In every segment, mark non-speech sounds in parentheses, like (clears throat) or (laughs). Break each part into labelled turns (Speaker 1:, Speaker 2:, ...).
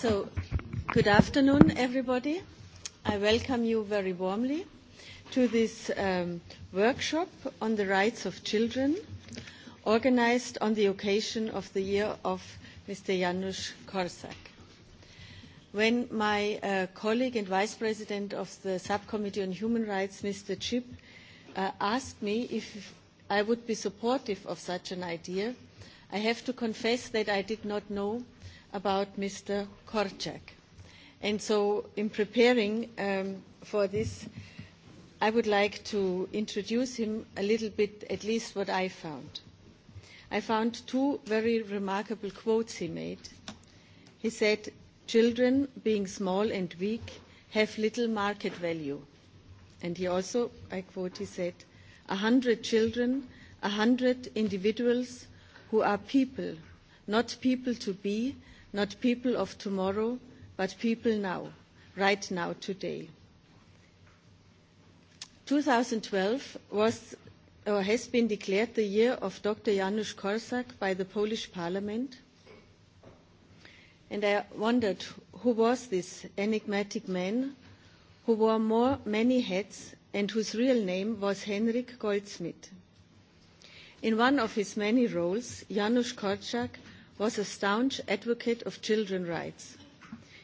Speaker 1: So, good afternoon, everybody. I welcome you very warmly to this um, workshop on the rights of children, organized on the occasion of the year of Mr. Janusz Korczak. When my uh, colleague and vice president of the subcommittee on human rights, Mr. Chip, uh, asked me if I would be supportive of such an idea, I have to confess that I did not know about Mr. Korczak. And so in preparing um, for this, I would like to introduce him a little bit, at least what I found. I found two very remarkable quotes he made. He said, children, being small and weak, have little market value. And he also, I quote, he said, a hundred children, a hundred individuals who are people, not people to be, not people of tomorrow, but people now, right now, today. 2012 was or uh, has been declared the year of Dr. Janusz Korczak by the Polish Parliament. And I wondered who was this enigmatic man who wore more, many hats and whose real name was Henrik Goldschmidt. In one of his many roles, Janusz Korczak was a staunch advocate of children's rights.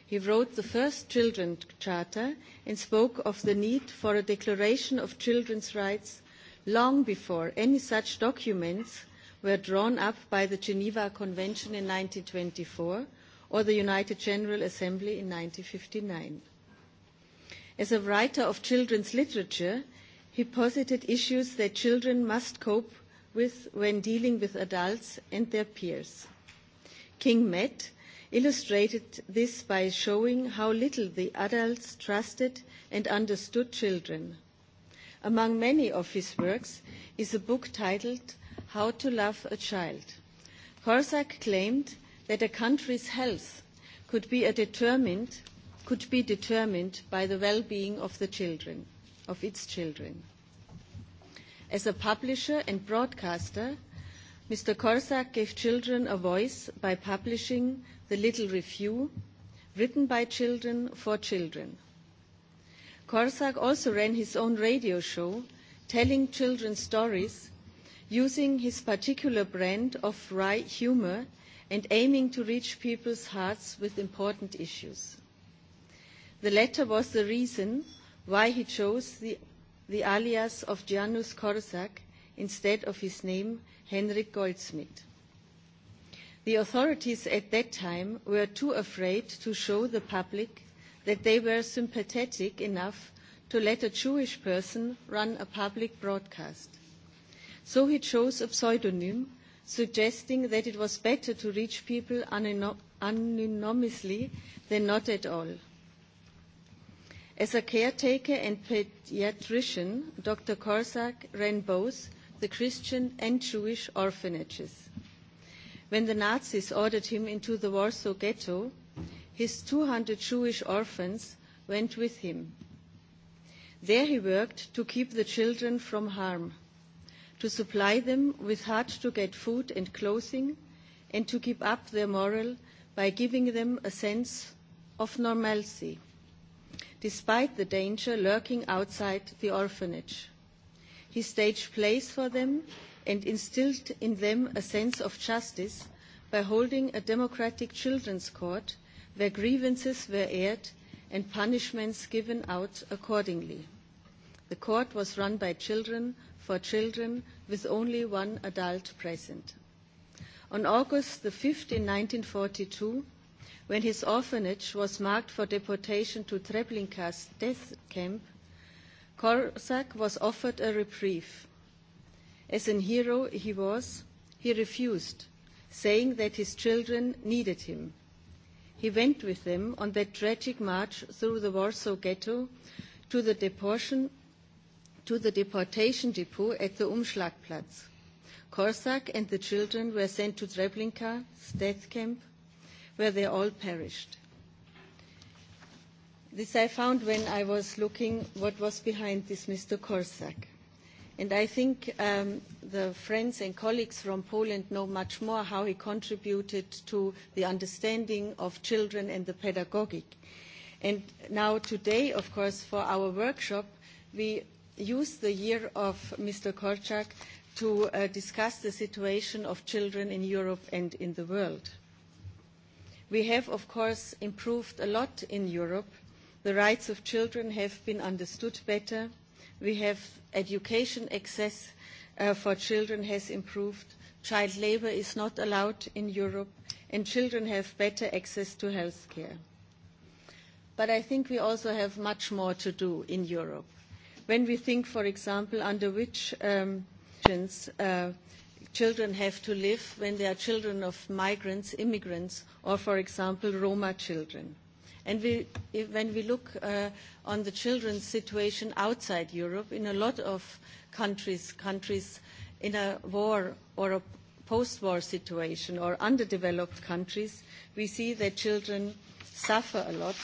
Speaker 1: He wrote the first Children's Charter and spoke of the need for a declaration of children's rights long before any such documents were drawn up by the Geneva Convention in 1924 or the United General Assembly in 1959. As a writer of children's literature, he posited issues that children must cope with when dealing with adults and their peers. King Met illustrated this by showing how little the adults trusted and understood children. Among many of his works is a book titled How to Love a Child. Korsak claimed that a country's health could be, a determined, could be determined by the well-being of the children, of its children. As a publisher and broadcaster, Mr. Korsak gave children a voice by publishing The Little Review, written by children for children. Korsak also ran his own radio show, telling children stories, using his particular brand of wry humor and aiming to reach people's hearts with important issues. The latter was the reason why he chose the, the alias of Janus Korsak instead of his name Henrik Goldschmidt. The authorities at that time were too afraid to show the public that they were sympathetic enough to let a Jewish person run a public broadcast. So he chose a pseudonym, suggesting that it was better to reach people anonymously than not at all. As a caretaker and pediatrician, Dr. Korsak ran both the Christian and Jewish orphanages. When the Nazis ordered him into the Warsaw Ghetto, his 200 Jewish orphans went with him. There he worked to keep the children from harm, to supply them with hard-to-get food and clothing, and to keep up their morale by giving them a sense of normalcy, despite the danger lurking outside the orphanage. His stage plays for them and instilled in them a sense of justice by holding a democratic children's court where grievances were aired and punishments given out accordingly. The court was run by children for children with only one adult present. On August the 5th in 1942, when his orphanage was marked for deportation to Treblinka's death camp, Korsak was offered a reprieve. As an hero he was, he refused, saying that his children needed him. He went with them on that tragic march through the Warsaw ghetto to the deportation, to the deportation depot at the Umschlagplatz. Korsak and the children were sent to Treblinka's death camp, where they all perished. This I found when I was looking what was behind this Mr. Korsak. And I think um, the friends and colleagues from Poland know much more how he contributed to the understanding of children and the pedagogic. And now today, of course, for our workshop, we use the year of Mr. Korczak to uh, discuss the situation of children in Europe and in the world. We have, of course, improved a lot in Europe The rights of children have been understood better. We have education access uh, for children has improved. Child labor is not allowed in Europe and children have better access to health care. But I think we also have much more to do in Europe. When we think, for example, under which um, uh, children have to live when they are children of migrants, immigrants, or, for example, Roma children. And we, if, when we look uh, on the children's situation outside Europe, in a lot of countries, countries in a war or a post-war situation or underdeveloped countries, we see that children suffer a lot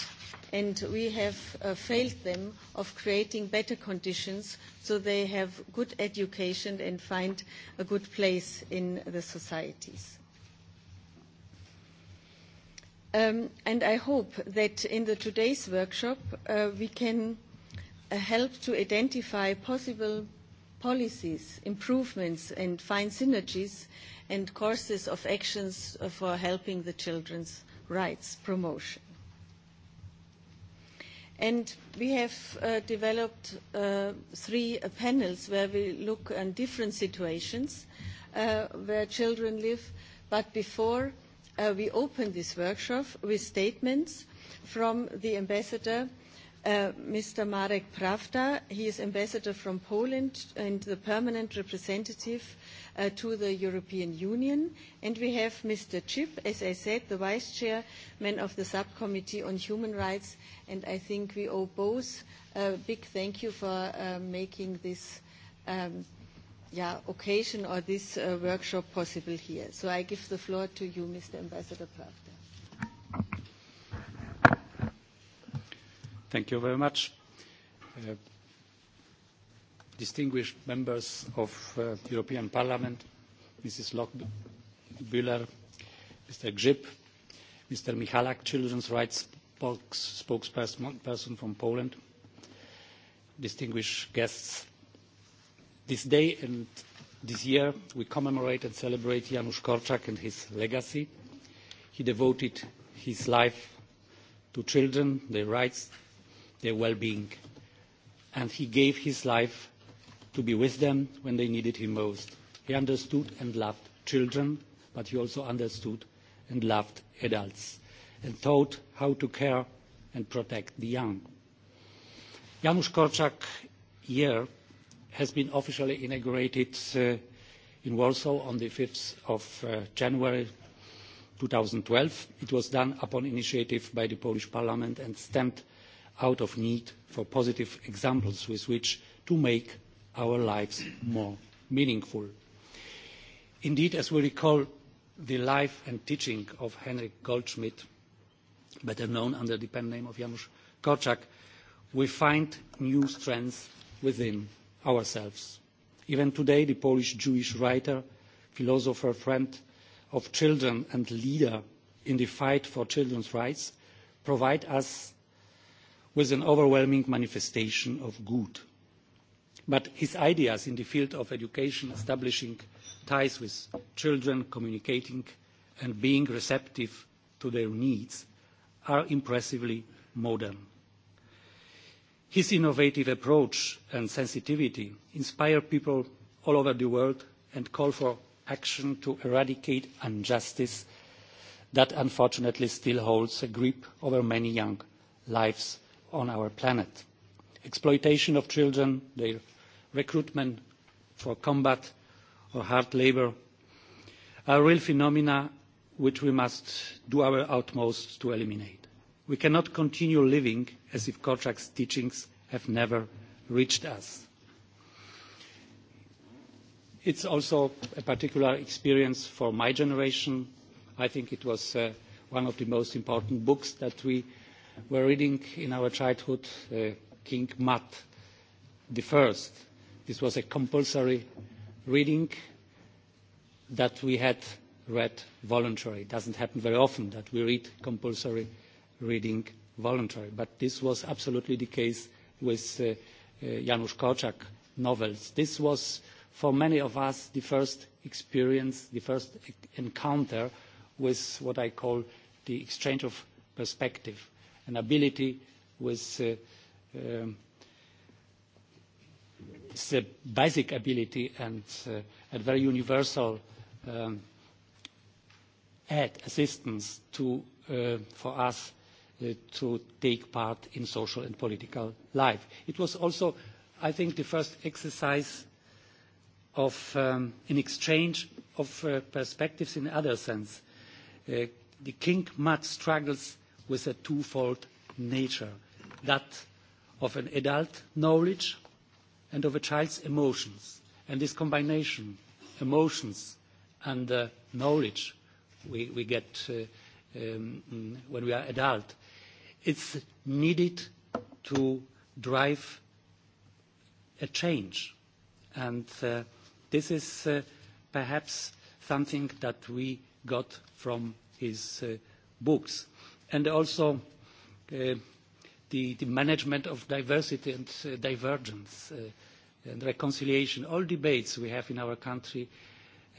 Speaker 1: and we have uh, failed them of creating better conditions so they have good education and find a good place in the societies. Um, and I hope that in the today's workshop uh, we can uh, help to identify possible policies, improvements and find synergies and courses of actions for helping the children's rights promotion. And we have uh, developed uh, three uh, panels where we look on different situations uh, where children live, but before uh, we opened this workshop with statements from the ambassador, uh, Mr. Marek Pravda. He is ambassador from Poland and the permanent representative uh, to the European Union. And we have Mr. Chip, as I said, the vice chairman of the subcommittee on human rights. And I think we owe both a big thank you for uh, making this um, – yeah, occasion or this uh, workshop possible here. So I give the floor to you, Mr. Ambassador Pravda.
Speaker 2: Thank you very much. Uh, distinguished members of uh, European Parliament, Mrs. Lochbühler, Mr. Grzyb, Mr. Michalak, Children's Rights Spokesperson from Poland, distinguished guests, This day and this year, we commemorate and celebrate Janusz Korczak and his legacy. He devoted his life to children, their rights, their well-being, and he gave his life to be with them when they needed him most. He understood and loved children, but he also understood and loved adults and taught how to care and protect the young. Janusz Korczak year has been officially inaugurated uh, in Warsaw on the 5th of uh, January 2012. It was done upon initiative by the Polish Parliament and stemmed out of need for positive examples with which to make our lives more meaningful. Indeed, as we recall the life and teaching of Henrik Goldschmidt, better known under the pen name of Janusz Korczak, we find new strengths within ourselves. Even today, the Polish Jewish writer, philosopher, friend of children and leader in the fight for children's rights provide us with an overwhelming manifestation of good. But his ideas in the field of education, establishing ties with children, communicating and being receptive to their needs are impressively modern His innovative approach and sensitivity inspire people all over the world and call for action to eradicate injustice that unfortunately still holds a grip over many young lives on our planet. Exploitation of children, their recruitment for combat or hard labour are real phenomena which we must do our utmost to eliminate. We cannot continue living as if Korczak's teachings have never reached us. It's also a particular experience for my generation. I think it was uh, one of the most important books that we were reading in our childhood, uh, King Mat the First. This was a compulsory reading that we had read voluntarily. It doesn't happen very often that we read compulsory reading voluntary. But this was absolutely the case with uh, uh, Janusz Korczak novels. This was, for many of us, the first experience, the first e-, encounter with what I call the exchange of perspective, an ability with uh, um, it's a basic ability and uh, a very universal um, aid assistance to, uh, for us Uh, to take part in social and political life. It was also, I think, the first exercise of um, an exchange of uh, perspectives in other sense. Uh, the king mud struggles with a twofold nature, that of an adult knowledge and of a child's emotions. And this combination, emotions and uh, knowledge, we, we get uh, um, when we are adult, It's needed to drive a change. And uh, this is uh, perhaps something that we got from his uh, books. And also uh, the, the management of diversity and uh, divergence uh, and reconciliation. All debates we have in our country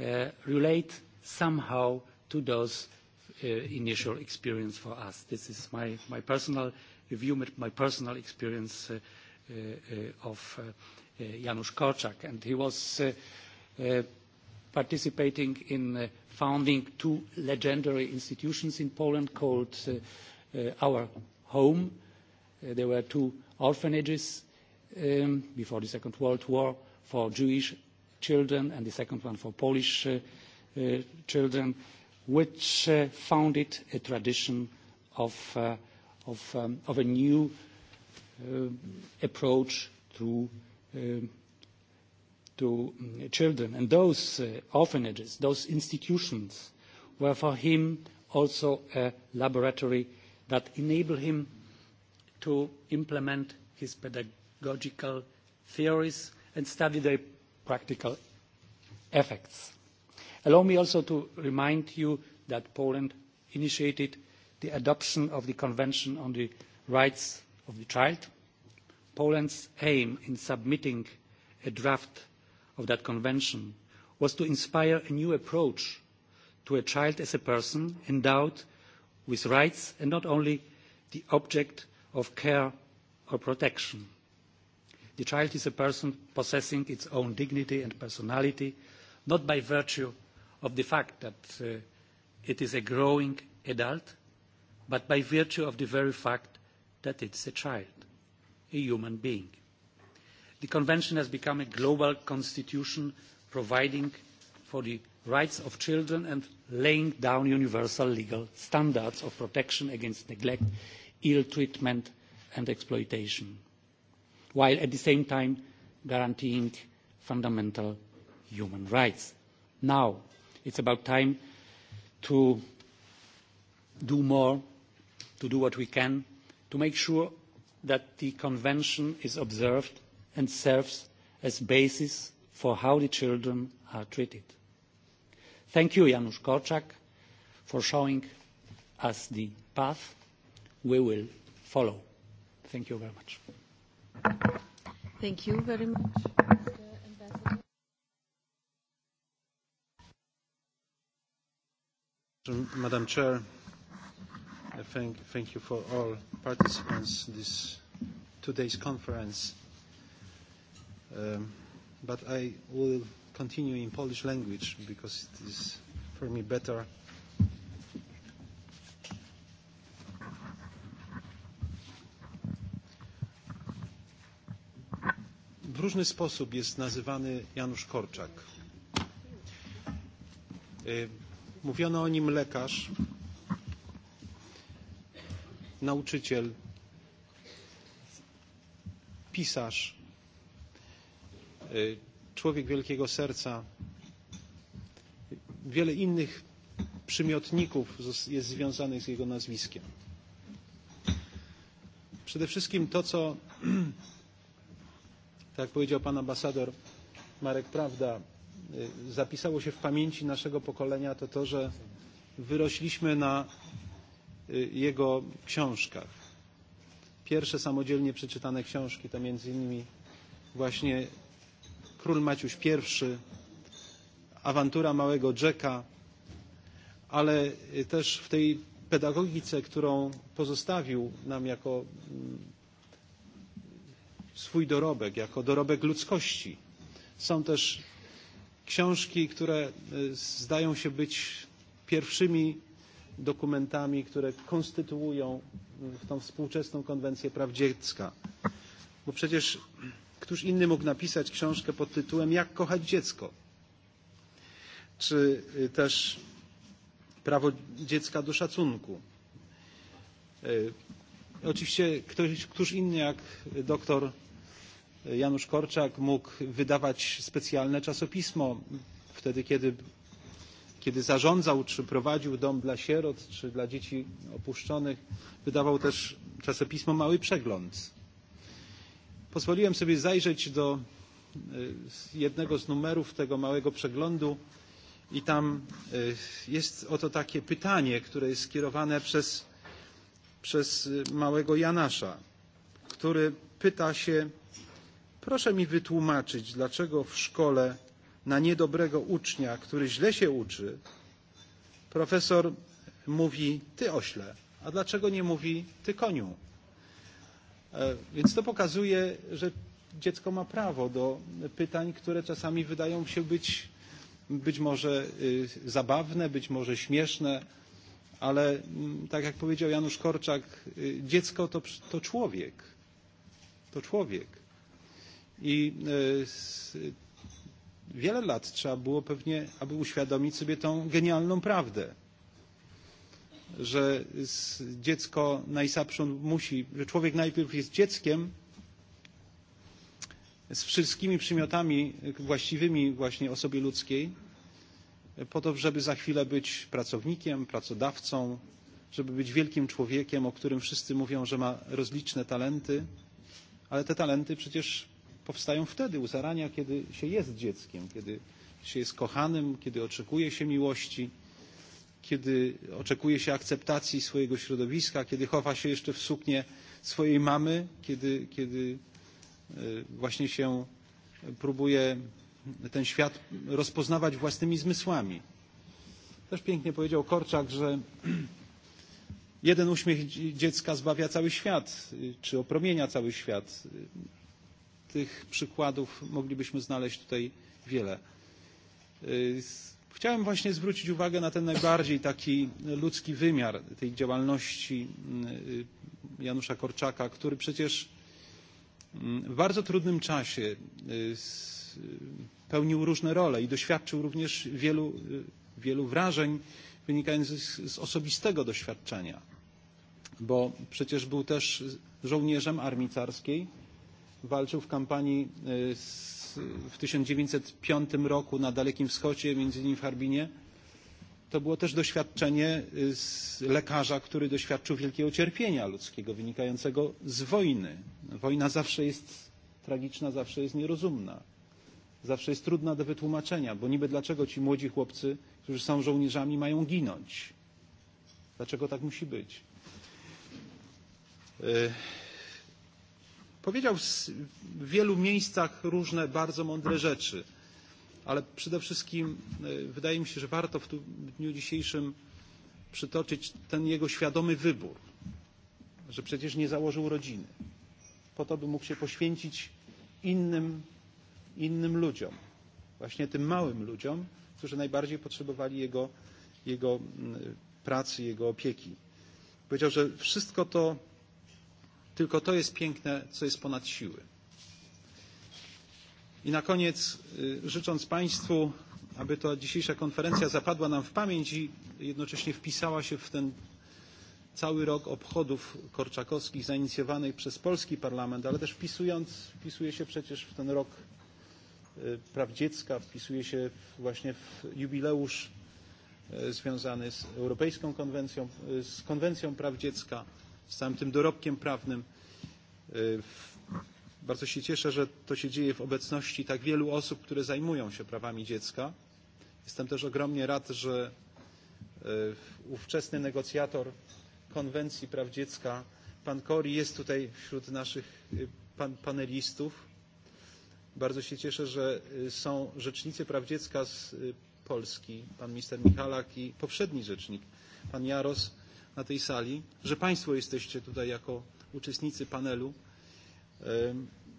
Speaker 2: uh, relate somehow to those uh, uh, initial experience for us. This is my, my personal review, my personal experience uh, uh, of uh, uh, Janusz Korczak. And he was uh, uh, participating in uh, founding two legendary institutions in Poland called uh, uh, Our Home. Uh, there were two orphanages um, before the Second World War for Jewish children and the second one for Polish uh, uh, children. Uh, which uh, founded a tradition of, uh, of, um, of a new uh, approach to, uh, to mm, children. And those uh, orphanages, those institutions, were for him also a laboratory that enabled him to implement his pedagogical theories and study their practical effects Allow me also to remind you that Poland initiated the adoption of the Convention on the Rights of the Child. Poland's aim in submitting a draft of that convention was to inspire a new approach to a child as a person endowed with rights and not only the object of care or protection. The child is a person possessing its own dignity and personality, not by virtue of the fact that uh, it is a growing adult, but by virtue of the very fact that it's a child, a human being. The Convention has become a global constitution providing for the rights of children and laying down universal legal standards of protection against neglect, ill treatment and exploitation, while at the same time guaranteeing fundamental human rights. Now, It's about time to do more, to do what we can, to make sure that the Convention is observed and serves as basis for how the children are treated. Thank you, Janusz Korczak, for showing us the path we will follow. Thank you very much.
Speaker 1: Thank you very much.
Speaker 3: Madam Chair, I thank, thank you for all participants this today's conference. Um, but I will continue in Polish language because it is for me better. W różny sposób jest nazywany Janusz Korczak. Y Mówiono o nim lekarz, nauczyciel, pisarz, człowiek wielkiego serca. Wiele innych przymiotników jest związanych z jego nazwiskiem. Przede wszystkim to, co, (clears throat) tak jak powiedział pan ambasador Marek Prawda, zapisało się w pamięci naszego pokolenia, to to, że wyrośliśmy na jego książkach. Pierwsze samodzielnie przeczytane książki to między innymi właśnie Król Maciuś I, Awantura Małego Jacka, ale też w tej pedagogice, którą pozostawił nam jako mm, swój dorobek, jako dorobek ludzkości. Są też książki, które e, zdają się być pierwszymi dokumentami, które konstytuują tą współczesną konwencję praw dziecka. Bo przecież któż inny mógł napisać książkę pod tytułem Jak kochać dziecko? Czy e, też prawo dziecka do szacunku. E, oczywiście ktoś, któż inny jak doktor Janusz Korczak mógł wydawać specjalne czasopismo wtedy, kiedy, kiedy zarządzał czy prowadził dom dla sierot czy dla dzieci opuszczonych. Wydawał też czasopismo Mały Przegląd. Pozwoliłem sobie zajrzeć do e, jednego z numerów tego małego przeglądu i tam e, jest oto takie pytanie, które jest skierowane przez, przez e, małego Janasza, który pyta się Proszę mi wytłumaczyć, dlaczego w szkole na niedobrego ucznia, który źle się uczy, profesor mówi ty ośle, a dlaczego nie mówi ty koniu? E, więc to pokazuje, że dziecko ma prawo do pytań, które czasami wydają się być być może zabawne, być może śmieszne, ale mm, tak jak powiedział Janusz Korczak, dziecko to, to człowiek. To człowiek. I e, wiele lat trzeba było pewnie, aby uświadomić sobie tą genialną prawdę, że dziecko najsapsząd musi, że człowiek najpierw jest dzieckiem z wszystkimi przymiotami właściwymi właśnie osobie ludzkiej, po to, żeby za chwilę być pracownikiem, pracodawcą, żeby być wielkim człowiekiem, o którym wszyscy mówią, że ma rozliczne talenty, ale te talenty przecież powstają wtedy u zarania, kiedy się jest dzieckiem, kiedy się jest kochanym, kiedy oczekuje się miłości, kiedy oczekuje się akceptacji swojego środowiska, kiedy chowa się jeszcze w suknię swojej mamy, kiedy, kiedy e, właśnie się próbuje ten świat rozpoznawać własnymi zmysłami. Też pięknie powiedział Korczak, że jeden uśmiech dziecka zbawia cały świat, czy opromienia cały świat tych przykładów moglibyśmy znaleźć tutaj wiele. E, chciałem właśnie zwrócić uwagę na ten najbardziej taki ludzki wymiar tej działalności e, Janusza Korczaka, który przecież mm, w bardzo trudnym czasie e, pełnił różne role i doświadczył również wielu, wielu wrażeń wynikających z, z osobistego doświadczenia, bo przecież był też żołnierzem armii carskiej, walczył w kampanii e, z, w 1905 roku na Dalekim Wschodzie, między innymi w Harbinie. To było też doświadczenie e, z lekarza, który doświadczył wielkiego cierpienia ludzkiego wynikającego z wojny. Wojna zawsze jest tragiczna, zawsze jest nierozumna zawsze jest trudna do wytłumaczenia, bo niby dlaczego ci młodzi chłopcy, którzy są żołnierzami, mają ginąć? Dlaczego tak musi być? E, Powiedział w wielu miejscach różne bardzo mądre rzeczy, ale przede wszystkim e, wydaje mi się, że warto w, tu, w dniu dzisiejszym przytoczyć ten jego świadomy wybór, że przecież nie założył rodziny, po to, by mógł się poświęcić innym, innym ludziom, właśnie tym małym ludziom, którzy najbardziej potrzebowali jego, jego pracy, jego opieki. Powiedział, że wszystko to Tylko to jest piękne, co jest ponad siły. I na koniec życząc Państwu, aby ta dzisiejsza konferencja zapadła nam w pamięć i jednocześnie wpisała się w ten cały rok obchodów korczakowskich zainicjowanych przez polski parlament, ale też wpisując, wpisuje się przecież w ten rok praw dziecka, wpisuje się właśnie w jubileusz związany z Europejską Konwencją, z Konwencją Praw Dziecka z samym tym dorobkiem prawnym. Bardzo się cieszę, że to się dzieje w obecności tak wielu osób, które zajmują się prawami dziecka. Jestem też ogromnie rad, że ówczesny negocjator konwencji praw dziecka, pan Kori, jest tutaj wśród naszych pan panelistów. Bardzo się cieszę, że są rzecznicy praw dziecka z Polski, pan minister Michalak i poprzedni rzecznik, pan Jaros na tej sali, że Państwo jesteście tutaj jako uczestnicy panelu.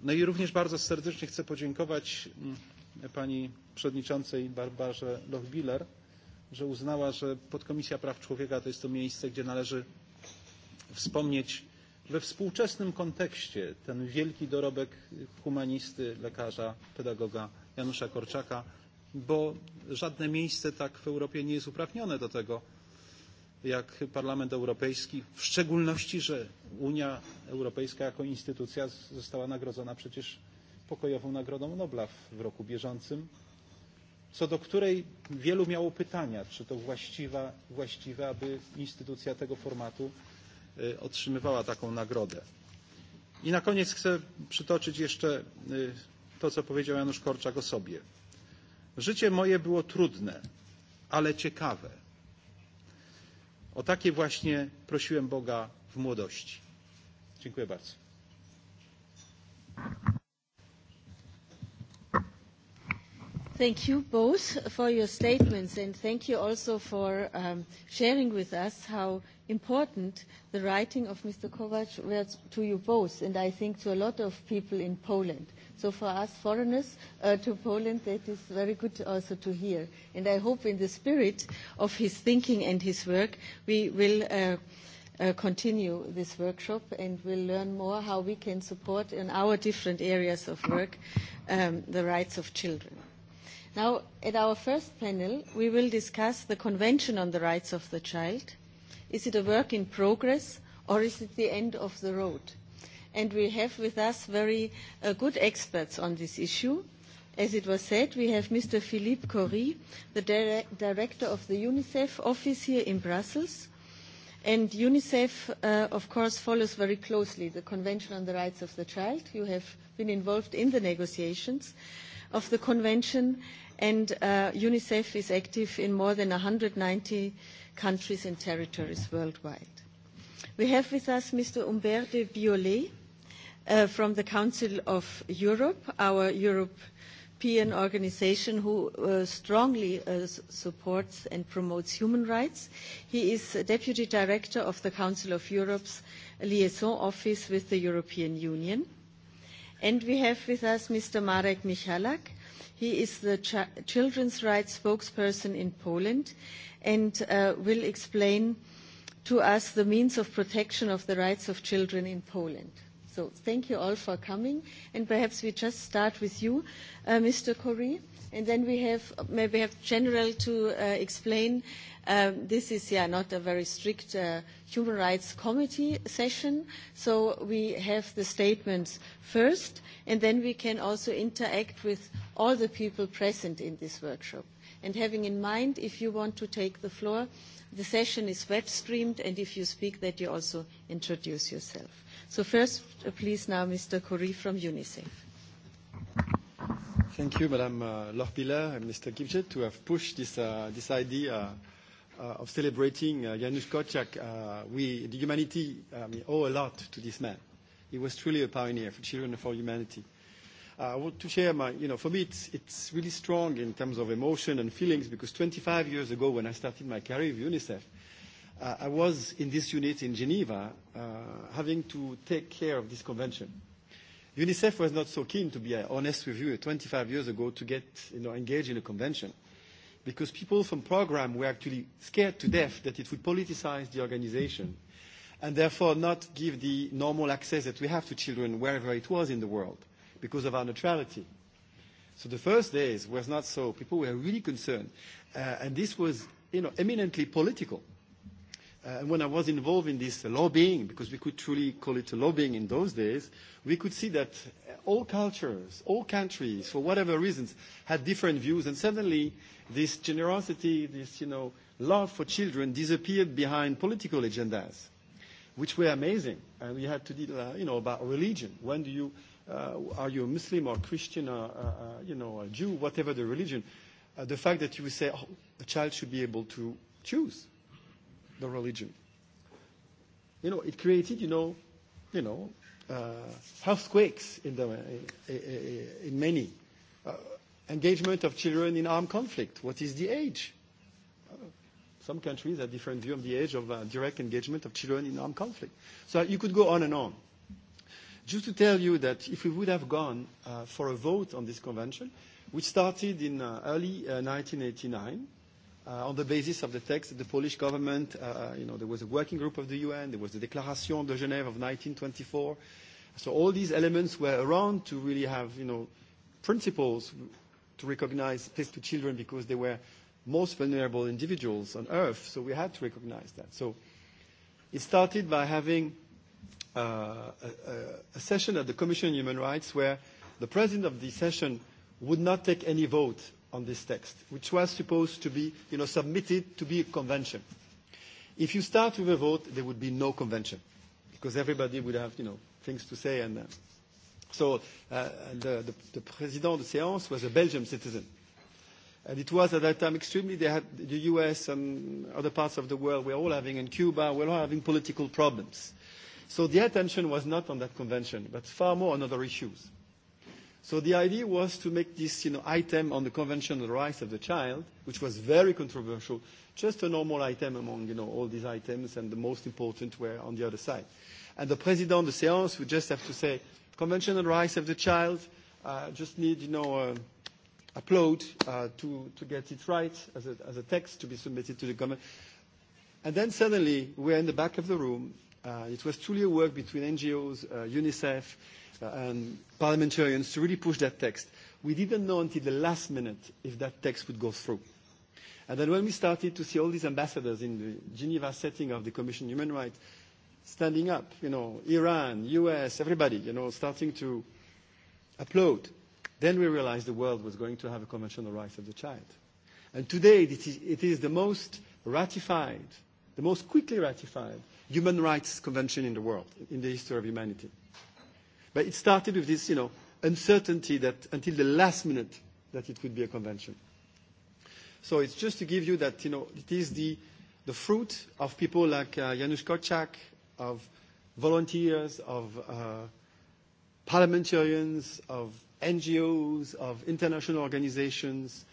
Speaker 3: No i również bardzo serdecznie chcę podziękować mm, pani przewodniczącej Barbarze Lochbiller, że uznała, że Podkomisja Praw Człowieka to jest to miejsce, gdzie należy wspomnieć we współczesnym kontekście ten wielki dorobek humanisty, lekarza, pedagoga Janusza Korczaka, bo żadne miejsce tak w Europie nie jest uprawnione do tego, jak Parlament Europejski, w szczególności, że Unia Europejska jako instytucja została nagrodzona przecież pokojową Nagrodą Nobla w, w roku bieżącym, co do której wielu miało pytania, czy to właściwa, właściwe, aby instytucja tego formatu y, e, otrzymywała taką nagrodę. I na koniec chcę przytoczyć jeszcze y, e, to, co powiedział Janusz Korczak o sobie. Życie moje było trudne, ale ciekawe O takie właśnie prosiłem Boga w młodości. Dziękuję bardzo.
Speaker 1: Thank you both for your statements and thank you also for um, sharing with us how important the writing of Mr. Kovac was to you both and I think to a lot of people in Poland. So for us foreigners uh, to Poland, that is very good also to hear. And I hope in the spirit of his thinking and his work, we will uh, uh, continue this workshop and we'll learn more how we can support in our different areas of work um, the rights of children. Now, at our first panel, we will discuss the Convention on the Rights of the Child. Is it a work in progress or is it the end of the road? and we have with us very uh, good experts on this issue. As it was said, we have Mr. Philippe Corrie, the dire director of the UNICEF office here in Brussels. And UNICEF, uh, of course, follows very closely the Convention on the Rights of the Child. You have been involved in the negotiations of the Convention, and uh, UNICEF is active in more than 190 countries and territories worldwide. We have with us Mr. Humbert de Biolay, uh, from the Council of Europe, our European organization who uh, strongly uh, supports and promotes human rights. He is Deputy Director of the Council of Europe's liaison office with the European Union. And we have with us Mr. Marek Michalak. He is the ch- children's rights spokesperson in Poland and uh, will explain to us the means of protection of the rights of children in Poland. So thank you all for coming, and perhaps we just start with you, uh, Mr. Corrie, and then we have maybe have general to uh, explain. Um, this is yeah not a very strict uh, human rights committee session, so we have the statements first, and then we can also interact with all the people present in this workshop. And having in mind, if you want to take the floor, the session is web streamed, and if you speak, that you also introduce yourself. So first, uh, please now, Mr. Khoury from UNICEF.
Speaker 4: Thank you, Madame uh, Lorpiller and Mr. Gibson, to have pushed this, uh, this idea uh, of celebrating uh, Janusz Korczak. Uh, we, the humanity, uh, we owe a lot to this man. He was truly a pioneer for children and for humanity. Uh, I want to share my, you know, for me it's, it's really strong in terms of emotion and feelings because 25 years ago when I started my career with UNICEF, uh, I was in this unit in Geneva uh, having to take care of this convention. UNICEF was not so keen, to be honest with you, 25 years ago to get you know, engaged in a convention because people from program were actually scared to death that it would politicize the organization and therefore not give the normal access that we have to children wherever it was in the world because of our neutrality. So the first days was not so. People were really concerned. Uh, and this was you know, eminently political Uh, and when I was involved in this lobbying, because we could truly call it lobbying in those days, we could see that uh, all cultures, all countries, for whatever reasons, had different views, and suddenly this generosity, this you know, love for children disappeared behind political agendas, which were amazing. And we had to deal, uh, you know, about religion. When do you, uh, are you a Muslim or Christian or, uh, uh, you know, a Jew, whatever the religion? Uh, the fact that you say, oh, a child should be able to choose the religion. You know, it created, you know, you know, uh, earthquakes in, the, in, uh, uh, uh, in many. Uh, engagement of children in armed conflict. What is the age? Uh, some countries have different view of the age of uh, direct engagement of children in armed conflict. So you could go on and on. Just to tell you that if we would have gone uh, for a vote on this convention, which started in uh, early uh, 1989, Uh, on the basis of the text, the Polish government, uh, uh you know, there was a working group of the UN, there was the Declaration de Genève of 1924. So all these elements were around to really have, you know, principles to recognize this to children because they were most vulnerable individuals on earth. So we had to recognize that. So it started by having uh, a, a session at the Commission on Human Rights where the president of the session would not take any vote on this text, which was supposed to be you know, submitted to be a convention. If you start with a vote, there would be no convention, because everybody would have you know, things to say. And, uh, so uh, the, the, the president de séance was a Belgian citizen. And it was at that time extremely, they had the US and other parts of the world were all having, and Cuba, were all having political problems. So the attention was not on that convention, but far more on other issues. So the idea was to make this you know, item on the Convention on the Rights of the Child, which was very controversial, just a normal item among you know, all these items, and the most important were on the other side. And the President de Séance would just have to say, Convention on the Rights of the Child, uh, just need you know, uh, um, upload uh, to, to get it right as a, as a text to be submitted to the government. And then suddenly we're in the back of the room Uh, it was truly a work between NGOs, uh, UNICEF, uh, and parliamentarians to really push that text. We didn't know until the last minute if that text would go through. And then when we started to see all these ambassadors in the Geneva setting of the Commission on Human Rights standing up, you know, Iran, US, everybody, you know, starting to applaud, then we realized the world was going to have a Convention on the Rights of the Child. And today it is, it is the most ratified, the most quickly ratified human rights convention in the world, in the history of humanity. But it started with this, you know, uncertainty that until the last minute that it could be a convention. So it's just to give you that, you know, it is the, the fruit of people like uh, Janusz Korczak, of volunteers, of uh, parliamentarians, of NGOs, of international organizations,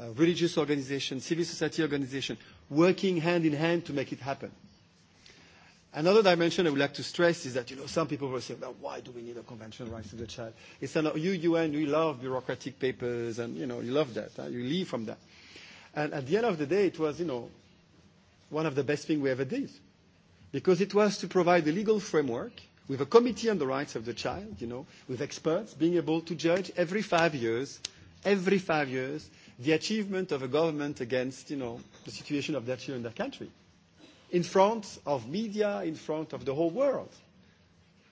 Speaker 4: uh, religious organizations, civil society organizations, working hand in hand to make it happen. Another dimension I would like to stress is that, you know, some people will say, "Well, why do we need a convention on rights of the child?" It's an you UN, you love bureaucratic papers, and you know, you love that. Huh? You live from that. And at the end of the day, it was, you know, one of the best things we ever did, because it was to provide a legal framework with a committee on the rights of the child, you know, with experts being able to judge every five years, every five years, the achievement of a government against, you know, the situation of their children in their country in front of media, in front of the whole world.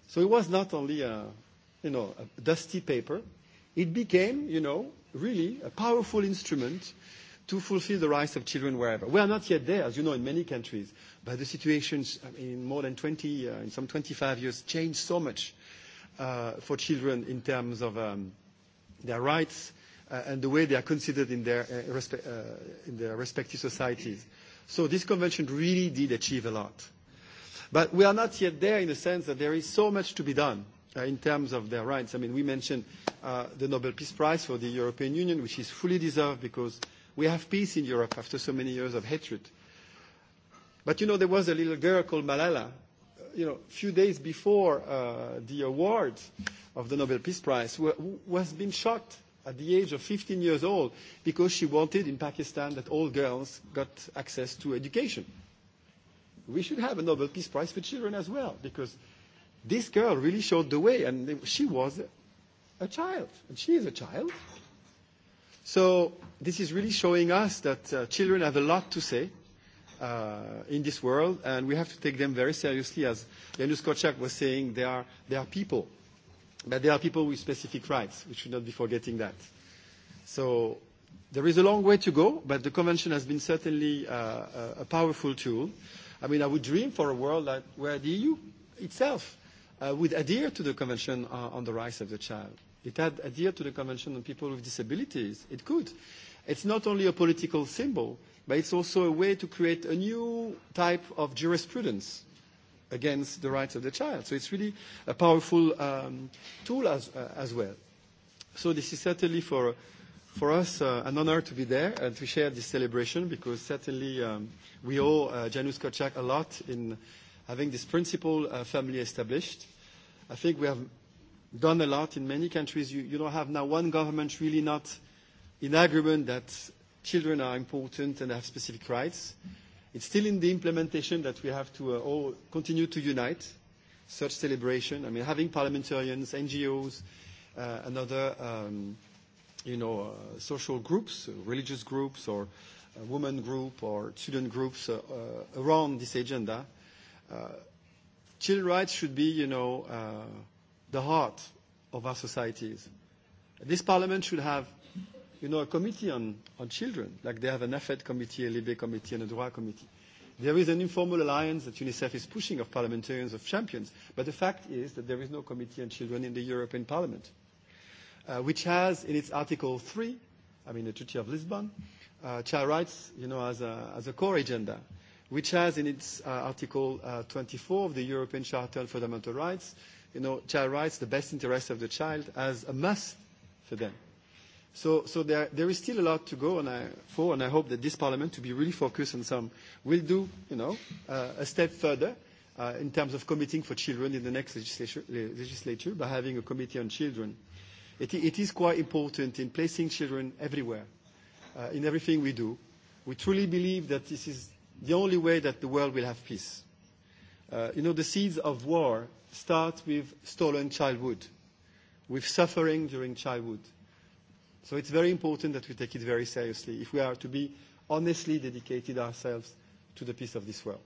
Speaker 4: So it was not only a, you know, a dusty paper. It became, you know, really a powerful instrument to fulfill the rights of children wherever. We are not yet there, as you know, in many countries, but the situations in more than 20, uh, in some 25 years, changed so much uh, for children in terms of um, their rights uh, and the way they are considered in their, uh, respe- uh, in their respective societies. Uh, So this convention really did achieve a lot. But we are not yet there in the sense that there is so much to be done uh, in terms of their rights. I mean, we mentioned uh, the Nobel Peace Prize for the European Union, which is fully deserved because we have peace in Europe after so many years of hatred. But you know, there was a little girl called Malala, you know, a few days before uh, the award of the Nobel Peace Prize, who, who has been shot at the age of 15 years old because she wanted in Pakistan that all girls got access to education. We should have a Nobel Peace Prize for children as well because this girl really showed the way and she was a child and she is a child. So this is really showing us that uh, children have a lot to say uh, in this world and we have to take them very seriously as Janusz Korczak was saying, they are, they are people But there are people with specific rights. We should not be forgetting that. So there is a long way to go, but the convention has been certainly uh, a, a powerful tool. I mean, I would dream for a world that, where the EU itself uh, would adhere to the Convention uh, on the Rights of the Child. It had adhered to the Convention on People with Disabilities. It could. It's not only a political symbol, but it's also a way to create a new type of jurisprudence against the rights of the child. So it's really a powerful um, tool as, uh, as well. So this is certainly for, for us uh, an honor to be there and to share this celebration because certainly um, we owe uh, Janusz Kocak a lot in having this principle uh, family established. I think we have done a lot in many countries. You, you don't have now one government really not in agreement that children are important and have specific rights. Mm-hmm It's still in the implementation that we have to uh, all continue to unite such celebration. I mean, having parliamentarians, NGOs, uh, and other, um, you know, uh, social groups, uh, religious groups, or uh, women group, or student groups uh, uh, around this agenda. Uh, child rights should be, you know, uh, the heart of our societies. This parliament should have you know, a committee on, on children, like they have an AFED committee, a Libe committee, and a DROIT committee. There is an informal alliance that UNICEF is pushing of parliamentarians, of champions, but the fact is that there is no committee on children in the European Parliament, uh, which has in its Article 3, I mean the Treaty of Lisbon, uh, child rights you know, as, a, as a core agenda, which has in its uh, Article uh, 24 of the European Charter on Fundamental Rights, you know, child rights, the best interest of the child, as a must for them. So, so there, there is still a lot to go and I, for, and I hope that this parliament to be really focused on some will do, you know, uh, a step further uh, in terms of committing for children in the next legislature, legislature by having a committee on children. It, it is quite important in placing children everywhere, uh, in everything we do. We truly believe that this is the only way that the world will have peace. Uh, you know, the seeds of war start with stolen childhood, with suffering during childhood. Uh, So it's very important that we take it very seriously if we are to be honestly dedicated ourselves to the peace of this world.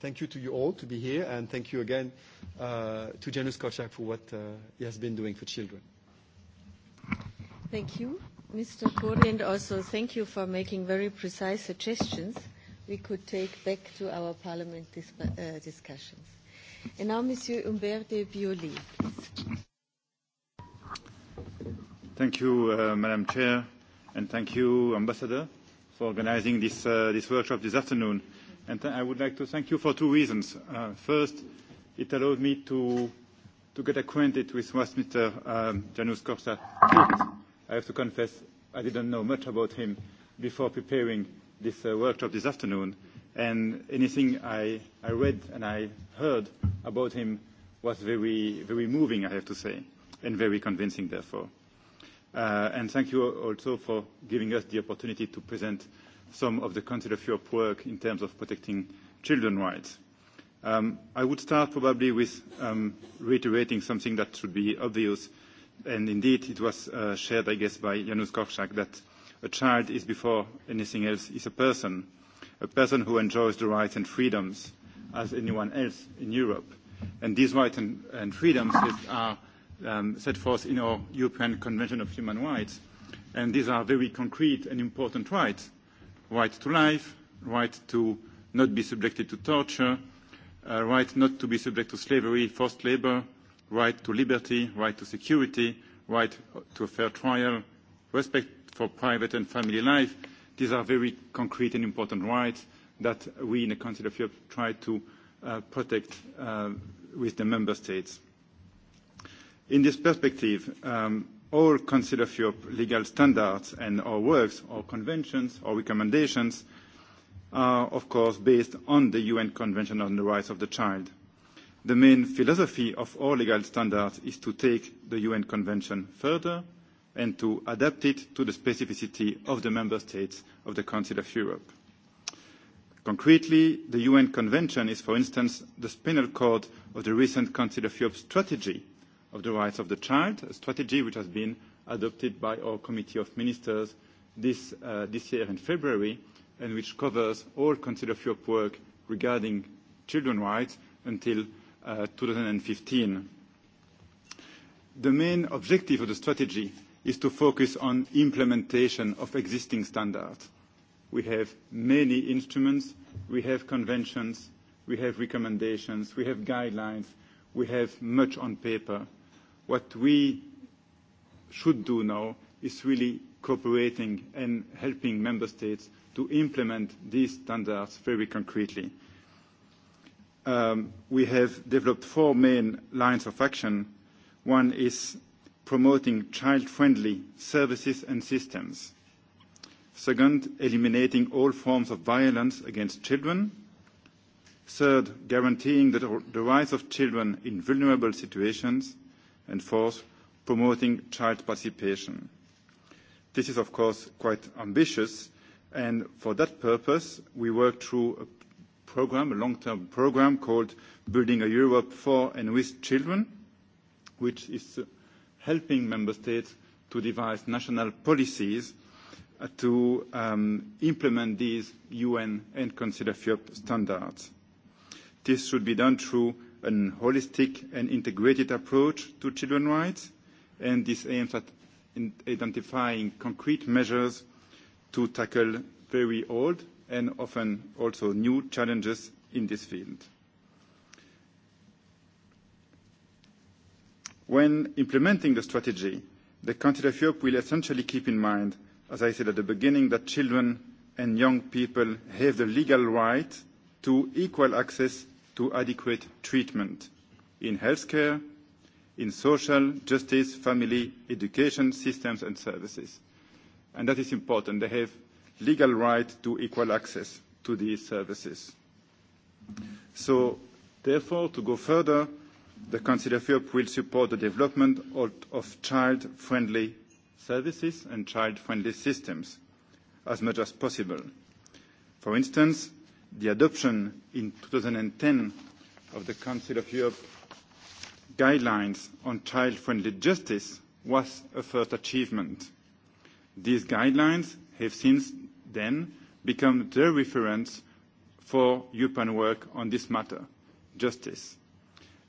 Speaker 4: Thank you to you all to be here, and thank you again uh, to Janusz Korczak for what uh, he has been doing for children.
Speaker 1: Thank you, Mr. Kori, and also thank you for making very precise suggestions we could take back to our parliament dis- uh, discussions. And now, Monsieur Humbert de Bioli, please.
Speaker 5: Thank you, uh, Madam Chair, and thank you, Ambassador, for organizing this, uh, this workshop this afternoon. And th I would like to thank you for two reasons. Uh, first, it allowed me to, to get acquainted with Westminster um, Janusz Korczak. I have to confess, I didn't know much about him before preparing this uh, workshop this afternoon, and anything I, I read and I heard about him was very, very moving, I have to say, and very convincing, therefore. Uh, and thank you also for giving us the opportunity to present some of the Council of Europe work in terms of protecting children's rights. Um, I would start probably with um, reiterating something that should be obvious, and indeed it was uh, shared, I guess, by Janusz Korczak, that a child is, before anything else, is a person, a person who enjoys the rights and freedoms as anyone else in Europe. And these rights and, and freedoms is, are um, set forth in our European Convention of Human Rights. And these are very concrete and important rights. Right to life, right to not be subjected to torture, uh, right not to be subject to slavery, forced labor, right to liberty, right to security, right to a fair trial, respect for private and family life. These are very concrete and important rights that we in the Council of Europe try to uh, protect uh, with the member states. Uh, In this perspective, um, all Council of Europe legal standards and our works, our conventions, our recommendations are, of course, based on the UN Convention on the Rights of the Child. The main philosophy of all legal standards is to take the UN Convention further and to adapt it to the specificity of the member states of the Council of Europe. Concretely, the UN Convention is, for instance, the spinal cord of the recent Council of Europe strategy of the Rights of the Child, a strategy which has been adopted by our Committee of Ministers this, uh, this year in February, and which covers all Council of Europe work regarding children's rights until uh, 2015. The main objective of the strategy is to focus on implementation of existing standards. We have many instruments, we have conventions, we have recommendations, we have guidelines, we have much on paper, What we should do now is really cooperating and helping member states to implement these standards very concretely. Um, we have developed four main lines of action. One is promoting child-friendly services and systems. Second, eliminating all forms of violence against children. Third, guaranteeing the, the rights of children in vulnerable situations and fourth, promoting child participation. This is, of course, quite ambitious, and for that purpose, we worked through a program, a long-term program called Building a Europe for and with Children, which is helping member states to devise national policies uh, to um, implement these UN and Consider FIOP standards. This should be done through a holistic and integrated approach to children's rights, and this aims at identifying concrete measures to tackle very old and often also new challenges in this field. When implementing the strategy, the Council of Europe will essentially keep in mind, as I said at the beginning, that children and young people have the legal right to equal access to adequate treatment in healthcare, in social justice, family, education systems and services. And that is important. They have legal right to equal access to these services. So, therefore, to go further, the Council of Europe will support the development of, of child-friendly services and child-friendly systems as much as possible. For instance, the adoption in 2010 of the Council of Europe guidelines on child-friendly justice was a first achievement. These guidelines have since then become the reference for European work on this matter, justice,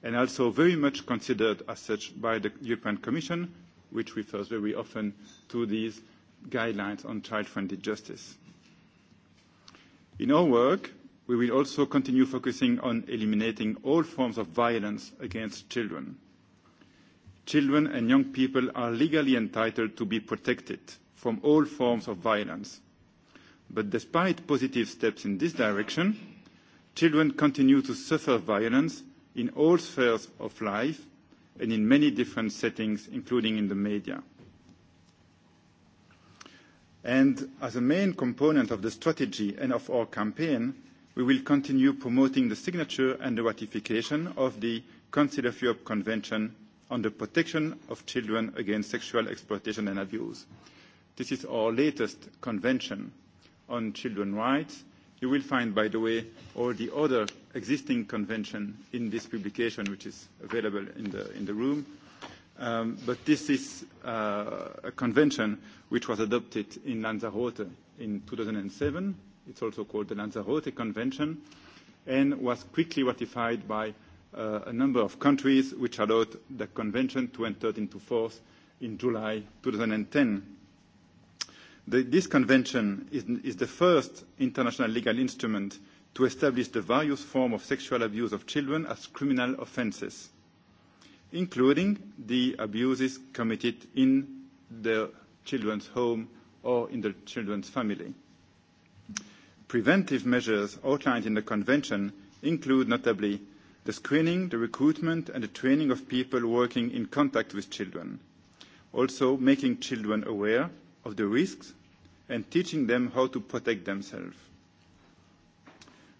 Speaker 5: and also very much considered as such by the European Commission, which refers very often to these guidelines on child-friendly justice. In our work, we will also continue focusing on eliminating all forms of violence against children. Children and young people are legally entitled to be protected from all forms of violence. But despite positive steps in this direction, children continue to suffer violence in all spheres of life and in many different settings, including in the media and as a main component of the strategy and of our campaign, we will continue promoting the signature and the ratification of the Council of Europe Convention on the Protection of Children Against Sexual Exploitation and Abuse. This is our latest convention on children's rights. You will find, by the way, all the other existing convention in this publication, which is available in the, in the room, Um, but this is uh, a convention which was adopted in Lanzarote in 2007. It's also called the Lanzarote Convention and was quickly ratified by uh, a number of countries, which allowed the convention to enter into force in July 2010. The, this convention is, is the first international legal instrument to establish the various forms of sexual abuse of children as criminal offenses including the abuses committed in the children's home or in the children's family. Preventive measures outlined in the Convention include notably the screening, the recruitment and the training of people working in contact with children, also making children aware of the risks and teaching them how to protect themselves.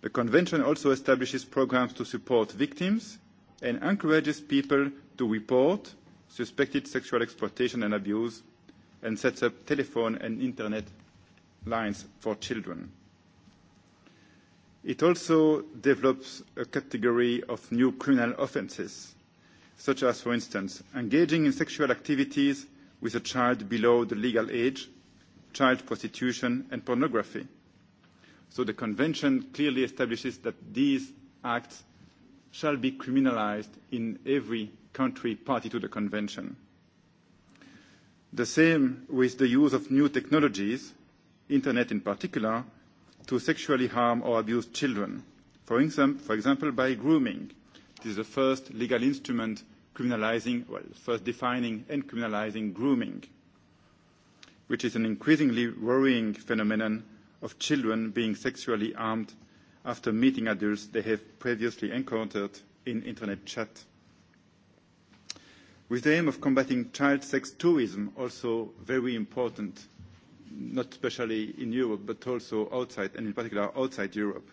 Speaker 5: The Convention also establishes programs to support victims and encourages people to report suspected sexual exploitation and abuse and sets up telephone and internet lines for children. It also develops a category of new criminal offences, such as, for instance, engaging in sexual activities with a child below the legal age, child prostitution, and pornography. So the Convention clearly establishes that these acts shall be criminalized in every country party to the convention. The same with the use of new technologies, internet in particular, to sexually harm or abuse children, for, exam- for example by grooming. This is the first legal instrument criminalizing, well, first defining and criminalizing grooming, which is an increasingly worrying phenomenon of children being sexually harmed after meeting adults they have previously encountered in internet chat. With the aim of combating child sex tourism, also very important, not especially in Europe, but also outside, and in particular outside Europe,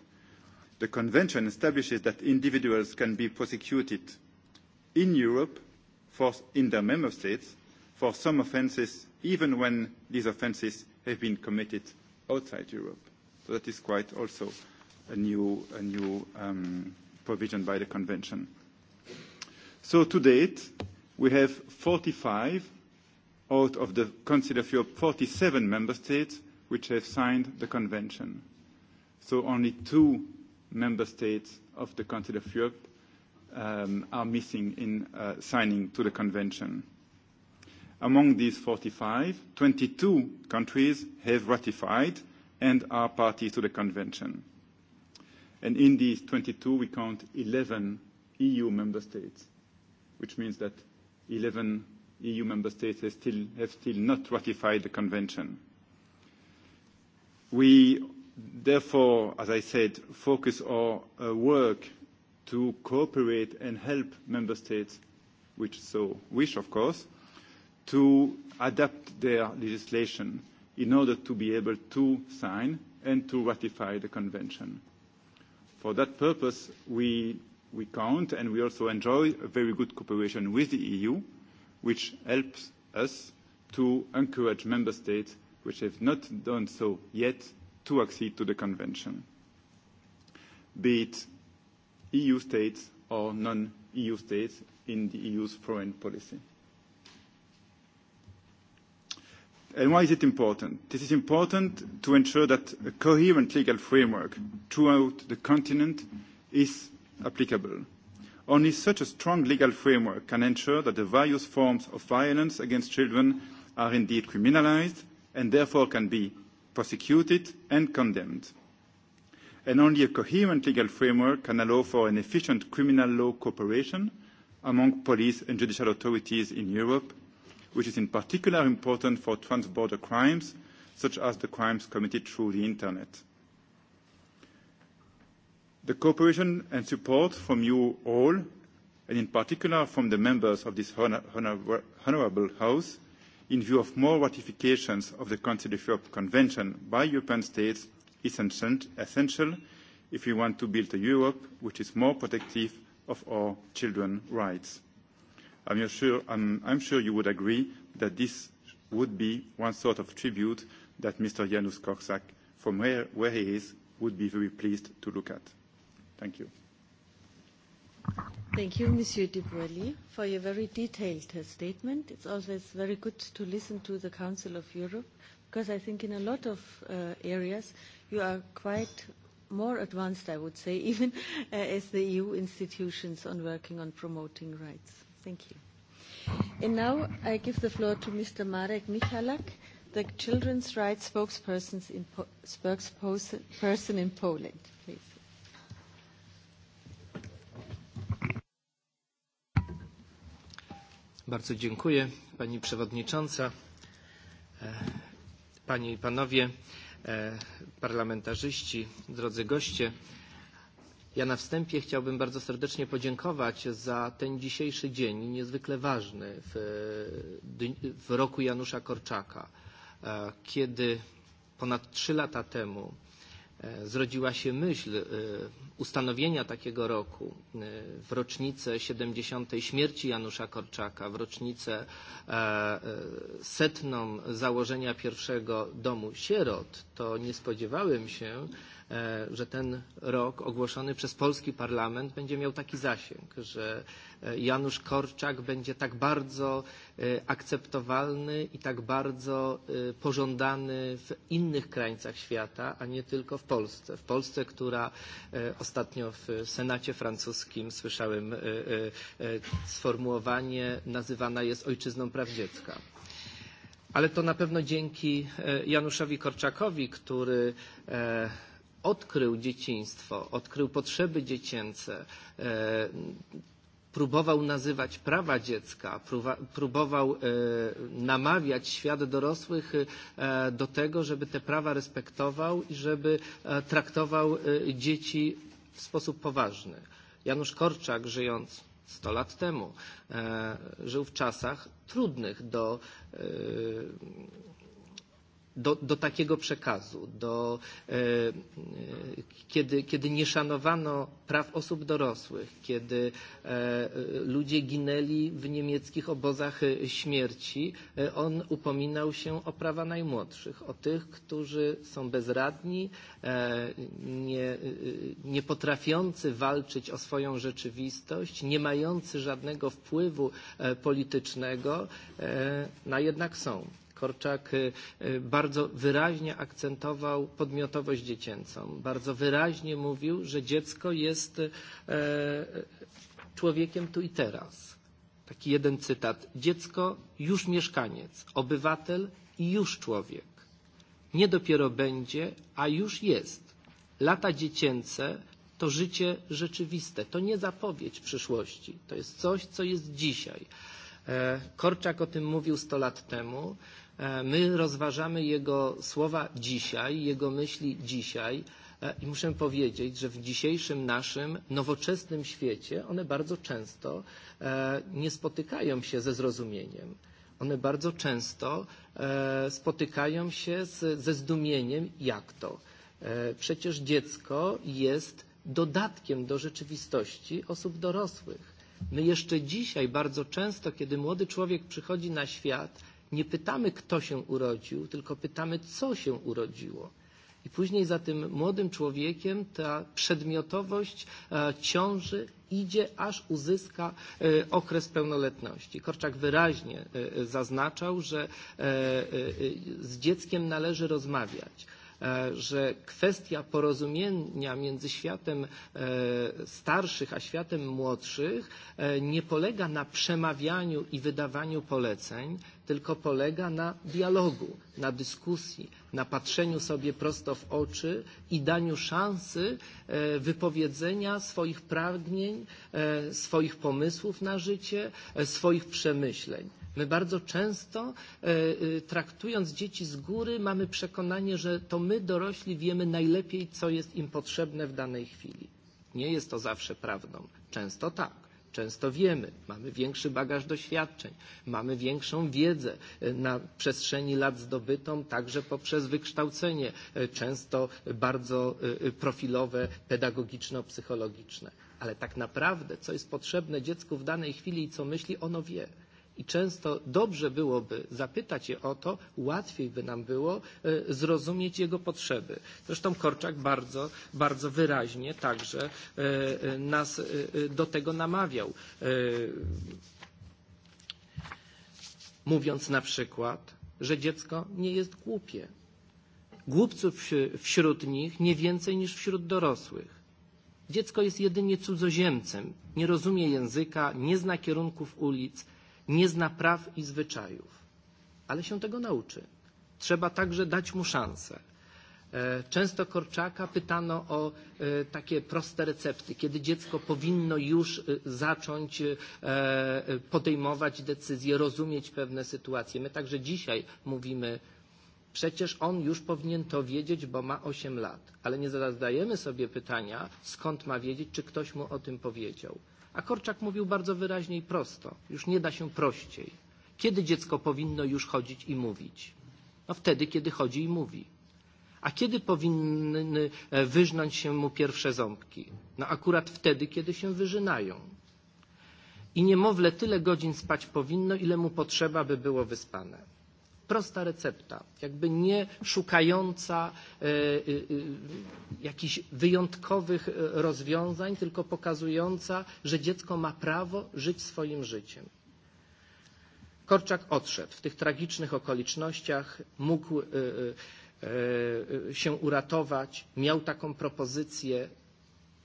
Speaker 5: the Convention establishes that individuals can be prosecuted in Europe for, in their member states for some offences, even when these offences have been committed outside Europe. So that is quite also a new, a new um, provision by the convention. So to date, we have 45 out of the Council of Europe, 47 member states which have signed the convention. So only two member states of the Council of Europe um, are missing in uh, signing to the convention. Among these 45, 22 countries have ratified and are party to the convention. And in these 22, we count 11 EU member states, which means that 11 EU member states have still, have still not ratified the convention. We therefore, as I said, focus our uh, work to cooperate and help member states, which so wish, of course, to adapt their legislation in order to be able to sign and to ratify the convention. For that purpose, we, we count and we also enjoy a very good cooperation with the EU, which helps us to encourage member states which have not done so yet to accede to the convention, be it EU states or non-EU states in the EU's foreign policy. And why is it important? This is important to ensure that a coherent legal framework throughout the continent is applicable. Only such a strong legal framework can ensure that the various forms of violence against children are indeed criminalized and therefore can be prosecuted and condemned. And only a coherent legal framework can allow for an efficient criminal law cooperation among police and judicial authorities in Europe which is in particular important for transborder crimes, such as the crimes committed through the Internet. The cooperation and support from you all, and in particular from the members of this honourable House, in view of more ratifications of the Council of Europe Convention by European states, is essential if we want to build a Europe which is more protective of our children's rights. I'm sure, I'm, I'm sure you would agree that this would be one sort of tribute that Mr. Janusz Korczak, from where, where he is, would be very pleased to look at. Thank you.
Speaker 1: Thank you, Monsieur de Broglie, for your very detailed uh, statement. It's always very good to listen to the Council of Europe, because I think in a lot of uh, areas you are quite more advanced, I would say, (laughs) even uh, as the EU institutions on working on promoting rights. Thank you. And now I give the floor to Mr. Marek Michalak, the children's rights spokesperson in, po- spokesperson in Poland, please.
Speaker 6: Bardzo dziękuję Pani Przewodnicząca, e, Panie i Panowie, e, parlamentarzyści, drodzy goście. Ja na wstępie chciałbym bardzo serdecznie podziękować za ten dzisiejszy dzień, niezwykle ważny w, w roku Janusza Korczaka, e, kiedy ponad trzy lata temu e, zrodziła się myśl e, ustanowienia takiego roku w rocznicę 70. śmierci Janusza Korczaka, w rocznicę setną założenia pierwszego domu sierot, to nie spodziewałem się, E, że ten rok ogłoszony przez polski parlament będzie miał taki zasięg, że e, Janusz Korczak będzie tak bardzo e, akceptowalny i tak bardzo pożądany w innych krańcach świata, a nie tylko w Polsce. W Polsce, która ostatnio w Senacie francuskim słyszałem sformułowanie nazywana jest ojczyzną praw dziecka. Ale to na pewno dzięki Januszowi Korczakowi, który odkrył dzieciństwo, odkrył potrzeby dziecięce, e, próbował nazywać prawa dziecka, próbował e, namawiać świat dorosłych e, do tego, żeby te prawa respektował i żeby traktował dzieci w sposób poważny. Janusz Korczak, żyjąc 100 lat temu, żył w czasach trudnych do do, do takiego przekazu, do, e, e, kiedy, kiedy nie szanowano praw osób dorosłych, kiedy e, ludzie ginęli w niemieckich obozach e, śmierci, e, on upominał się o prawa najmłodszych, o tych, którzy są bezradni, e, nie, nie potrafiący walczyć o swoją rzeczywistość, nie mający żadnego wpływu politycznego, a jednak są. Korczak bardzo wyraźnie akcentował podmiotowość dziecięcą. Bardzo wyraźnie mówił, że dziecko jest człowiekiem tu i teraz. Taki jeden cytat. Dziecko już mieszkaniec, obywatel i już człowiek. Nie dopiero będzie, a już jest. Lata dziecięce to życie rzeczywiste, to nie zapowiedź przyszłości, to jest coś, co jest dzisiaj. E, Korczak o tym mówił 100 lat temu. E, my rozważamy jego słowa dzisiaj, jego myśli dzisiaj e, i muszę powiedzieć, że w dzisiejszym naszym nowoczesnym świecie one bardzo często e, nie spotykają się ze zrozumieniem. One bardzo często spotykają się z, ze zdumieniem, jak to. Przecież dziecko jest dodatkiem do rzeczywistości osób dorosłych. My jeszcze dzisiaj bardzo często, kiedy młody człowiek przychodzi na świat, nie pytamy, kto się urodził, tylko pytamy, co się urodziło. I później za tym młodym człowiekiem ta przedmiotowość e, ciąży idzie, aż uzyska e, okres pełnoletności. Korczak wyraźnie e, zaznaczał, że z dzieckiem należy rozmawiać E, że kwestia porozumienia między światem e, starszych a światem młodszych e, nie polega na przemawianiu i wydawaniu poleceń, tylko polega na dialogu, na dyskusji, na patrzeniu sobie prosto w oczy i daniu szansy wypowiedzenia swoich pragnień, swoich pomysłów na życie, swoich przemyśleń. My bardzo często e, e, traktując dzieci z góry mamy przekonanie, że to my dorośli wiemy najlepiej, co jest im potrzebne w danej chwili. Nie jest to zawsze prawdą. Często tak. Często wiemy, mamy większy bagaż doświadczeń, mamy większą wiedzę e, na przestrzeni lat zdobytą, także poprzez wykształcenie, często bardzo profilowe, pedagogiczno-psychologiczne. Ale tak naprawdę, co jest potrzebne dziecku w danej chwili i co myśli, ono wie. I często dobrze byłoby zapytać je o to, łatwiej by nam było e, zrozumieć jego potrzeby. Zresztą Korczak bardzo, bardzo wyraźnie także e, e, nas do tego namawiał. Mówiąc na przykład, że dziecko nie jest głupie. Głupców wśród nich nie więcej niż wśród dorosłych. Dziecko jest jedynie cudzoziemcem, nie rozumie języka, nie zna kierunków ulic, nie zna praw i zwyczajów, ale się tego nauczy. Trzeba także dać mu szansę. E, często Korczaka pytano o e, takie proste recepty, kiedy dziecko powinno już e, zacząć podejmować decyzje, rozumieć pewne sytuacje. My także dzisiaj mówimy, przecież on już powinien to wiedzieć, bo ma 8 lat, ale nie zadajemy sobie pytania, skąd ma wiedzieć, czy ktoś mu o tym powiedział. A Korczak mówił bardzo wyraźnie i prosto. Już nie da się prościej. Kiedy dziecko powinno już chodzić i mówić? No wtedy, kiedy chodzi i mówi. A kiedy powinny e, wyżnąć się mu pierwsze ząbki? No akurat wtedy, kiedy się wyżynają. I niemowlę tyle godzin spać powinno, ile mu potrzeba, by było wyspane prosta recepta, jakby nie szukająca y, e, y, e, e, jakichś wyjątkowych rozwiązań, tylko pokazująca, że dziecko ma prawo żyć swoim życiem. Korczak odszedł w tych tragicznych okolicznościach, mógł y, się uratować, miał taką propozycję,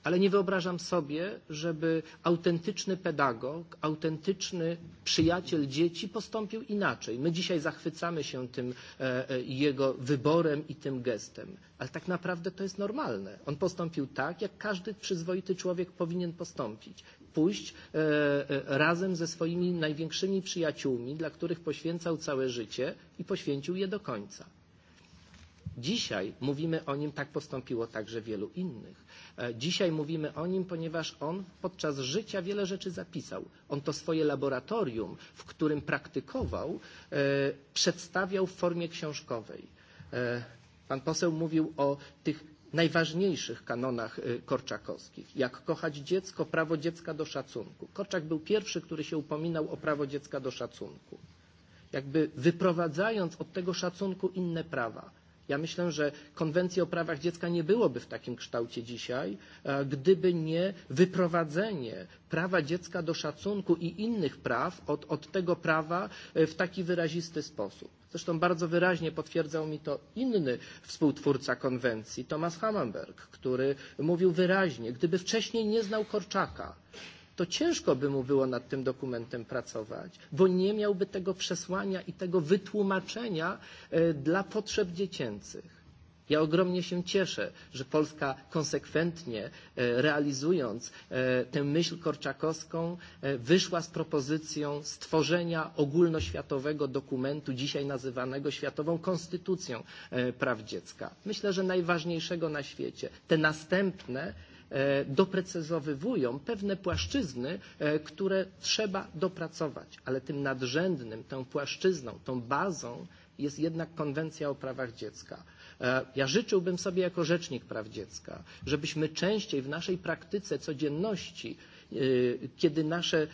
Speaker 6: Ale nie wyobrażam sobie, żeby autentyczny pedagog, autentyczny przyjaciel dzieci postąpił inaczej. My dzisiaj zachwycamy się tym e, e, jego wyborem i tym gestem, ale tak naprawdę to jest normalne. On postąpił tak, jak każdy przyzwoity człowiek powinien postąpić pójść e, e razem ze swoimi największymi przyjaciółmi, dla których poświęcał całe życie i poświęcił je do końca. Dzisiaj mówimy o nim, tak postąpiło także wielu innych. E, dzisiaj mówimy o nim, ponieważ on podczas życia wiele rzeczy zapisał. On to swoje laboratorium, w którym praktykował, e, przedstawiał w formie książkowej. E, pan poseł mówił o tych najważniejszych kanonach korczakowskich. Jak kochać dziecko, prawo dziecka do szacunku. Korczak był pierwszy, który się upominał o prawo dziecka do szacunku. Jakby wyprowadzając od tego szacunku inne prawa. Ja myślę, że konwencji o prawach dziecka nie byłoby w takim kształcie dzisiaj, e, gdyby nie wyprowadzenie prawa dziecka do szacunku i innych praw od, od tego prawa e, w taki wyrazisty sposób. Zresztą bardzo wyraźnie potwierdzał mi to inny współtwórca konwencji, Thomas Hammerberg, który mówił wyraźnie, gdyby wcześniej nie znał Korczaka, to ciężko by mu było nad tym dokumentem pracować, bo nie miałby tego przesłania i tego wytłumaczenia e, dla potrzeb dziecięcych. Ja ogromnie się cieszę, że Polska konsekwentnie e, realizując e, tę myśl korczakowską wyszła z propozycją stworzenia ogólnoświatowego dokumentu, dzisiaj nazywanego Światową Konstytucją Praw Dziecka. Myślę, że najważniejszego na świecie. Te następne E, doprecyzowywują pewne płaszczyzny, e, które trzeba dopracować, ale tym nadrzędnym, tą płaszczyzną, tą bazą jest jednak konwencja o prawach dziecka. E, ja życzyłbym sobie jako rzecznik praw dziecka, żebyśmy częściej w naszej praktyce codzienności, kiedy nasze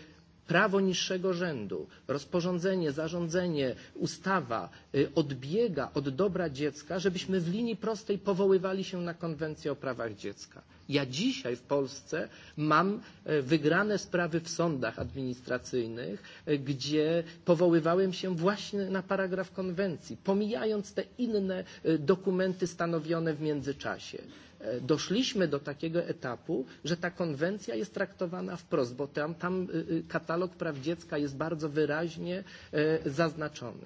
Speaker 6: prawo niższego rzędu, rozporządzenie, zarządzenie, ustawa odbiega od dobra dziecka, żebyśmy w linii prostej powoływali się na konwencję o prawach dziecka. Ja dzisiaj w Polsce mam e, wygrane sprawy w sądach administracyjnych, e, gdzie powoływałem się właśnie na paragraf konwencji, pomijając te inne e, dokumenty stanowione w międzyczasie doszliśmy do takiego etapu, że ta konwencja jest traktowana wprost, bo tam, tam katalog praw dziecka jest bardzo wyraźnie zaznaczony.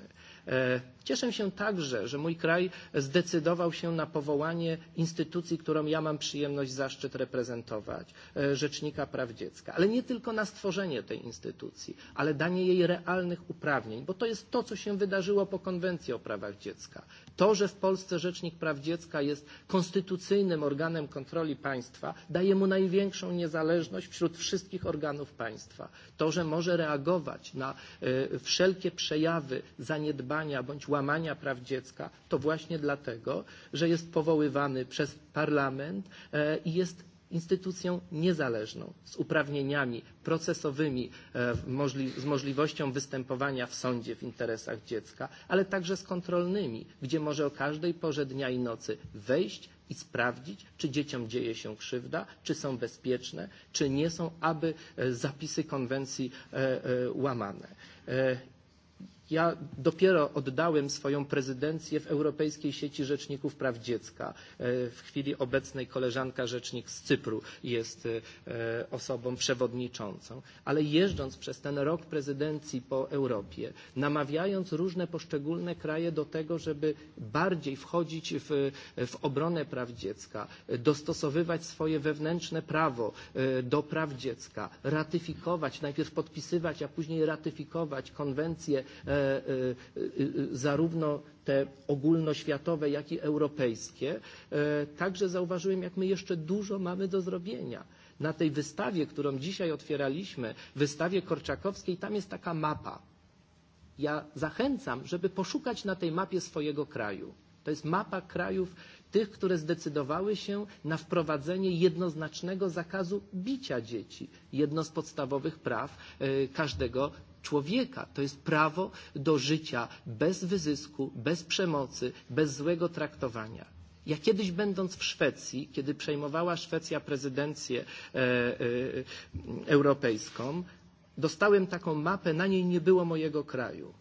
Speaker 6: E, cieszę się także, że mój kraj zdecydował się na powołanie instytucji, którą ja mam przyjemność, zaszczyt reprezentować, e, Rzecznika Praw Dziecka. Ale nie tylko na stworzenie tej instytucji, ale danie jej realnych uprawnień, bo to jest to, co się wydarzyło po konwencji o prawach dziecka. To, że w Polsce Rzecznik Praw Dziecka jest konstytucyjnym organem kontroli państwa, daje mu największą niezależność wśród wszystkich organów państwa. To, że może reagować na e, wszelkie przejawy zaniedbania, nadużywania bądź łamania praw dziecka, to właśnie dlatego, że jest powoływany przez parlament e, i jest instytucją niezależną, z uprawnieniami procesowymi, e, możli z możliwością występowania w sądzie w interesach dziecka, ale także z kontrolnymi, gdzie może o każdej porze dnia i nocy wejść i sprawdzić, czy dzieciom dzieje się krzywda, czy są bezpieczne, czy nie są, aby e, zapisy konwencji łamane. Ja dopiero oddałem swoją prezydencję w Europejskiej Sieci Rzeczników Praw Dziecka. E, w chwili obecnej koleżanka rzecznik z Cypru jest e, osobą przewodniczącą. Ale jeżdżąc przez ten rok prezydencji po Europie, namawiając różne poszczególne kraje do tego, żeby bardziej wchodzić w, w obronę praw dziecka, dostosowywać swoje wewnętrzne prawo e, do praw dziecka, ratyfikować, najpierw podpisywać, a później ratyfikować konwencję te, e, e, zarówno te ogólnoświatowe, jak i europejskie, e, także zauważyłem, jak my jeszcze dużo mamy do zrobienia na tej wystawie, którą dzisiaj otwieraliśmy, wystawie Korczakowskiej, tam jest taka mapa. Ja zachęcam, żeby poszukać na tej mapie swojego kraju. To jest mapa krajów tych, które zdecydowały się na wprowadzenie jednoznacznego zakazu bicia dzieci. Jedno z podstawowych praw każdego człowieka. To jest prawo do życia bez wyzysku, bez przemocy, bez złego traktowania. Ja kiedyś będąc w Szwecji, kiedy przejmowała Szwecja prezydencję e, e, europejską, dostałem taką mapę, na niej nie było mojego kraju.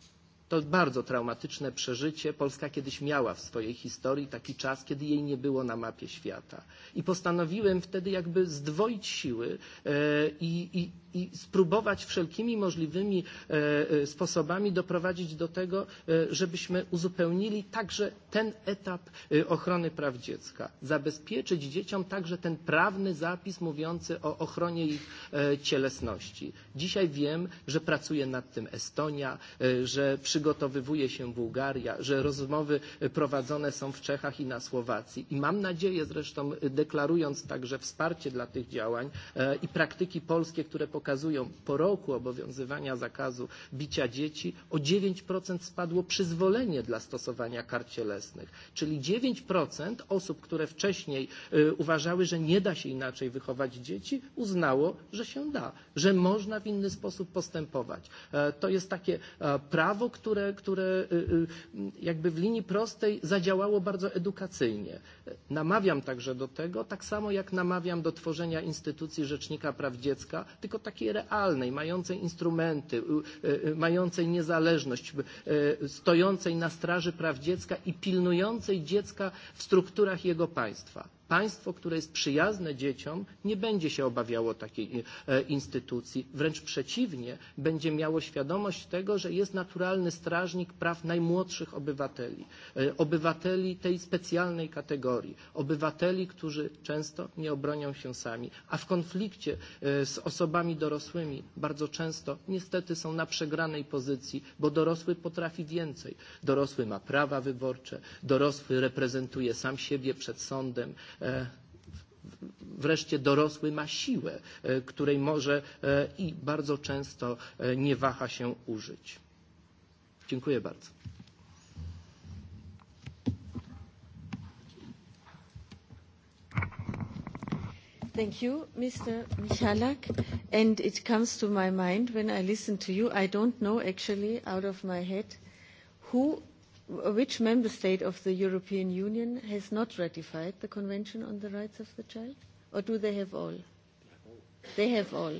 Speaker 6: To bardzo traumatyczne przeżycie. Polska kiedyś miała w swojej historii taki czas, kiedy jej nie było na mapie świata. I postanowiłem wtedy jakby zdwoić siły e, i, i i spróbować wszelkimi możliwymi e, e, sposobami doprowadzić do tego, e, żebyśmy uzupełnili także ten etap ochrony praw dziecka. Zabezpieczyć dzieciom także ten prawny zapis mówiący o ochronie ich cielesności. Dzisiaj wiem, że pracuje nad tym Estonia, że przygotowywuje się Bułgaria, że rozmowy prowadzone są w Czechach i na Słowacji. I mam nadzieję zresztą deklarując także wsparcie dla tych działań i praktyki polskie, które pokazują, po roku obowiązywania zakazu bicia dzieci o 9% spadło przyzwolenie dla stosowania kar cielesnych. Czyli 9% osób, które wcześniej y, uważały, że nie da się inaczej wychować dzieci, uznało, że się da, że można w inny sposób postępować. E, to jest takie e, prawo, które, które y, y, jakby w linii prostej zadziałało bardzo edukacyjnie. E, namawiam także do tego, tak samo jak namawiam do tworzenia instytucji Rzecznika Praw Dziecka, tylko takiej realnej, mającej instrumenty, e, e, mającej niezależność, e, stojącej na straży praw dziecka i pilnującej dziecka w strukturach jego państwa. Państwo, które jest przyjazne dzieciom, nie będzie się obawiało takiej e, instytucji. Wręcz przeciwnie, będzie miało świadomość tego, że jest naturalny strażnik praw najmłodszych obywateli. E, obywateli tej specjalnej kategorii. Obywateli, którzy często nie obronią się sami, a w konflikcie e, z osobami dorosłymi bardzo często niestety są na przegranej pozycji, bo dorosły potrafi więcej. Dorosły ma prawa wyborcze, dorosły reprezentuje sam siebie przed sądem, E, wreszcie dorosły ma siłę, e, której może e, i bardzo często nie waha się użyć. Dziękuję bardzo.
Speaker 1: Thank you, Mr. Michalak. And it comes to my mind when I listen to you, I don't know actually out of my head who which member state of the European Union has not ratified the Convention on the Rights of the Child? Or do they have all? They have all.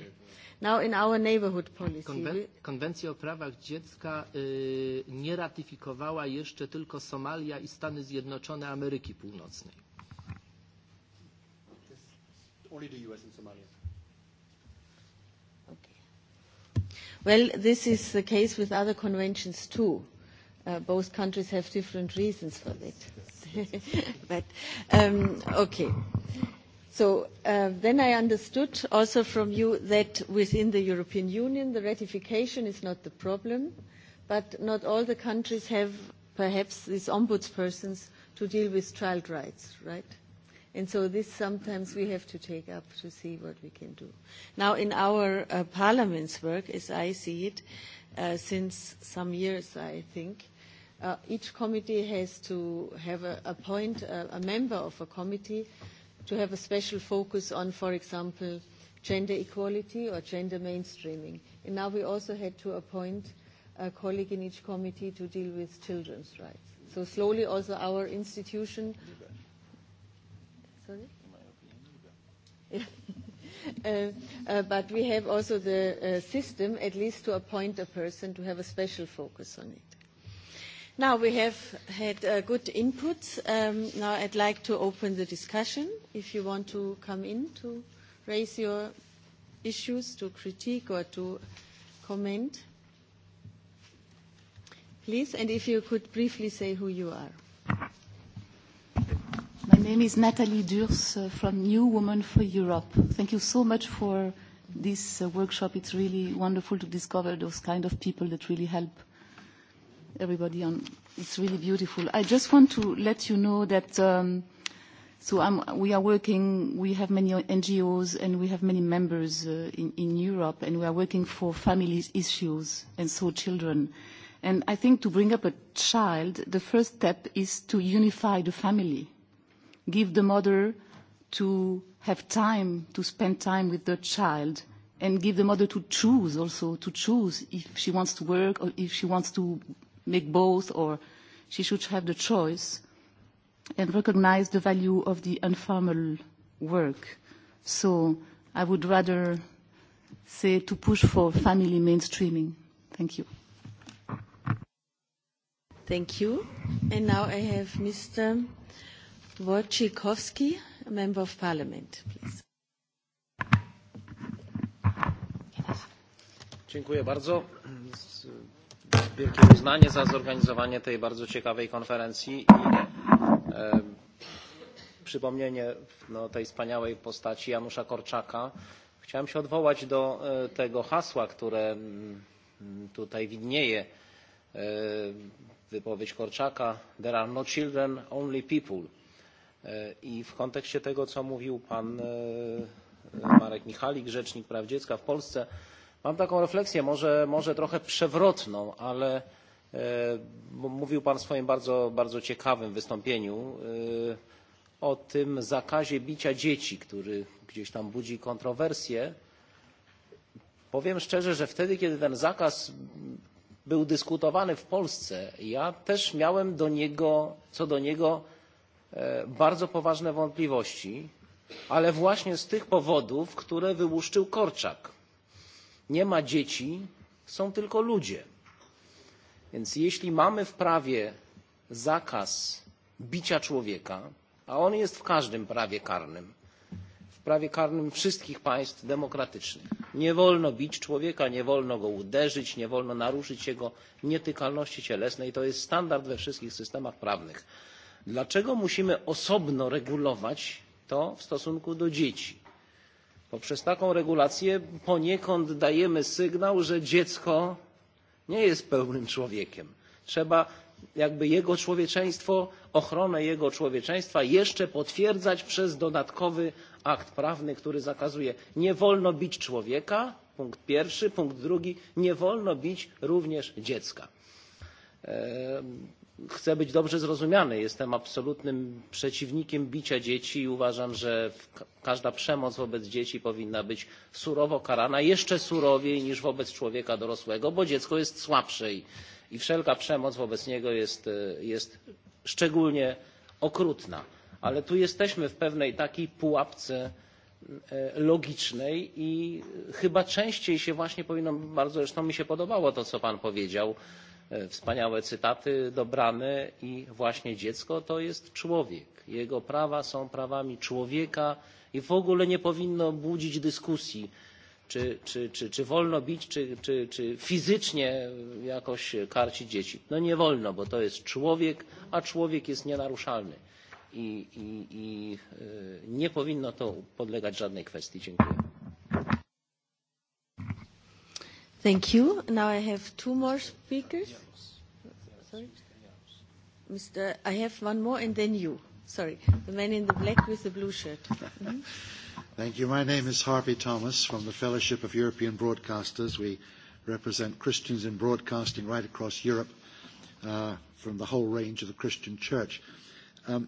Speaker 1: Now in our neighborhood policy. Konwen Konwencji o prawach dziecka y,
Speaker 6: nie ratyfikowała jeszcze tylko Somalia i Stany Zjednoczone Ameryki Północnej.
Speaker 4: Only the US and Somalia.
Speaker 1: Okay. Well, this is the case with other conventions too. Uh, Uh, both countries have different reasons for that. (laughs) but, um, okay. So uh, then I understood also from you that within the European Union, the ratification is not the problem, but not all the countries have perhaps these ombudspersons to deal with child rights, right? And so this sometimes we have to take up to see what we can do. Now in our uh, parliament's work, as I see it, uh, uh, since some years, I think. Uh, each committee has to have a, appoint a, a member of a committee to have a special focus on, for example, gender equality or gender mainstreaming. And now we also had to appoint a colleague in each committee to deal with children's rights. So slowly also our institution... Sorry? In my opinion, (laughs) uh, uh, but we have also the uh, system, at least to appoint a person to have a special focus on it. Now we have had uh, good inputs. Um, now I'd like to open the discussion. If you want to come in to raise your issues, to critique or to comment, please. And if you could briefly say who you are.
Speaker 7: My name is Nathalie Durs uh, from New Women for Europe. Thank you so much for this uh, workshop. It's really wonderful to discover those kind of people that really help everybody on. It's really beautiful. I just want to let you know that um, so I'm, we are working, we have many NGOs and we have many members uh, in, in Europe and we are working for family issues and so children. And I think to bring up a child, the first step is to unify the family give the mother to have time to spend time with the child and give the mother to choose also to choose if she wants to work or if she wants to make both or she should have the choice and recognize the value of the informal work. So I would rather say to push for family mainstreaming. Thank you.
Speaker 1: Thank you. And now I have Mr. Wojciechowski, Member of Parliament, please.
Speaker 8: Dziękuję bardzo. Wielkie uznanie za zorganizowanie tej bardzo ciekawej konferencji i e, przypomnienie no, tej wspaniałej postaci Janusza Korczaka. Chciałem się odwołać do e, tego hasła, które m, tutaj widnieje. E, wypowiedź Korczaka. There are no children, only people E, I w kontekście tego, co mówił pan e, Marek Michalik, rzecznik praw dziecka w Polsce, mam taką refleksję, może, może trochę przewrotną, ale e, mówił pan w swoim bardzo, bardzo ciekawym wystąpieniu o tym zakazie bicia dzieci, który gdzieś tam budzi kontrowersje. Powiem szczerze, że wtedy, kiedy ten zakaz był dyskutowany w Polsce, ja też miałem do niego, co do niego E, bardzo poważne wątpliwości ale właśnie z tych powodów które wyłuszczył korczak nie ma dzieci są tylko ludzie więc jeśli mamy w prawie zakaz bicia człowieka a on jest w każdym prawie karnym w prawie karnym wszystkich państw demokratycznych nie wolno bić człowieka nie wolno go uderzyć nie wolno naruszyć jego nietykalności cielesnej to jest standard we wszystkich systemach prawnych dlaczego musimy osobno regulować to w stosunku do dzieci? poprzez taką regulację poniekąd dajemy sygnał że dziecko nie jest pełnym człowiekiem trzeba jakby jego człowieczeństwo ochronę jego człowieczeństwa jeszcze potwierdzać przez dodatkowy akt prawny który zakazuje nie wolno bić człowieka punkt pierwszy punkt drugi nie wolno bić również dziecka. E, chcę być dobrze zrozumiany jestem absolutnym przeciwnikiem bicia dzieci i uważam że każda przemoc wobec dzieci powinna być surowo karana jeszcze surowiej niż wobec człowieka dorosłego bo dziecko jest słabsze i wszelka przemoc wobec niego e, jest szczególnie okrutna ale tu jesteśmy w pewnej takiej pułapce e, logicznej i chyba częściej się właśnie powinno bardzo zresztą mi się podobało to co pan powiedział E, wspaniałe cytaty dobrane i właśnie dziecko to jest człowiek jego prawa są prawami człowieka i w ogóle nie powinno budzić dyskusji czy, czy, czy, czy wolno bić czy, czy, czy fizycznie jakoś karcić dzieci. No nie wolno, bo to jest człowiek, a człowiek jest nienaruszalny i, i, i e, nie powinno to podlegać żadnej kwestii. Dziękuję.
Speaker 1: Thank you. Now I have two more speakers. Sorry. Mr. I have one more and then you. Sorry. The man in the black with the blue shirt. Mm-hmm.
Speaker 9: (laughs) Thank you. My name is Harvey Thomas from the Fellowship of European Broadcasters. We represent Christians in broadcasting right across Europe uh, from the whole range of the Christian church. Um,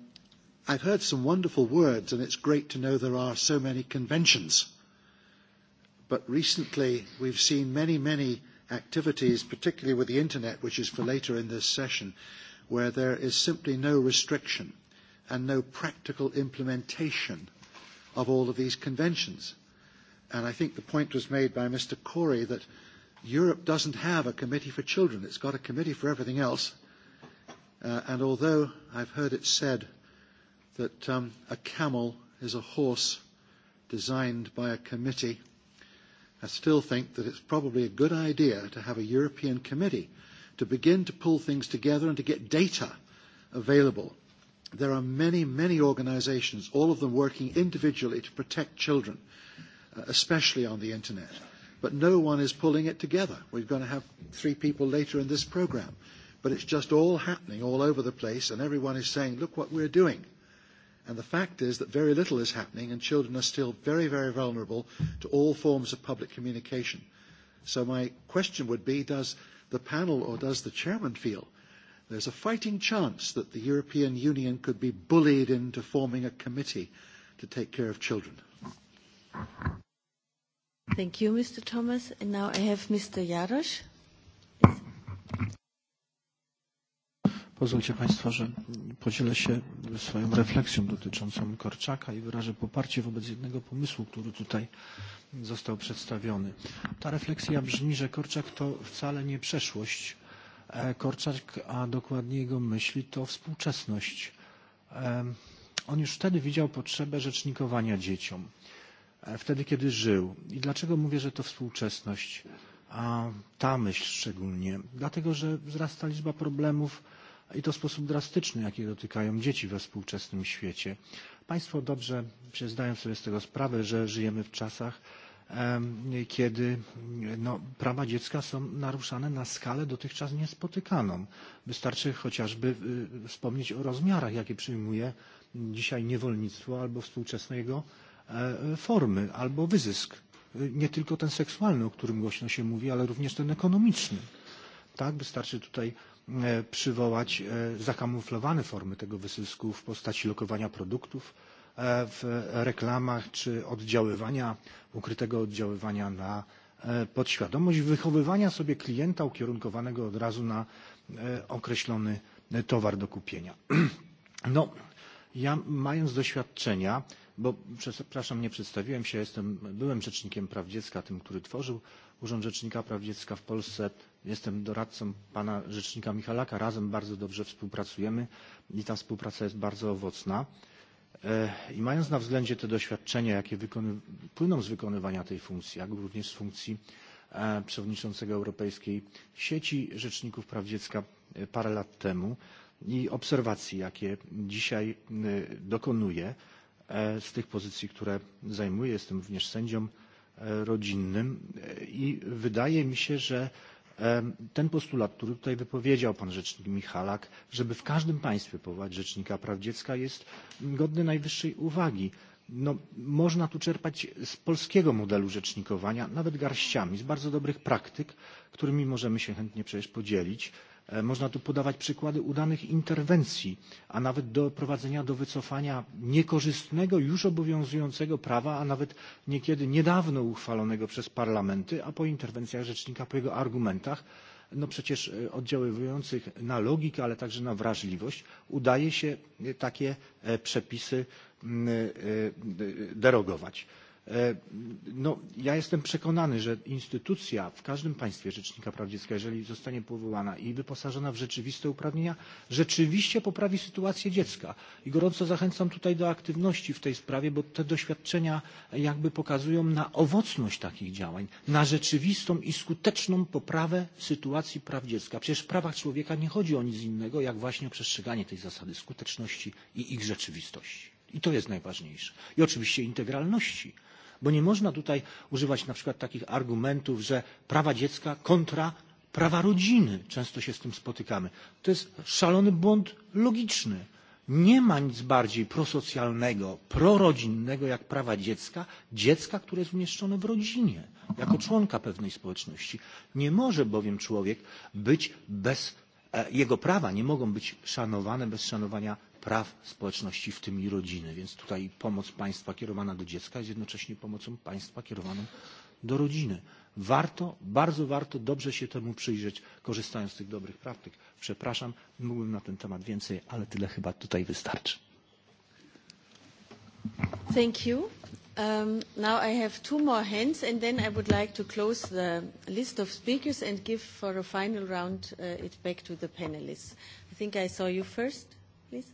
Speaker 9: I've heard some wonderful words, and it's great to know there are so many conventions but recently we've seen many, many activities, particularly with the internet, which is for later in this session, where there is simply no restriction and no practical implementation of all of these conventions. And I think the point was made by Mr. Corey that Europe doesn't have a committee for children. It's got a committee for everything else. Uh, and although I've heard it said that um, a camel is a horse designed by a committee, I still think that it's probably a good idea to have a European committee to begin to pull things together and to get data available. There are many, many organizations, all of them working individually to protect children, uh, especially on the internet. But no one is pulling it together. We're going to have three people later in this program. But it's just all happening all over the place, and everyone is saying, look what we're doing. Uh, And the fact is that very little is happening, and children are still very, very vulnerable to all forms of public communication. So my question would be, does the panel or does the chairman feel there's a fighting chance that the European Union could be bullied into forming a committee to take care of children?
Speaker 1: Thank you, Mr. Thomas. And now I have Mr. Jarosz. Yes.
Speaker 10: Pozwólcie Państwo, że podzielę się swoją refleksją dotyczącą Korczaka i wyrażę poparcie wobec jednego pomysłu, który tutaj został przedstawiony. Ta refleksja brzmi, że Korczak to wcale nie przeszłość. E, Korczak, a dokładnie jego myśli, to współczesność. E, on już wtedy widział potrzebę rzecznikowania dzieciom, e, wtedy kiedy żył. I dlaczego mówię, że to współczesność? A ta myśl szczególnie. Dlatego, że wzrasta liczba problemów, i to w sposób drastyczny, jakie dotykają dzieci we współczesnym świecie. Państwo dobrze przecież zdają sobie z tego sprawę, że żyjemy w czasach, kiedy no, prawa dziecka są naruszane na skalę dotychczas niespotykaną. Wystarczy chociażby wspomnieć o rozmiarach, jakie przyjmuje dzisiaj niewolnictwo albo współczesne jego e, formy, albo wyzysk. Nie tylko ten seksualny, o którym głośno się mówi, ale również ten ekonomiczny. Tak, wystarczy tutaj E, przywołać e, zakamuflowane formy tego wyzysku w postaci lokowania produktów e, w reklamach czy oddziaływania, ukrytego oddziaływania na podświadomość, wychowywania sobie klienta ukierunkowanego od razu na określony towar do kupienia. (clears throat) No, ja mając doświadczenia, bo przepraszam, nie przedstawiłem się, jestem byłem rzecznikiem praw dziecka, tym, który tworzył Urząd Rzecznika Praw Dziecka w Polsce. Jestem doradcą pana rzecznika Michalaka. Razem bardzo dobrze współpracujemy i ta współpraca jest bardzo owocna. E, I mając na względzie te doświadczenia, jakie płyną z wykonywania tej funkcji, jak również z funkcji e, przewodniczącego Europejskiej Sieci Rzeczników Praw Dziecka e, parę lat temu i obserwacji, jakie dzisiaj dokonuję z tych pozycji, które zajmuję, jestem również sędzią rodzinnym i wydaje mi się, że ten postulat, który tutaj wypowiedział pan rzecznik Michalak, żeby w każdym państwie powołać rzecznika praw dziecka jest godny najwyższej uwagi. No, można tu czerpać z polskiego modelu rzecznikowania, nawet garściami, z bardzo dobrych praktyk, którymi możemy się chętnie przecież podzielić. E, można tu podawać przykłady udanych interwencji, a nawet doprowadzenia do wycofania niekorzystnego, już obowiązującego prawa, a nawet niekiedy niedawno uchwalonego przez parlamenty, a po interwencjach rzecznika, po jego argumentach, no przecież e, oddziaływujących na logikę, ale także na wrażliwość, udaje się e, takie przepisy derogować. E, no, ja jestem przekonany, że instytucja w każdym państwie Rzecznika Praw Dziecka, jeżeli zostanie powołana i wyposażona w rzeczywiste uprawnienia, rzeczywiście poprawi sytuację dziecka. I gorąco zachęcam tutaj do aktywności w tej sprawie, bo te doświadczenia jakby pokazują na owocność takich działań, na rzeczywistą i skuteczną poprawę sytuacji praw dziecka. Przecież w prawach człowieka nie chodzi o nic innego, jak właśnie o przestrzeganie tej zasady skuteczności i ich rzeczywistości. I to jest najważniejsze. I oczywiście integralności Bo nie można tutaj używać na przykład takich argumentów, że prawa dziecka kontra prawa rodziny. Często się z tym spotykamy. To jest szalony błąd logiczny. Nie ma nic bardziej prosocjalnego, prorodzinnego jak prawa dziecka, dziecka, które jest umieszczone w rodzinie, jako członka pewnej społeczności. Nie może bowiem człowiek być bez, e, jego prawa nie mogą być szanowane bez szanowania praw społeczności, w tym i rodziny. Więc tutaj pomoc państwa kierowana do dziecka jest jednocześnie pomocą państwa kierowaną do rodziny. Warto, bardzo warto dobrze się temu przyjrzeć, korzystając z tych dobrych praktyk. Przepraszam, mógłbym na ten temat więcej, ale tyle chyba tutaj wystarczy.
Speaker 1: Thank you. Um, now I have two more hands, and then I would like to close the list of speakers and give for a final round uh, it back to the
Speaker 11: panelists. I think I saw you first, please.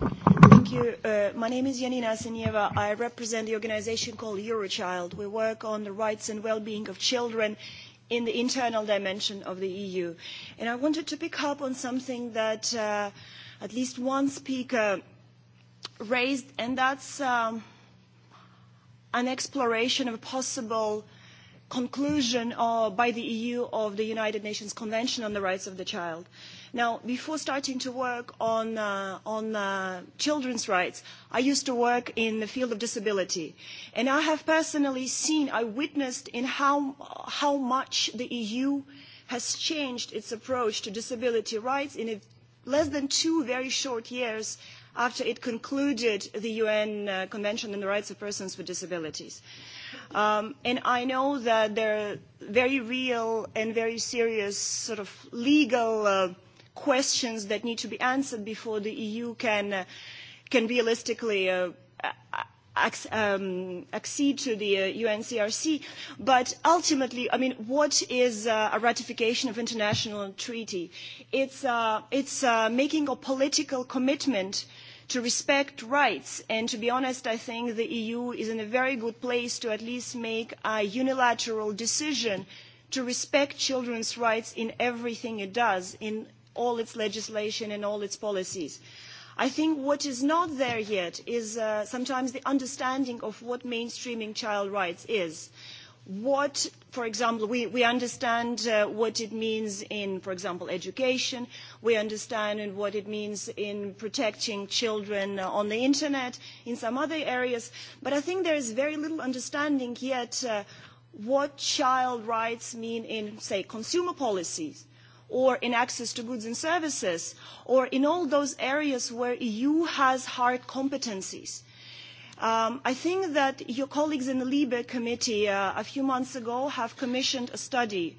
Speaker 11: Thank you. Uh, my name is Yanina Asenieva. I represent the organization called Eurochild. We work on the rights and well-being of children in the internal dimension of the EU. And I wanted to pick up on something that uh, at least one speaker raised, and that's um, an exploration of a possible conclusion uh, by the EU of the United Nations Convention on the Rights of the Child. Uh, Now, before starting to work on, uh, on uh, children's rights, I used to work in the field of disability. And I have personally seen, I witnessed in how, how much the EU has changed its approach to disability rights in a, less than two very short years after it concluded the UN uh, Convention on the Rights of Persons with Disabilities. Um, and I know that there are very real and very serious sort of legal uh, questions that need to be answered before the EU can, uh, can realistically uh, um, accede to the uh, UNCRC. But ultimately, I mean, what is uh, a ratification of international treaty? It's, uh, it's uh, making a political commitment to respect rights. And to be honest, I think the EU is in a very good place to at least make a unilateral decision to respect children's rights in everything it does, in all its legislation and all its policies. I think what is not there yet is uh, sometimes the understanding of what mainstreaming child rights is. What, for example, we, we understand uh, what it means in, for example, education. We understand what it means in protecting children uh, on the internet, in some other areas. But I think there is very little understanding yet uh, what child rights mean in, say, consumer policies or in access to goods and services, or in all those areas where EU has hard competencies. Um, I think that your colleagues in the Libe committee uh, a few months ago have commissioned a study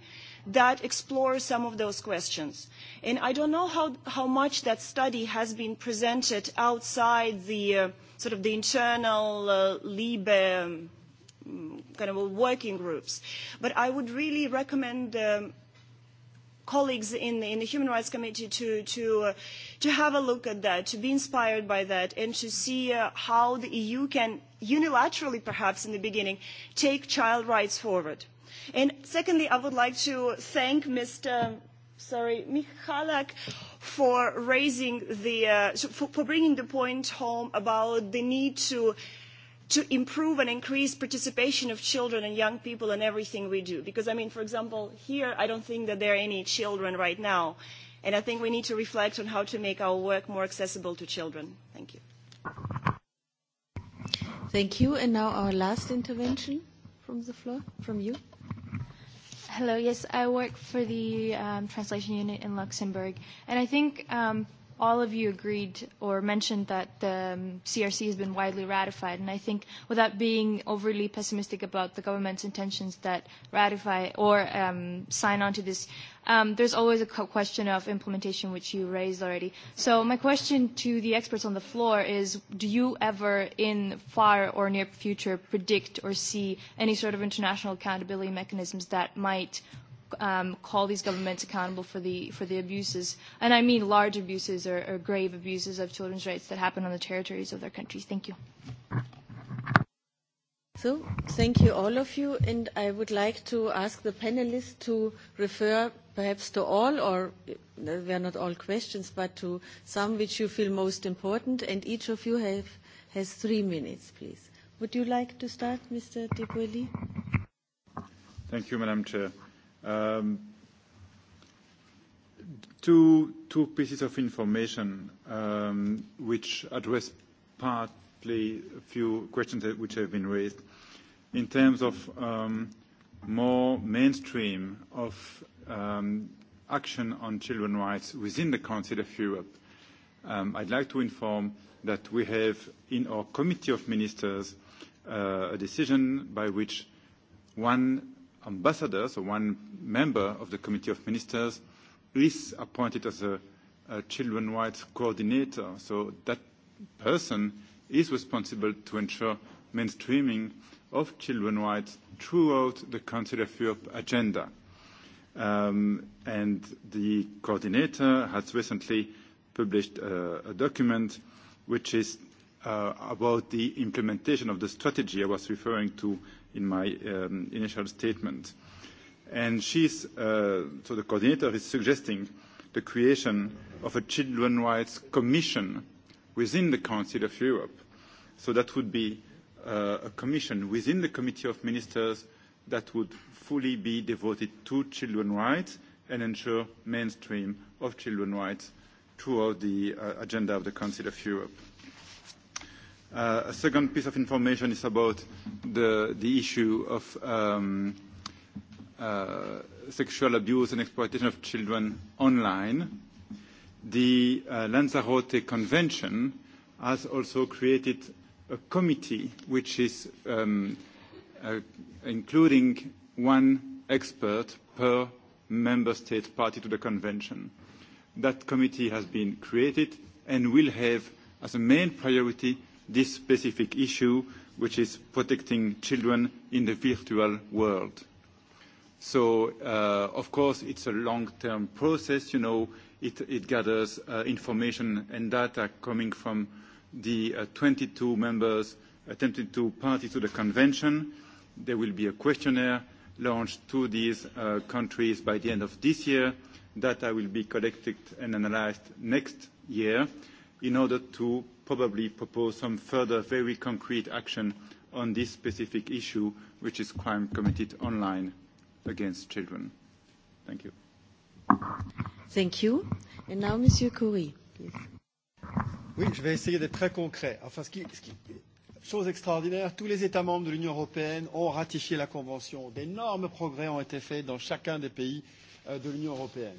Speaker 11: that explores some of those questions. And I don't know how, how much that study has been presented outside the uh, sort of the internal uh, Libe um, kind of working groups. But I would really recommend um, colleagues in, in the Human Rights Committee to, to, uh, to have a look at that, to be inspired by that, and to see uh, how the EU can unilaterally, perhaps in the beginning, take child rights forward. And secondly, I would like to thank Mr sorry, Michalak, for raising the, uh, for, for bringing the point home about the need to to improve and increase participation of children and young people in everything we do. Because, I mean, for example, here I don't think that there are any children right now. And I think we need to reflect on how to make our work more accessible to children. Thank you.
Speaker 1: Thank you. And now our last intervention from the floor, from you. Hello. Yes, I work for
Speaker 11: the um, translation unit in Luxembourg. And I think um, all of you agreed or mentioned that the um, CRC has been widely ratified. And I think without being overly pessimistic about the government's intentions that ratify or um, sign on to this, um, there's always a question of implementation, which you raised already. So my question to the experts on the floor is, do you ever in far or near future predict or see any sort of international accountability mechanisms that might um, call these governments accountable for the for the abuses, and I mean large abuses or, or grave abuses of children's rights that happen on the territories of their countries. Thank you.
Speaker 1: So, thank you all of you, and I would like to ask the panelists to refer perhaps to all, or uh, they are not all questions, but to some which you feel most important, and each of you have, has three minutes, please. Would you like to start, Mr. de Boilly?
Speaker 5: Thank you, Madam Chair. Um, two, two pieces of information um, which address partly a few questions that, which have been raised. In terms of um, more mainstream of um, action on children's rights within the Council of Europe, um, I'd like to inform that we have in our Committee of Ministers uh, a decision by which one ambassador, so one member of the Committee of Ministers, is appointed as a, a children rights coordinator. So that person is responsible to ensure mainstreaming of children rights throughout the Council of Europe agenda. Um, and the coordinator has recently published uh, a document which is uh, about the implementation of the strategy I was referring to in my um, initial statement. And she's, uh, so the coordinator is suggesting the creation of a children's rights commission within the Council of Europe. So that would be uh, a commission within the Committee of Ministers that would fully be devoted to children's rights and ensure mainstream of children's rights throughout the uh, agenda of the Council of Europe. Uh, a second piece of information is about the, the issue of um, uh, sexual abuse and exploitation of children online. The uh, Lanzarote Convention has also created a committee which is um, uh, including one expert per member state party to the convention. That committee has been created and will have as a main priority this specific issue, which is protecting children in the virtual world. So, uh, of course, it's a long-term process. You know, it, it gathers uh, information and data coming from the uh, 22 members attempting to party to the convention. There will be a questionnaire launched to these uh, countries by the end of this year. Data will be collected and analyzed next year in order to probably propose some further very concrete action on this specific issue, which is crime committed online against children. Thank you.
Speaker 1: Thank you. And now, Monsieur Khoury,
Speaker 4: please. Oui, je vais essayer d'être très concret. Enfin, ce qui, ce qui, chose extraordinaire, tous les États membres de l'Union européenne ont ratifié la Convention. D'énormes progrès ont été faits dans chacun des pays euh, de l'Union européenne.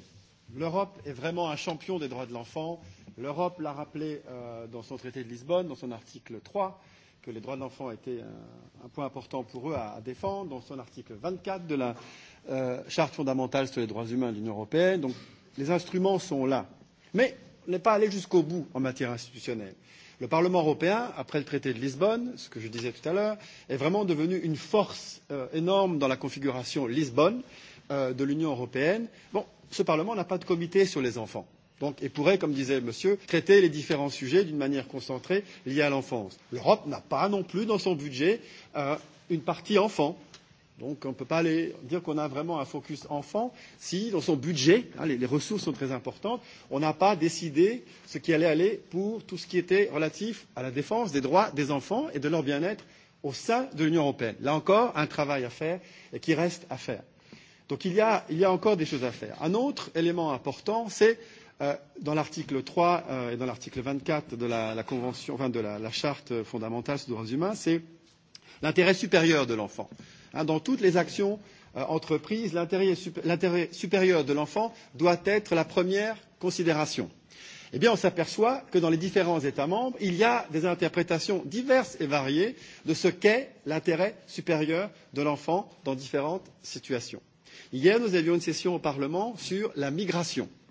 Speaker 4: L'Europe est vraiment un champion des droits de l'enfant L'Europe l'a rappelé euh, dans son traité de Lisbonne, dans son article 3, que les droits de l'enfant étaient un, euh, un point important pour eux à, à défendre, dans son article 24 de la euh, Charte fondamentale sur les droits humains de l'Union européenne. Donc les instruments sont là. Mais on n'est pas allé jusqu'au bout en matière institutionnelle. Le Parlement européen, après le traité de Lisbonne, ce que je disais tout à l'heure, est vraiment devenu une force euh, énorme dans la configuration Lisbonne euh, de l'Union européenne. Bon, ce Parlement n'a pas de comité sur les enfants donc, et pourrait, comme disait monsieur, traiter les différents sujets d'une manière concentrée liée à l'enfance. L'Europe n'a pas non plus dans son budget euh, une partie enfant. Donc on ne peut pas aller dire qu'on a vraiment un focus enfant si dans son budget, hein, les, les ressources sont très importantes, on n'a pas décidé ce qui allait aller pour tout ce qui était relatif à la défense des droits des enfants et de leur bien-être au sein de l'Union européenne. Là encore, un travail à faire et qui reste à faire. Donc il y a, il y a encore des choses à faire. Un autre élément important, c'est euh, Euh, dans l'article 3 euh, et dans l'article 24 de la, la convention, enfin de la, la charte fondamentale des droits humains, c'est l'intérêt supérieur de l'enfant. Hein, dans toutes les actions euh, entreprises, l'intérêt supé supérieur de l'enfant doit être la première considération. Eh bien, on s'aperçoit que dans les différents États membres, il y a des interprétations diverses et variées de ce qu'est l'intérêt supérieur de l'enfant dans différentes situations. Hier, nous avions une session au Parlement sur la migration. Euh,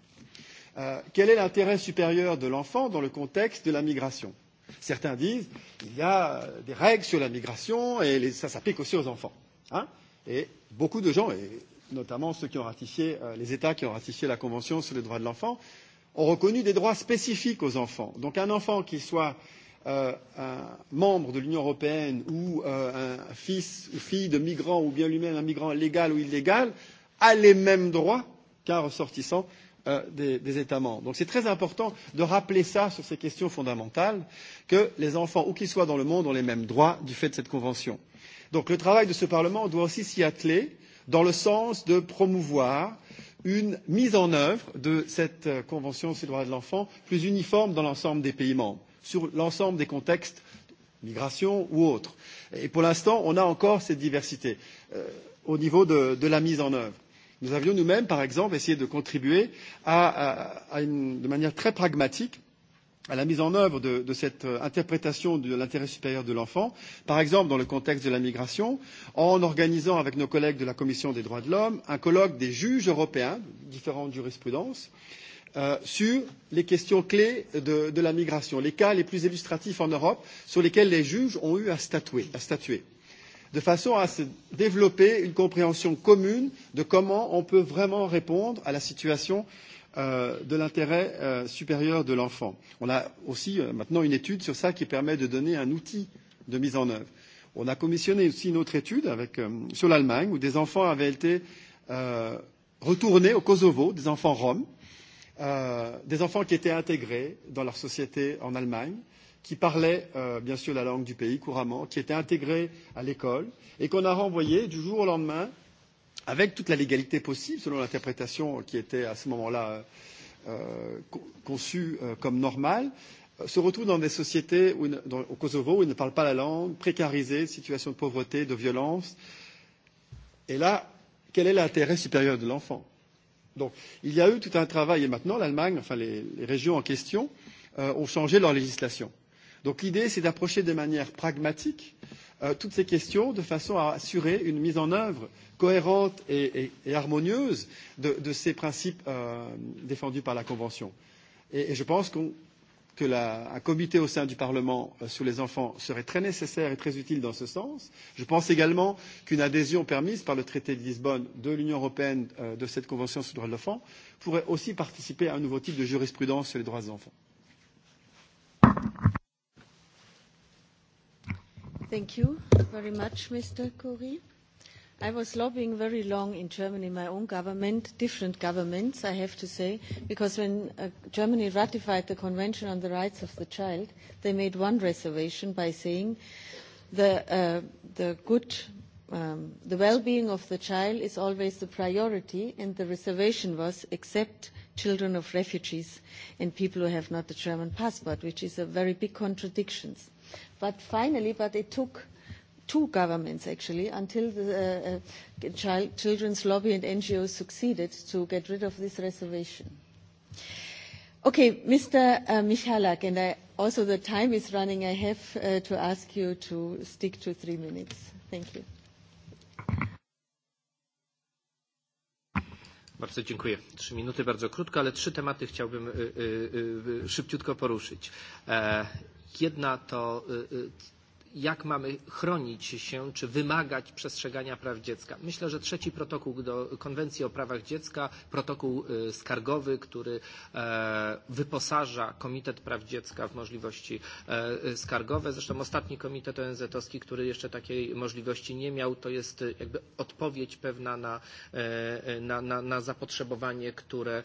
Speaker 4: euh, quel est l'intérêt supérieur de l'enfant dans le contexte de la migration Certains disent il y a euh, des règles sur la migration et les, ça s'applique aussi aux enfants. Hein et beaucoup de gens, et notamment ceux qui ont ratifié, euh, les États qui ont ratifié la Convention sur les droits de l'enfant, ont reconnu des droits spécifiques aux enfants. Donc un enfant qui soit euh, un membre de l'Union européenne ou euh, un fils ou fille de migrant ou bien lui-même un migrant légal ou illégal a les mêmes droits qu'un ressortissant euh, des, des États membres. Donc c'est très important de rappeler ça sur ces questions fondamentales, que les enfants, où qu'ils soient dans le monde, ont les mêmes droits du fait de cette Convention. Donc le travail de ce Parlement doit aussi s'y atteler dans le sens de promouvoir une mise en œuvre de cette euh, Convention sur les droits de l'enfant plus uniforme dans l'ensemble des pays membres, sur l'ensemble des contextes migration ou autre. Et pour l'instant, on a encore cette diversité euh, au niveau de, de la mise en œuvre. Nous avions nous-mêmes, par exemple, essayé de contribuer à, à, à une, de manière très pragmatique à la mise en œuvre de, de cette euh, interprétation de l'intérêt supérieur de l'enfant, par exemple dans le contexte de la migration, en organisant avec nos collègues de la Commission des droits de l'homme un colloque des juges européens, différentes jurisprudences, euh, sur les questions clés de, de la migration, les cas les plus illustratifs en Europe sur lesquels les juges ont eu à statuer. À statuer de façon à se développer une compréhension commune de comment on peut vraiment répondre à la situation euh, de l'intérêt euh, supérieur de l'enfant. On a aussi euh, maintenant une étude sur ça qui permet de donner un outil de mise en œuvre. On a commissionné aussi une autre étude avec, euh, sur l'Allemagne où des enfants avaient été euh, retournés au Kosovo, des enfants roms, euh, des enfants qui étaient intégrés dans leur société en Allemagne, qui parlaient euh, bien sûr la langue du pays couramment, qui étaient intégrés à l'école et qu'on a renvoyés du jour au lendemain avec toute la légalité possible selon l'interprétation qui était à ce moment-là euh, euh conçue euh, comme normale, euh, se retrouvent dans des sociétés où, dans, au Kosovo où ils ne parlent pas la langue, précarisés, situation de pauvreté, de violence. Et là, quel est l'intérêt supérieur de l'enfant Donc, il y a eu tout un travail et maintenant l'Allemagne, enfin les, les régions en question, euh, ont changé leur législation. Donc l'idée, c'est d'approcher de manière pragmatique euh, toutes ces questions de façon à assurer une mise en œuvre cohérente et, et, et harmonieuse de, de ces principes euh, défendus par la Convention. Et, et je pense qu'on que la, un comité au sein du Parlement euh, sur les enfants serait très nécessaire et très utile dans ce sens. Je pense également qu'une adhésion permise par le traité de Lisbonne de l'Union européenne euh, de cette Convention sur les droits de l'enfant pourrait aussi participer à un nouveau type de jurisprudence sur les droits des enfants.
Speaker 1: Thank you very much, Mr. Khoury. I was lobbying very long in Germany, my own government, different governments, I have to say, because when uh, Germany ratified the Convention on the Rights of the Child, they made one reservation by saying the, uh, the good um, the well-being of the child is always the priority, and the reservation was except children of refugees and people who have not the German passport, which is a very big contradiction. But finally, but it took two governments actually until the uh, uh child, children's lobby and NGOs succeeded to get rid of this reservation. Okay, Mr. Uh, Michalak, and I, also the time is running. I have uh, to ask you to stick to three minutes. Thank you.
Speaker 6: Bardzo dziękuję. Trzy minuty bardzo krótko, ale trzy tematy chciałbym y, y, y, szybciutko poruszyć. E, jedna to jak mamy chronić się czy wymagać przestrzegania praw dziecka. Myślę, że trzeci protokół do Konwencji o prawach dziecka, protokół skargowy, który e, wyposaża Komitet Praw Dziecka w możliwości e, skargowe. Zresztą ostatni komitet ONZ-owski, który jeszcze takiej możliwości nie miał, to jest jakby odpowiedź pewna na, e, na, na, na zapotrzebowanie, które,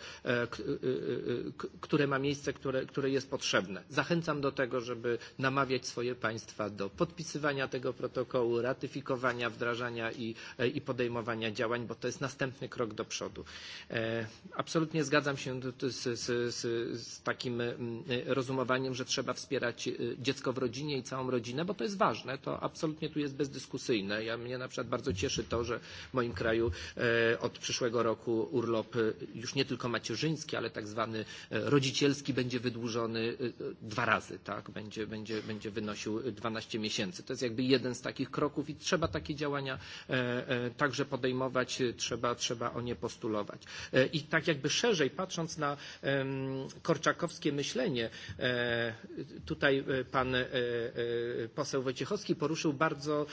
Speaker 6: które ma miejsce, które, które jest potrzebne. Zachęcam do tego, żeby namawiać swoje państwa do podpisywania tego protokołu, ratyfikowania, wdrażania i, e, i podejmowania działań, bo to jest następny krok do przodu. E, absolutnie zgadzam się z, z, z, z takim mm, e, rozumowaniem, że trzeba wspierać dziecko w rodzinie i całą rodzinę, bo to jest ważne, to absolutnie tu jest bezdyskusyjne. Ja mnie na przykład bardzo cieszy to, że w moim kraju od przyszłego roku urlop już nie tylko macierzyński, ale tak zwany rodzicielski będzie wydłużony dwa razy, tak? Będzie, będzie, będzie wynosił 12 miesięcy miesięcy. To jest jakby jeden z takich kroków i trzeba takie działania e, e, także podejmować, e, trzeba, trzeba o nie postulować. I tak jakby szerzej patrząc na korczakowskie myślenie, tutaj pan poseł Wojciechowski poruszył bardzo,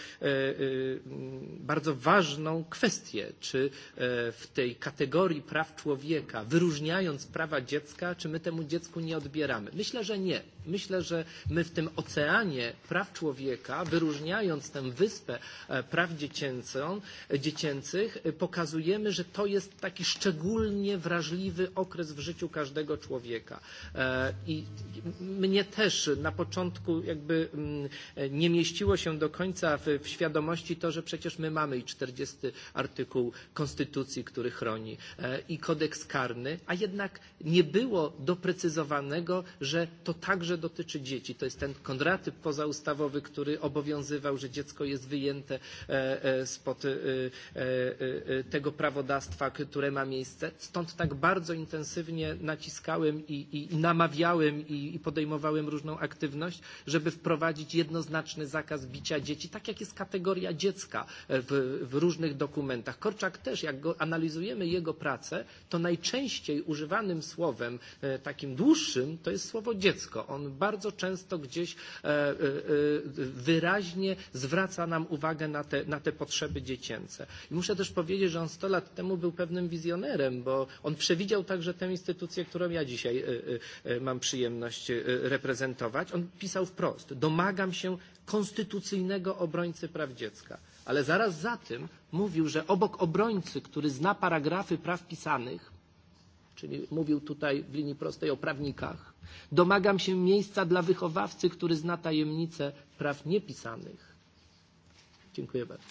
Speaker 6: bardzo ważną kwestię, czy w tej kategorii praw człowieka, wyróżniając prawa dziecka, czy my temu dziecku nie odbieramy. Myślę, że nie. Myślę, że my w tym oceanie praw człowieka człowieka, wyróżniając tę wyspę e, praw dziecięcą, e, dziecięcych, e, pokazujemy, że to jest taki szczególnie wrażliwy okres w życiu każdego człowieka. I mnie też na początku jakby mm, nie mieściło się do końca w, w świadomości to, że przecież my mamy i 40 artykuł Konstytucji, który chroni i kodeks karny, a jednak nie było doprecyzowanego, że to także dotyczy dzieci. To jest ten kontratyp pozaustawowy, który obowiązywał, że dziecko jest wyjęte e, e, spod e, tego prawodawstwa, które ma miejsce. Stąd tak bardzo intensywnie naciskałem i, i, i namawiałem i, i podejmowałem różną aktywność, żeby wprowadzić jednoznaczny zakaz bicia dzieci, tak jak jest kategoria dziecka w, w różnych dokumentach. Korczak też, jak go analizujemy jego pracę, to najczęściej używanym słowem, takim dłuższym, to jest słowo dziecko. On bardzo często gdzieś wyraźnie zwraca nam uwagę na te, na te potrzeby dziecięce. I muszę też powiedzieć, że on 100 lat temu był pewnym wizjonerem, bo on przewidział także tę instytucję, którą ja dzisiaj mam przyjemność reprezentować. On pisał wprost, domagam się konstytucyjnego obrońcy praw dziecka. Ale zaraz za tym mówił, że obok obrońcy, który zna paragrafy praw pisanych, czyli mówił tutaj w linii prostej o prawnikach. Domagam się miejsca dla wychowawcy, który zna tajemnicę praw niepisanych. Dziękuję bardzo.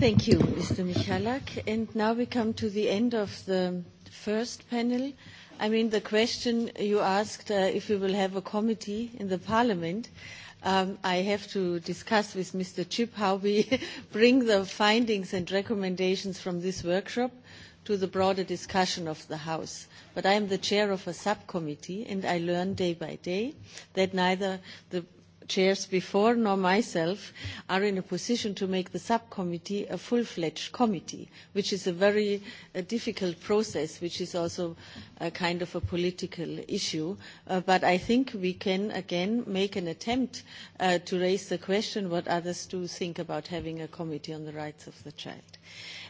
Speaker 1: Thank you, Mr. Michalak. And now we come to the end of the first panel. I mean, the question you asked uh, if we will have a committee in the parliament. Uh, um, I have to discuss with Mr. Chip how we (laughs) bring the findings and recommendations from this workshop to the broader discussion of the House. But I am the chair of a subcommittee, and I learn day by day that neither the chairs before nor myself are in a position to make the subcommittee a full-fledged committee, which is a very uh, difficult process, which is also a kind of a political issue. Uh, but I think we can, again, make an attempt uh, to raise the question what others do think about having a committee on the rights of the child.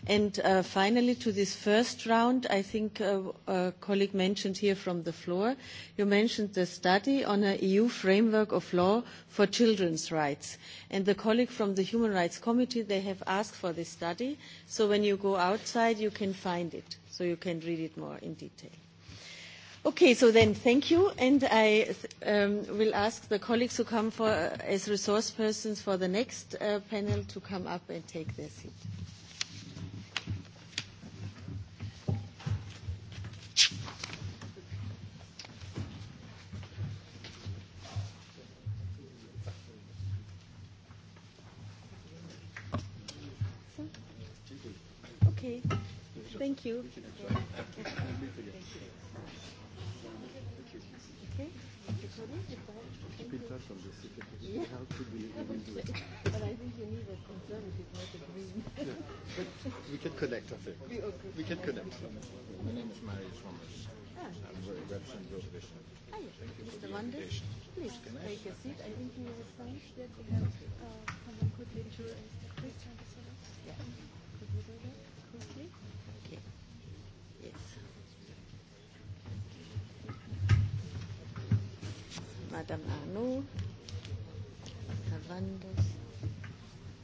Speaker 1: And uh, finally, to this first round, I think uh, a colleague mentioned here from the floor, you mentioned the study on an EU framework of law for children's rights. And the colleague from the Human Rights Committee, they have asked for this study. So when you go outside, you can find it. So you can read it more in detail. Okay, so then thank you, and I um, will ask the colleagues who come for, uh, as resource persons for the next uh, panel to come up and take their seat.
Speaker 4: Okay. Thank you. Okay. Keep in touch on this. Yeah. How could we even do it?
Speaker 1: But I think you need a conservative, not a green. yeah. But we can
Speaker 12: connect, I think. We, okay. we can connect. My name is Marius Rommers.
Speaker 1: Ah.
Speaker 13: I'm representing
Speaker 12: World Vision. Ah, yes. Thank you Mr. for the Wanders, invitation.
Speaker 13: Please can I take a seat. I think you were saying that we have uh, someone could ensure. Please turn this around. Yeah quickly?
Speaker 1: Okay. Yes. Madame Arnaud, Cavandos.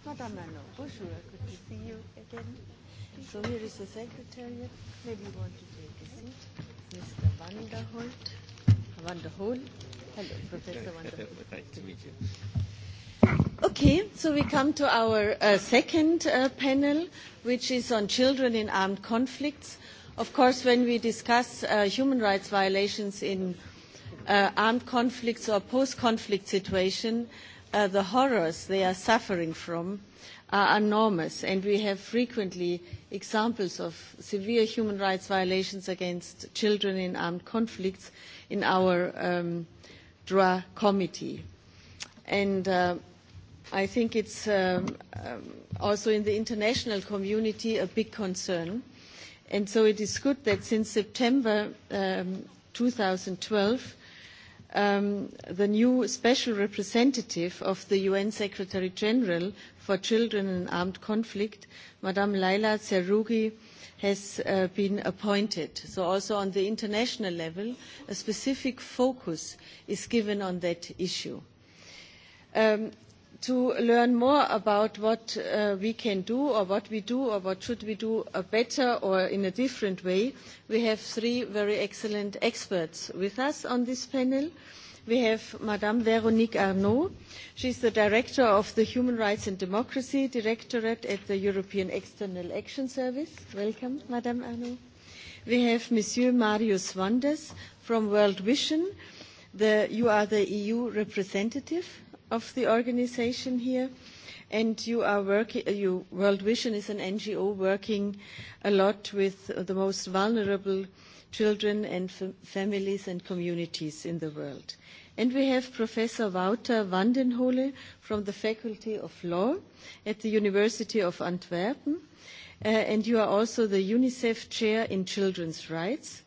Speaker 1: Madame Arnaud, bonjour. Good to see you again. So here is the secretariat. Maybe you want to take a seat. Mr. Vanderholt. Vanderholt. Hello, Professor Vanderholt. Nice to meet you. Okay, so we come to our uh, second uh, panel, which is on children in armed conflicts. Of course, when we discuss uh, human rights violations in uh, armed conflicts or post-conflict situation, uh, the horrors they are suffering from are enormous, and we have frequently examples of severe human rights violations against children in armed conflicts in our um, DRA committee. And uh, I think it's um, um, also in the international community a big concern. And so it is good that since September um, 2012, um, the new special representative of the UN Secretary General for Children in Armed Conflict, Madame Laila Zerougi, has uh, been appointed. So also on the international level, a specific focus is given on that issue. Um, to learn more about what uh, we can do or what we do or what should we do uh, better or in a different way, we have three very excellent experts with us on this panel. We have Madame Véronique Arnaud. She's the Director of the Human Rights and Democracy Directorate at the European External Action Service. Welcome, Madame Arnaud. We have Monsieur Marius Wanders from World Vision. The, you are the EU representative of the organization here. And you are working, uh, you, World Vision is an NGO working a lot with uh, the most vulnerable children and f- families and communities in the world. And we have Professor Wouter Vandenhole from the Faculty of Law at the University of Antwerpen. Uh, and you are also the UNICEF Chair in Children's Rights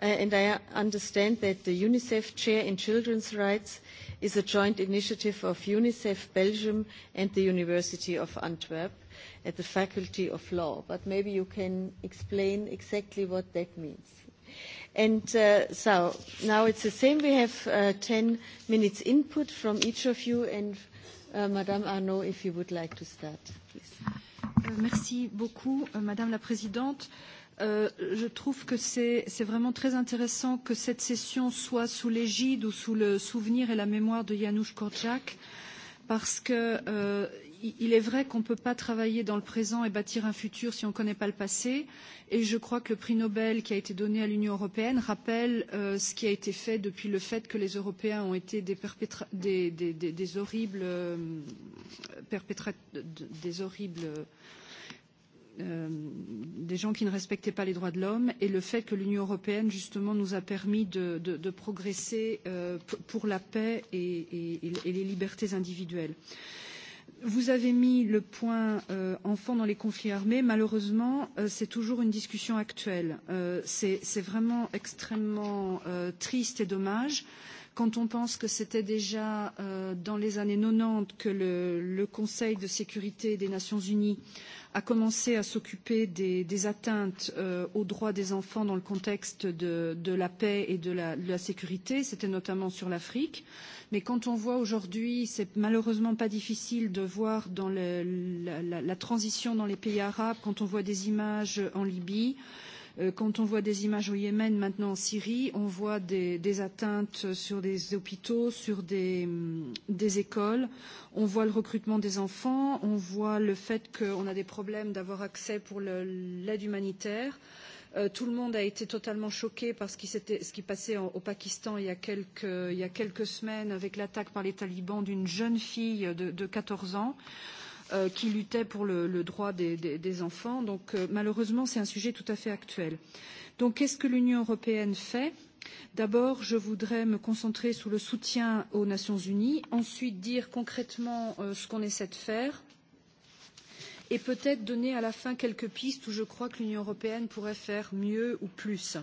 Speaker 1: Uh, and I understand that the UNICEF Chair in Children's Rights is a joint initiative of UNICEF Belgium and the University of Antwerp at the Faculty of Law. But maybe you can explain exactly what that means. And uh, so now it's the same. We have uh, 10 minutes input from each of you.
Speaker 14: And uh, Madame Arnaud, if you would like to start, please. Euh, merci beaucoup, euh, Madame la Présidente. Euh, Euh, je trouve que c'est vraiment très intéressant que cette session soit sous l'égide ou sous le souvenir et la mémoire de Janusz Korczak, parce que euh, il est vrai qu'on ne peut pas travailler dans le présent et bâtir un futur si on ne connaît pas le passé. Et je crois que le prix Nobel qui a été donné à l'Union européenne rappelle euh, ce qui a été fait depuis le fait que les Européens ont été des, perpétra des, des, des, des horribles, euh, perpétra des horribles euh, euh, des gens qui ne respectaient pas les droits de l'homme et le fait que l'Union européenne, justement, nous a permis de, de, de progresser euh, pour la paix et, et, et les libertés individuelles. Vous avez mis le point euh, enfants dans les conflits armés. Malheureusement, euh, c'est toujours une discussion actuelle. Euh, c'est vraiment extrêmement euh, triste et dommage. Euh, Quand on pense que c'était déjà euh, dans les années 90 que le, le Conseil de sécurité des Nations Unies a commencé à s'occuper des, des atteintes euh, aux droits des enfants dans le contexte de, de la paix et de la, de la sécurité, c'était notamment sur l'Afrique. Mais quand on voit aujourd'hui, c'est malheureusement pas difficile de voir dans le, la, la, la transition dans les pays arabes, quand on voit des images en Libye, euh, Euh, quand on voit des images au Yémen, maintenant en Syrie, on voit des, des atteintes sur des hôpitaux, sur des, des écoles. On voit le recrutement des enfants. On voit le fait qu'on a des problèmes d'avoir accès pour l'aide humanitaire. Euh, tout le monde a été totalement choqué par ce qui, ce qui passait en, au Pakistan il y, a quelques, il y a quelques semaines avec l'attaque par les talibans d'une jeune fille de, de 14 ans. Euh, euh, qui luttaient pour le, le droit des, des, des enfants. Donc euh, malheureusement, c'est un sujet tout à fait actuel. Donc qu'est-ce que l'Union européenne fait D'abord, je voudrais me concentrer sur le soutien aux Nations Unies, ensuite dire concrètement euh, ce qu'on essaie de faire, et peut-être donner à la fin quelques pistes où je crois que l'Union européenne pourrait faire mieux ou plus. Euh,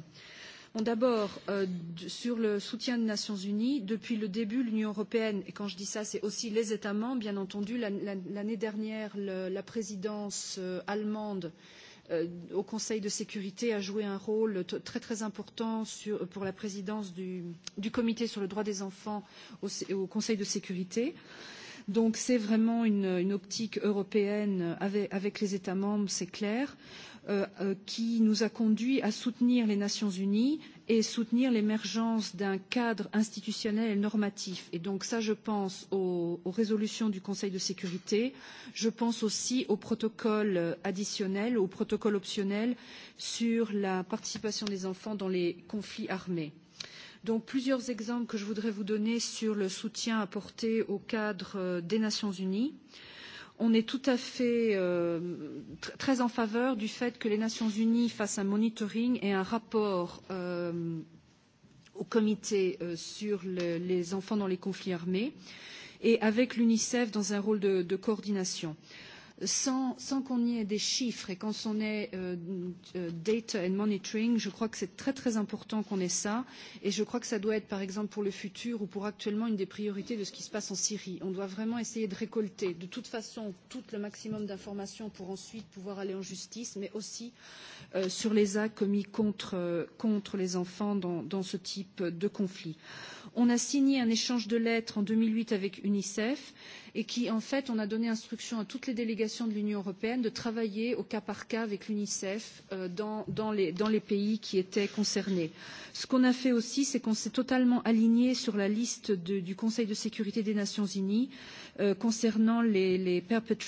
Speaker 14: ont d'abord, euh, sur le soutien des Nations Unies, depuis le début, l'Union européenne, et quand je dis ça, c'est aussi les États membres, bien entendu, l'année dernière, le, la présidence euh, allemande euh, au Conseil de sécurité a joué un rôle très très important sur, pour la présidence du, du comité sur le droit des enfants au, au Conseil de sécurité. Donc c'est vraiment une, une optique européenne avec, avec les États membres, c'est clair. Euh, Euh, euh, qui nous a conduits à soutenir les Nations Unies et soutenir l'émergence d'un cadre institutionnel et normatif. Et donc ça, je pense aux, aux résolutions du Conseil de sécurité, je pense aussi au protocole euh, additionnel, au protocole optionnel sur la participation des enfants dans les conflits armés. Donc plusieurs exemples que je voudrais vous donner sur le soutien apporté au cadre euh, des Nations Unies. Euh, on est tout à fait euh, tr très en faveur du fait que les Nations Unies fassent un monitoring et un rapport euh, au comité euh, sur le, les enfants dans les conflits armés et avec l'UNICEF dans un rôle de, de coordination. Euh, sans, sans qu'on y ait des chiffres et quand on ait euh, euh, data and monitoring, je crois que c'est très très important qu'on ait ça et je crois que ça doit être par exemple pour le futur ou pour actuellement une des priorités de ce qui se passe en Syrie. On doit vraiment essayer de récolter de toute façon tout le maximum d'informations pour ensuite pouvoir aller en justice mais aussi euh, sur les actes commis contre, euh, contre les enfants dans, dans ce type de conflit. Euh, On a signé un échange de lettres en 2008 avec UNICEF et qui, en fait, on a donné instruction à toutes les délégations de l'Union européenne de travailler au cas par cas avec l'UNICEF euh, dans, dans, les, dans les pays qui étaient concernés. Ce qu'on a fait aussi, c'est qu'on s'est totalement aligné sur la liste de, du Conseil de sécurité des Nations Unies euh, concernant les, les perpetrators,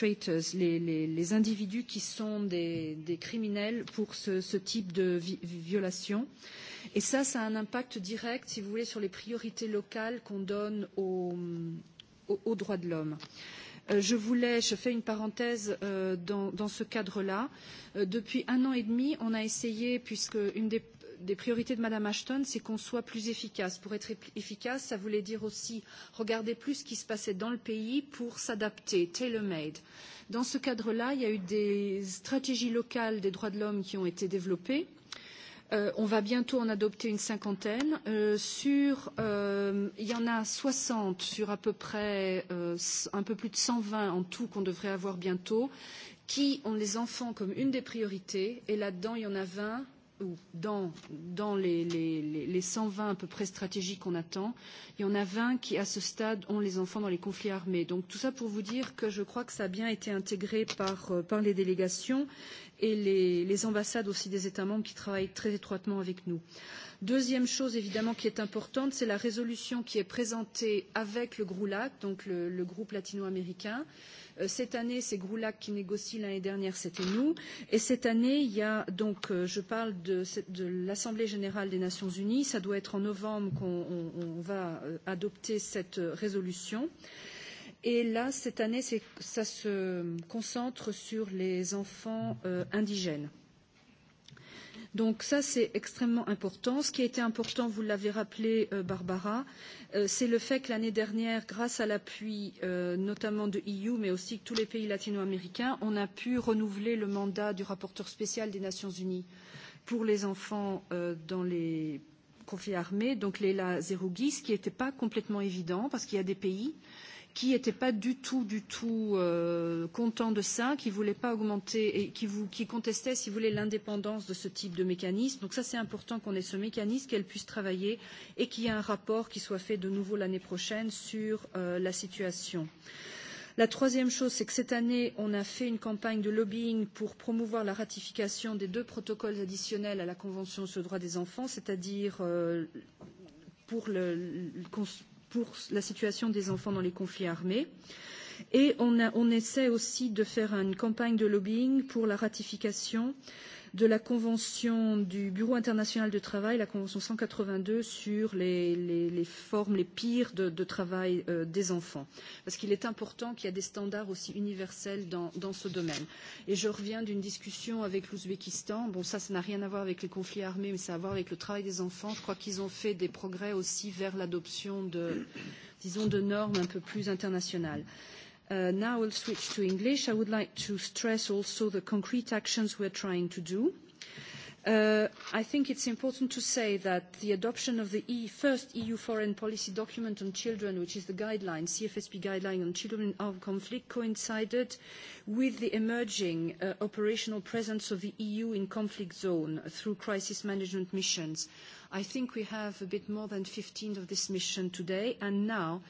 Speaker 14: les, les, les individus qui sont des, des criminels pour ce, ce type de vi violation. Euh, Et ça, ça a un impact direct, si vous voulez, sur les priorités locales qu'on donne aux, aux, aux droits de l'homme. Euh, je voulais, je fais une parenthèse euh, dans, dans ce cadre-là. Euh, depuis un an et demi, on a essayé, puisque une des des priorités de Madame Ashton, c'est qu'on soit plus efficace. Pour être efficace, ça voulait dire aussi regarder plus ce qui se passait dans le pays pour s'adapter, tailor-made. Dans ce cadre-là, il y a eu des stratégies locales des droits de l'homme qui ont été développées. Euh, Euh, on va bientôt en adopter une cinquantaine. Euh, sur, euh, il y en a 60 sur à peu près euh, un peu plus de 120 en tout qu'on devrait avoir bientôt, qui ont les enfants comme une des priorités. Et là-dedans, il y en a 20 ou dans, dans les, les, les, les 120 à peu près stratégies qu'on attend, il y en a 20 qui, à ce stade, ont les enfants dans les conflits armés. Donc tout ça pour vous dire que je crois que ça a bien été intégré par, euh, par les délégations et les, les ambassades aussi des États membres qui travaillent très étroitement avec nous. Deuxième chose évidemment qui est importante, c'est la résolution qui est présentée avec le GRULAC, donc le, le groupe latino-américain. Euh, cette année, c'est Groulac qui négocie. L'année dernière, c'était nous. Et cette année, il y a donc, euh, je parle de, de l'Assemblée générale des Nations unies. Ça doit être en novembre qu'on on, on va euh, adopter cette résolution. Euh, Et là, cette année, ça se concentre sur les enfants euh, indigènes. Donc ça, c'est extrêmement important. Ce qui a été important, vous l'avez rappelé, euh, Barbara, euh, c'est le fait que l'année dernière, grâce à l'appui euh, notamment de EU, mais aussi de tous les pays latino-américains, on a pu renouveler le mandat du rapporteur spécial des Nations Unies pour les enfants euh, dans les conflits armés, donc Leila Zerougui, ce qui n'était pas complètement évident, parce qu'il y a des pays euh, qui n'étaient pas du tout, du tout euh, contents de ça, qui ne voulaient pas augmenter et qui, vous, qui contestaient, si vous voulez, l'indépendance de ce type de mécanisme. Donc ça, c'est important qu'on ait ce mécanisme, qu'elle puisse travailler et qu'il y ait un rapport qui soit fait de nouveau l'année prochaine sur euh, la situation. La troisième chose, c'est que cette année, on a fait une campagne de lobbying pour promouvoir la ratification des deux protocoles additionnels à la Convention sur le droit des enfants, c'est-à-dire euh, pour le, le, pour la situation des enfants dans les conflits armés. Et on, a, on essaie aussi de faire une campagne de lobbying pour la ratification euh, de la Convention du Bureau international du travail, la Convention 182, sur les, les, les formes les pires de, de travail euh, des enfants. Parce qu'il est important qu'il y ait des standards aussi universels dans, dans ce domaine. Et je reviens d'une discussion avec l'Ouzbékistan. Bon, ça, ça n'a rien à voir avec les conflits armés, mais ça a à voir avec le travail des enfants. Je crois qu'ils ont fait des progrès aussi vers l'adoption de, disons, de normes un peu plus internationales. Euh, Uh, now I'll switch to English. I would like to stress also the concrete actions we're trying to do. Uh, I think it's important to say that the adoption of the e first EU foreign policy document on children, which is the guideline, CFSP guideline on children in armed conflict, coincided with the emerging uh, operational presence of the EU in conflict zone through crisis management missions. I think we have a bit more than 15 of this mission today, and now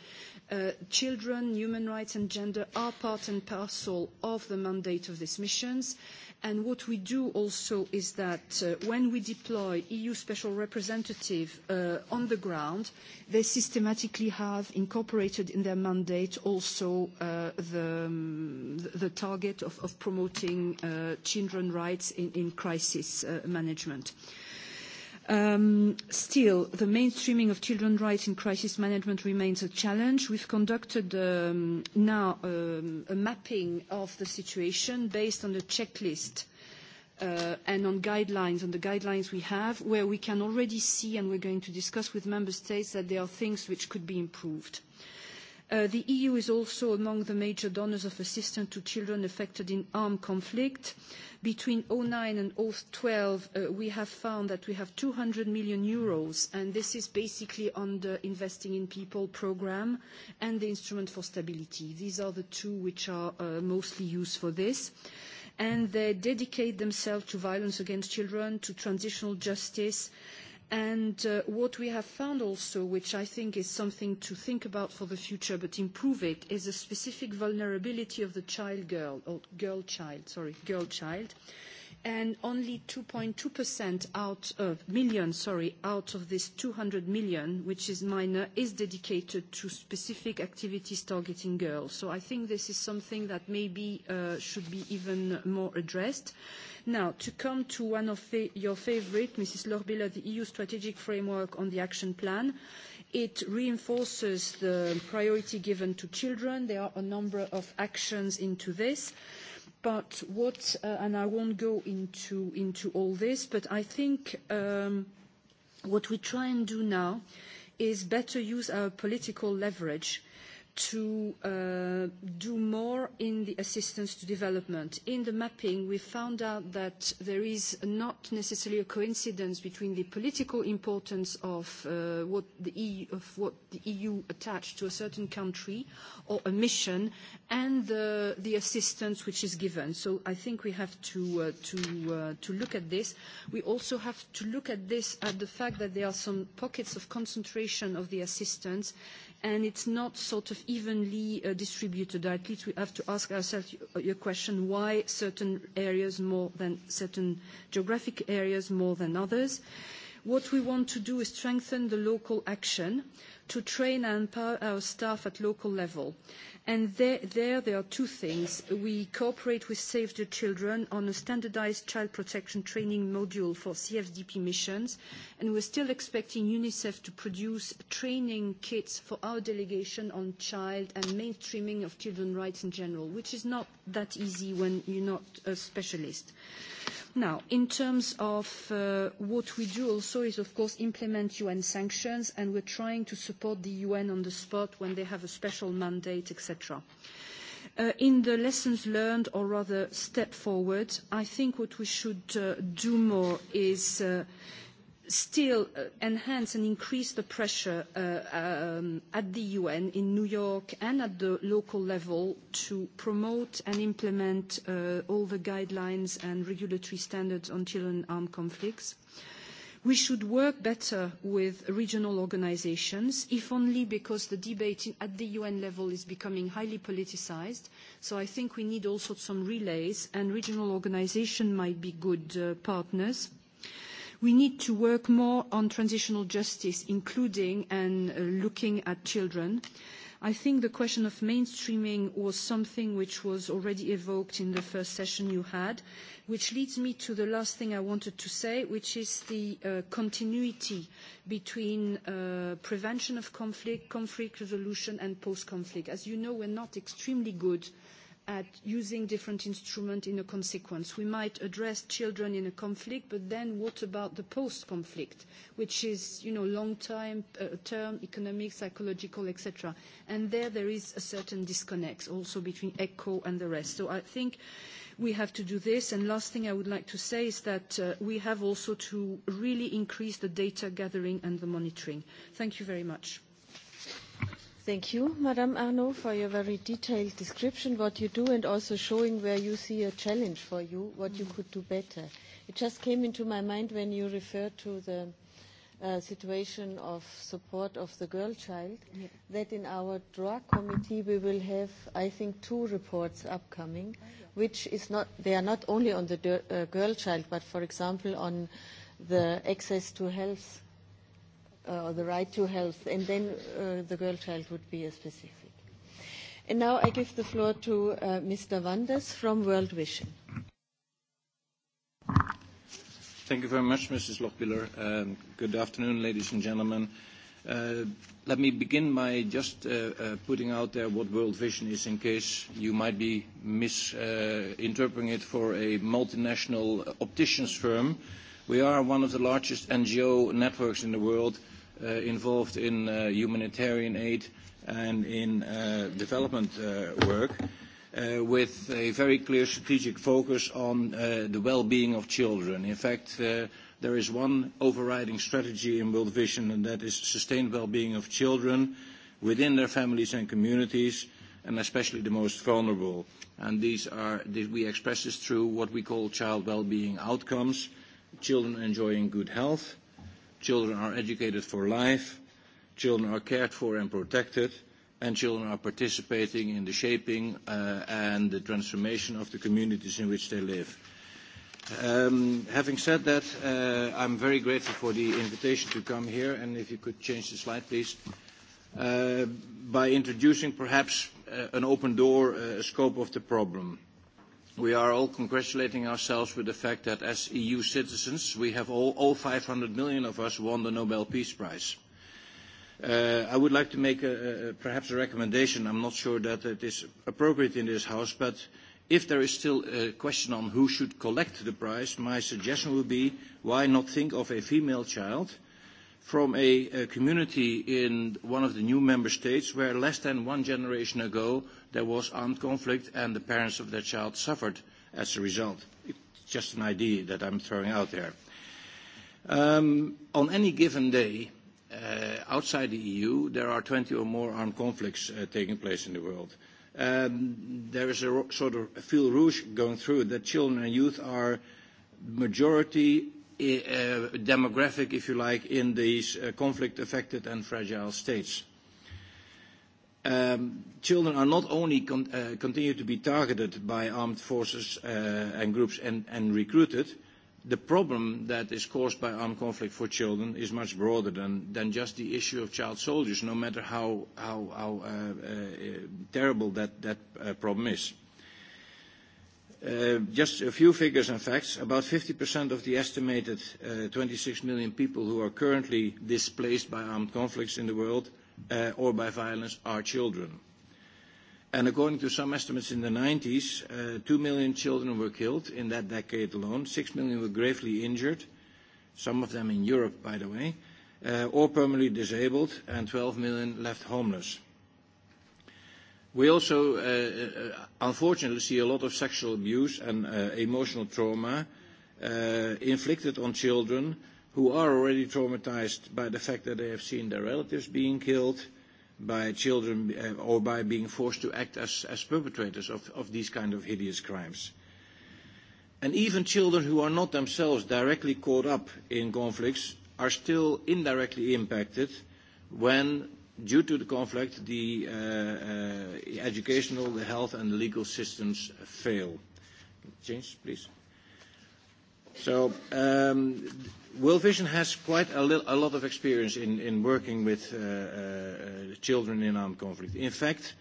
Speaker 14: Uh, children, human rights and gender are part and parcel of the mandate of these missions. And what we do also is that uh, when we deploy EU special representative uh, on the ground, they systematically have incorporated in their mandate also uh, the, um, the target of, of promoting uh, children rights in, in crisis uh, management. Uh, Um, still, the mainstreaming of children's rights in crisis management remains a challenge. We've conducted um, now um, a mapping of the situation based on the checklist uh, and on guidelines, on the guidelines we have, where we can already see, and we're going to discuss with member states, that there are things which could be improved. Uh, the EU is also among the major donors of assistance to children affected in armed conflict. Between 2009 and 2012, uh, we have found that we have 200 million euros, and this is basically on the Investing in People program and the Instrument for Stability. These are the two which are uh, mostly used for this. And they dedicate themselves to violence against children, to transitional justice, uh, And uh, what we have found also, which I think is something to think about for the future but improve it, is the specific vulnerability of the child girl, or girl child, sorry, girl child. Uh, and only 2.2% out of million, sorry, out of this 200 million, which is minor, is dedicated to specific activities targeting girls. So I think this is something that maybe uh, should be even more addressed. Now, to come to one of fa your favorite, Mrs. Lorbiller, the EU strategic framework on the action plan. It reinforces the priority given to children. There are a number of actions into this. Uh, But what, uh, and I won't go into, into all this, but I think um, what we try and do now is better use our political leverage to uh, do more in the assistance to development. In the mapping, we found out that there is not necessarily a coincidence between the political importance of, uh, what, the EU, of what the EU attached to a certain country or a mission and the, the assistance which is given. So I think we have to, uh, to, uh, to look at this. We also have to look at this at the fact that there are some pockets of concentration of the assistance and it's not sort of evenly uh, distributed. At least we have to ask ourselves uh, your question, why certain areas more than certain geographic areas more than others? What we want to do is strengthen the local action to train and empower our staff at local level. Uh, And there, there, there are two things. We cooperate with Save the Children on a standardized child protection training module for CFDP missions, and we're still expecting UNICEF to produce training kits for our delegation on child and mainstreaming of children's rights in general, which is not that easy when you're not a specialist. Uh, Now, in terms of uh, what we do also is, of course, implement UN sanctions, and we're trying to support the UN on the spot when they have a special mandate, etc. Uh, in the lessons learned, or rather step forward, I think what we should uh, do more is uh, still uh, enhance and increase the pressure uh, um, at the UN in New York and at the local level to promote and implement uh, all the guidelines and regulatory standards on children armed conflicts. We should work better with regional organizations, if only because the debate at the UN level is becoming highly politicized. So I think we need also some relays, and regional organizations might be good uh, partners. Uh, We need to work more on transitional justice, including and uh, looking at children. I think the question of mainstreaming was something which was already evoked in the first session you had, which leads me to the last thing I wanted to say, which is the uh, continuity between uh, prevention of conflict, conflict resolution, and post-conflict. As you know, we're not extremely good uh, at using different instruments in a consequence. We might address children in a conflict, but then what about the post-conflict, which is, you know, long time, uh, term, economic, psychological, etc. And there, there is a certain disconnect also between ECHO and the rest. So I think we have to do this. And last thing I would like to say is that uh, we have also to really increase the data gathering and the monitoring. Thank you very much. Thank you, Madame Arnaud, for your very
Speaker 1: detailed description, what you do, and also showing where you see a challenge for you, what you could do better. It just came into my mind when you referred to the uh, situation of support of the girl child, yeah. that in our drug committee we will have, I think, two reports upcoming, oh, yeah. which is not, they are not only on the uh, girl child, but for example on the access to health uh, or the right to health, and then uh, the girl child would be a specific. And now I give the floor to uh, Mr. Wanders from World Vision.
Speaker 12: Thank you very much, Mrs. Lochbiller. Um, good afternoon, ladies and gentlemen. Uh, let me begin by just uh, uh, putting out there what World Vision is in case you might be misinterpreting it for a multinational opticians firm. We are one of the largest NGO networks in the world, uh, involved in uh, humanitarian aid and in uh, development uh, work uh, with a very clear strategic focus on uh, the well-being of children. In fact, uh, there is one overriding strategy in World Vision, and that is sustained well-being of children within their families and communities, and especially the most vulnerable. And these are, we express this through what we call child well-being outcomes, children enjoying good health, children are educated for life, children are cared for and protected, and children are participating in the shaping uh, and the transformation of the communities in which they live. Um, having said that, uh, I'm very grateful for the invitation to come here, and if you could change the slide, please. Uh, by introducing perhaps uh, an open door uh, scope of the problem. Uh, we are all congratulating ourselves with the fact that as EU citizens, we have all, all 500 million of us won the Nobel Peace Prize. Uh, I would like to make a, a, perhaps a recommendation. I'm not sure that it is appropriate in this house, but if there is still a question on who should collect the prize, my suggestion would be, why not think of a female child from a, a community in one of the new member states where less than one generation ago, there was armed conflict and the parents of their child suffered as a result. It's just an idea that I'm throwing out there. Um, on any given day, uh, outside the EU, there are 20 or more armed conflicts uh, taking place in the world. Um, there is a sort of a fil rouge going through that children and youth are majority uh, demographic, if you like, in these uh, conflict-affected and fragile states. Um, children are not only con- uh, continue to be targeted by armed forces uh, and groups and, and recruited, the problem that is caused by armed conflict for children is much broader than, than just the issue of child soldiers, no matter how, how, how uh, uh, terrible that, that uh, problem is. Uh, just a few figures and facts. About 50% of the estimated uh, 26 million people who are currently displaced by armed conflicts in the world uh, or by violence are children. And according to some estimates in the 90s, uh, 2 million children were killed in that decade alone. 6 million were gravely injured, some of them in Europe, by the way, uh, or permanently disabled, and 12 million left homeless. We also, uh, uh, unfortunately, see a lot of sexual abuse and uh, emotional trauma uh, inflicted on children who are already traumatized by the fact that they have seen their relatives being killed, by children, uh, or by being forced to act as, as perpetrators of, of these kind of hideous crimes. And even children who are not themselves directly caught up in conflicts are still indirectly impacted when, due to the conflict, the uh, uh, educational, the health, and the legal systems fail. James, please. So um, World Vision has quite a, li- a lot of experience in, in working with uh, uh, children in armed conflict. In fact,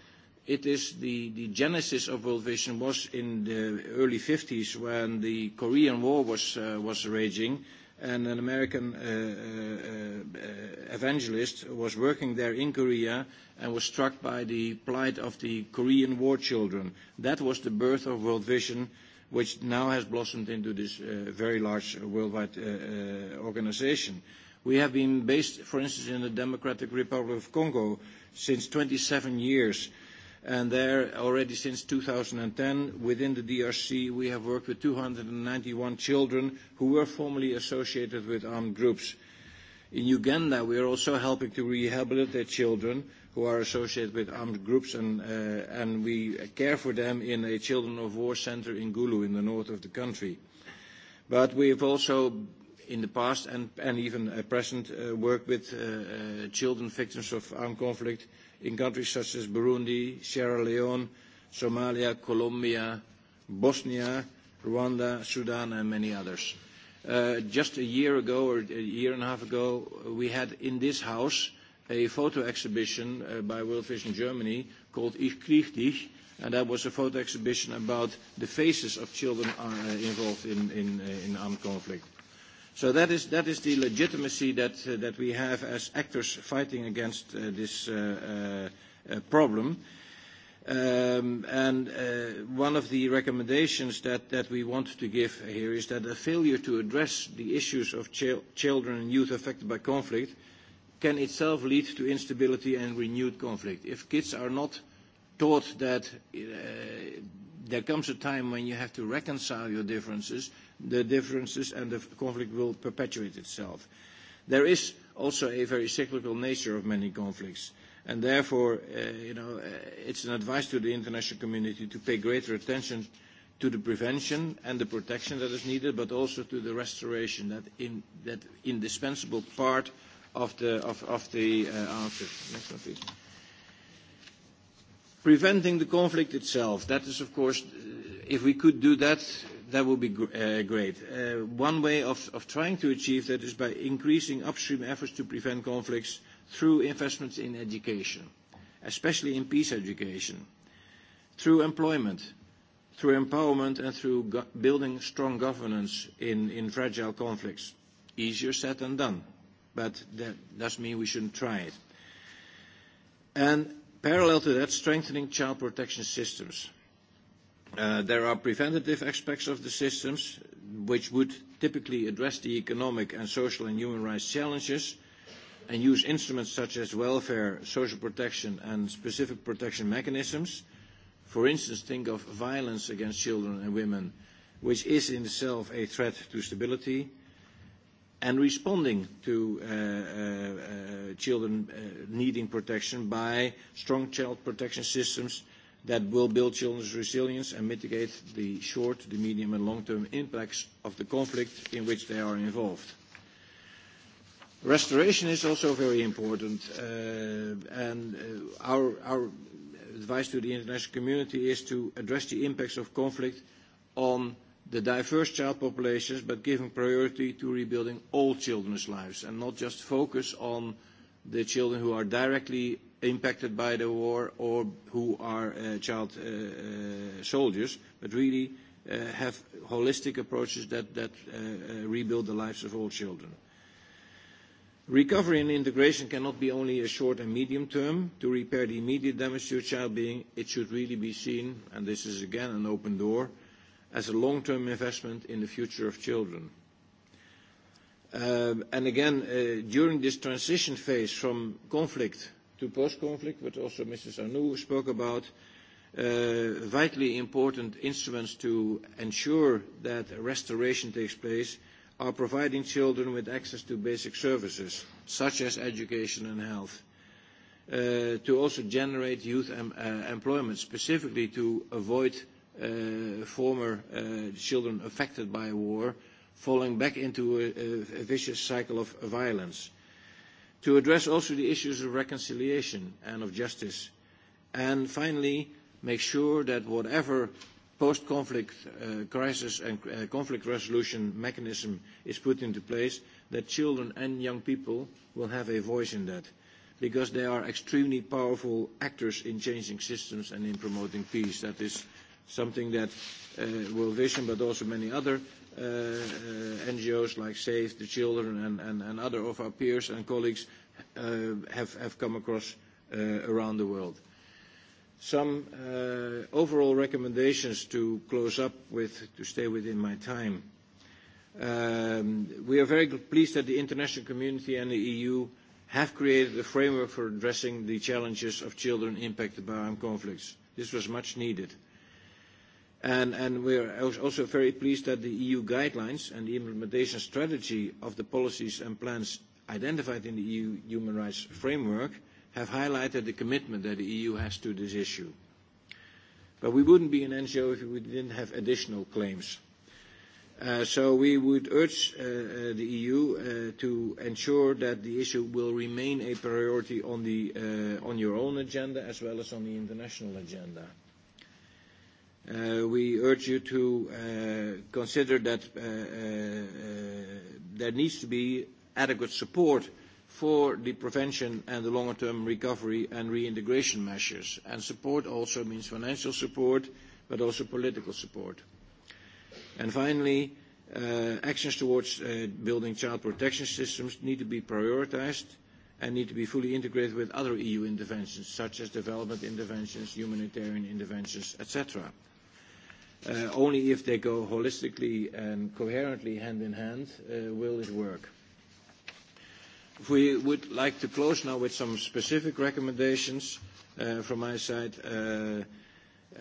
Speaker 12: it is the, the genesis of World Vision was in the early 50s when the Korean War was, uh, was raging and an American uh, uh, uh, evangelist was working there in Korea and was struck by the plight of the Korean war children. That was the birth of World Vision uh, which now has blossomed into this uh, very large uh, worldwide uh, uh, organization. We have been based, for instance, in the Democratic Republic of Congo since 27 years, and there already since 2010, within the DRC, we have worked with 291 children who were formerly associated with armed groups. Uh, In Uganda, we are also helping to rehabilitate children who are associated with armed groups, and, uh, and we care for them in a children of war center in Gulu, in the north of the country. But we have also, in the past and, and even at present, uh, worked with uh, uh, children victims of armed conflict in countries such as Burundi, Sierra Leone, Somalia, Colombia, Bosnia, Rwanda, Sudan, and many others. Uh, Uh, just a year ago or a year and a half ago, we had in this house a photo exhibition uh, by World Vision Germany called Ich krieg dich, and that was a photo exhibition about the faces of children uh, involved in, in, uh, in armed conflict. So that is, that is the legitimacy that, uh, that we have as actors fighting against uh, this uh, uh, uh problem. Uh, Um, and uh, one of the recommendations that, that we want to give here is that a failure to address the issues of ch children and youth affected by conflict can itself lead to instability and renewed conflict. If kids are not taught that uh, there comes a time when you have to reconcile your differences, the differences and the conflict will perpetuate itself. There is also a very cyclical nature of many conflicts. And therefore, uh, you know, uh, it's an advice to the international community to pay greater attention to the prevention and the protection that is needed, but also to the restoration, that, in, that indispensable part of the, of, of the uh, answer. Next one, please. Preventing the conflict itself, that is, of course, uh, if we could do that, that would be gr uh, great. Uh, one way of, of trying to achieve that is by increasing upstream efforts to prevent conflicts through investments in education, especially in peace education, through employment, through empowerment, and through go- building strong governance in, in fragile conflicts. Easier said than done, but that doesn't mean we shouldn't try it. And parallel to that, strengthening child protection systems. Uh, there are preventative aspects of the systems which would typically address the economic and social and human rights challenges, uh, and use instruments such as welfare, social protection, and specific protection mechanisms. For instance, think of violence against children and women, which is in itself a threat to stability, and responding to uh, uh, uh children uh, needing protection by strong child protection systems that will build children's resilience and mitigate the short, the medium, and long-term impacts of the conflict in which they are involved. Restoration is also very important, uh, and uh, our, our advice to the international community is to address the impacts of conflict on the diverse child populations, but giving priority to rebuilding all children's lives and not just focus on the children who are directly impacted by the war or who are uh, child uh, uh, soldiers, but really uh, have holistic approaches that, that uh, uh, rebuild the lives of all children. Uh, Recovery and integration cannot be only a short and medium term. To repair the immediate damage to a child being, it should really be seen, and this is again an open door, as a long-term investment in the future of children. Um, and again, uh, during this transition phase from conflict to post-conflict, what also Mrs. Arnoux spoke about, uh, vitally important instruments to ensure that restoration takes place are providing children with access to basic services, such as education and health, uh, to also generate youth em uh, employment, specifically to avoid uh, former uh, children affected by war falling back into a, a, a vicious cycle of violence, to address also the issues of reconciliation and of justice, and finally, make sure that whatever post-conflict uh, crisis and uh, conflict resolution mechanism is put into place, that children and young people will have a voice in that, because they are extremely powerful actors in changing systems and in promoting peace. That is something that uh, World Vision, but also many other uh, uh, NGOs like Save the Children and, and, and other of our peers and colleagues uh, have, have come across uh, around the world some uh, overall recommendations to close up with, to stay within my time. Um, we are very pleased that the international community and the EU have created a framework for addressing the challenges of children impacted by armed conflicts. This was much needed. And, and we are also very pleased that the EU guidelines and the implementation strategy of the policies and plans identified in the EU human rights framework uh, have highlighted the commitment that the EU has to this issue. But we wouldn't be an NGO if we didn't have additional claims. Uh, so we would urge uh, uh, the EU uh, to ensure that the issue will remain a priority on, the, uh, on your own agenda as well as on the international agenda. Uh, we urge you to uh, consider that uh, uh, uh there needs to be adequate support uh, for the prevention and the longer-term recovery and reintegration measures. And support also means financial support, but also political support. And finally, uh, actions towards uh, building child protection systems need to be prioritized and need to be fully integrated with other EU interventions, such as development interventions, humanitarian interventions, etc. Uh, only if they go holistically and coherently hand in hand uh, will it work. We would like to close now with some specific recommendations uh, from my side. Uh, uh,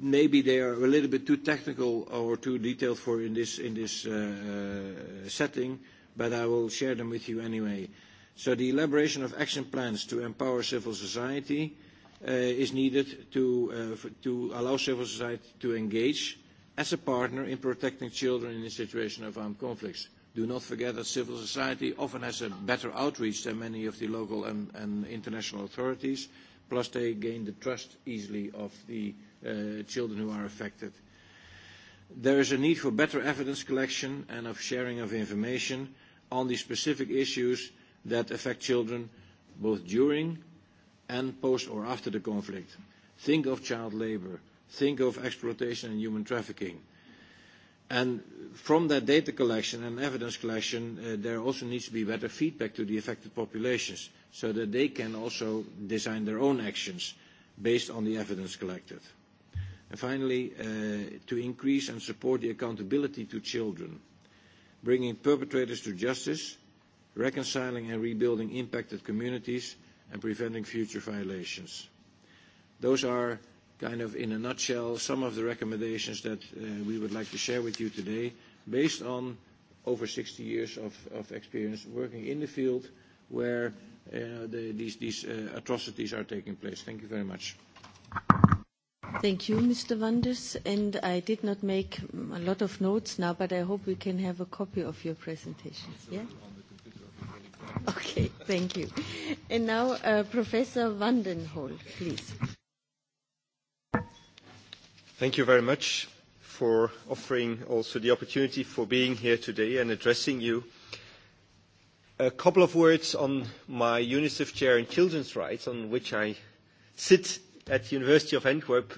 Speaker 12: maybe they are a little bit too technical or too detailed for in this, in this uh, setting, but I will share them with you anyway. So the elaboration of action plans to empower civil society uh, is needed to, uh, to allow civil society to engage as a partner in protecting children in a situation of armed conflicts do not forget that civil society often has a better outreach than many of the local and, and international authorities, plus they gain the trust easily of the uh, children who are affected. There is a need for better evidence collection and of sharing of information on the specific issues that affect children both during and post or after the conflict. Think of child labor. Think of exploitation and human trafficking And from that data collection and evidence collection, uh, there also needs to be better feedback to the affected populations so that they can also design their own actions based on the evidence collected. And finally, uh, to increase and support the accountability to children, bringing perpetrators to justice, reconciling and rebuilding impacted communities, and preventing future violations. Those are kind of in a nutshell some of the recommendations that uh, we would like to share with you today based on over 60 years of, of experience working in the field where uh, the, these, these uh, atrocities are taking place. Thank you very much.
Speaker 1: Thank you, Mr. Wanders. And I did not make a lot of notes now, but I hope we can have a copy of your presentation. Yeah? Okay, thank you. And now, uh, Professor Vandenhol, please.
Speaker 15: Thank you very much for offering also the opportunity for being here today and addressing you. A couple of words on my UNICEF chair in children's rights, on which I sit at the University of Antwerp.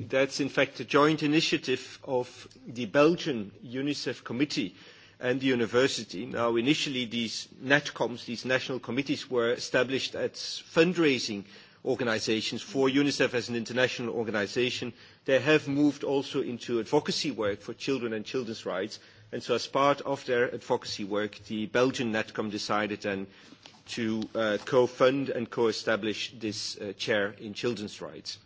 Speaker 15: That's in fact a joint initiative of the Belgian UNICEF committee and the university. Now, initially, these NATCOMs, these national committees, were established as fundraising organizations for UNICEF as an international organization – They have moved also into advocacy work for children and children's rights. And so as part of their advocacy work, the Belgian NETCOM decided then to uh, co-fund and co-establish this uh, chair in children's rights.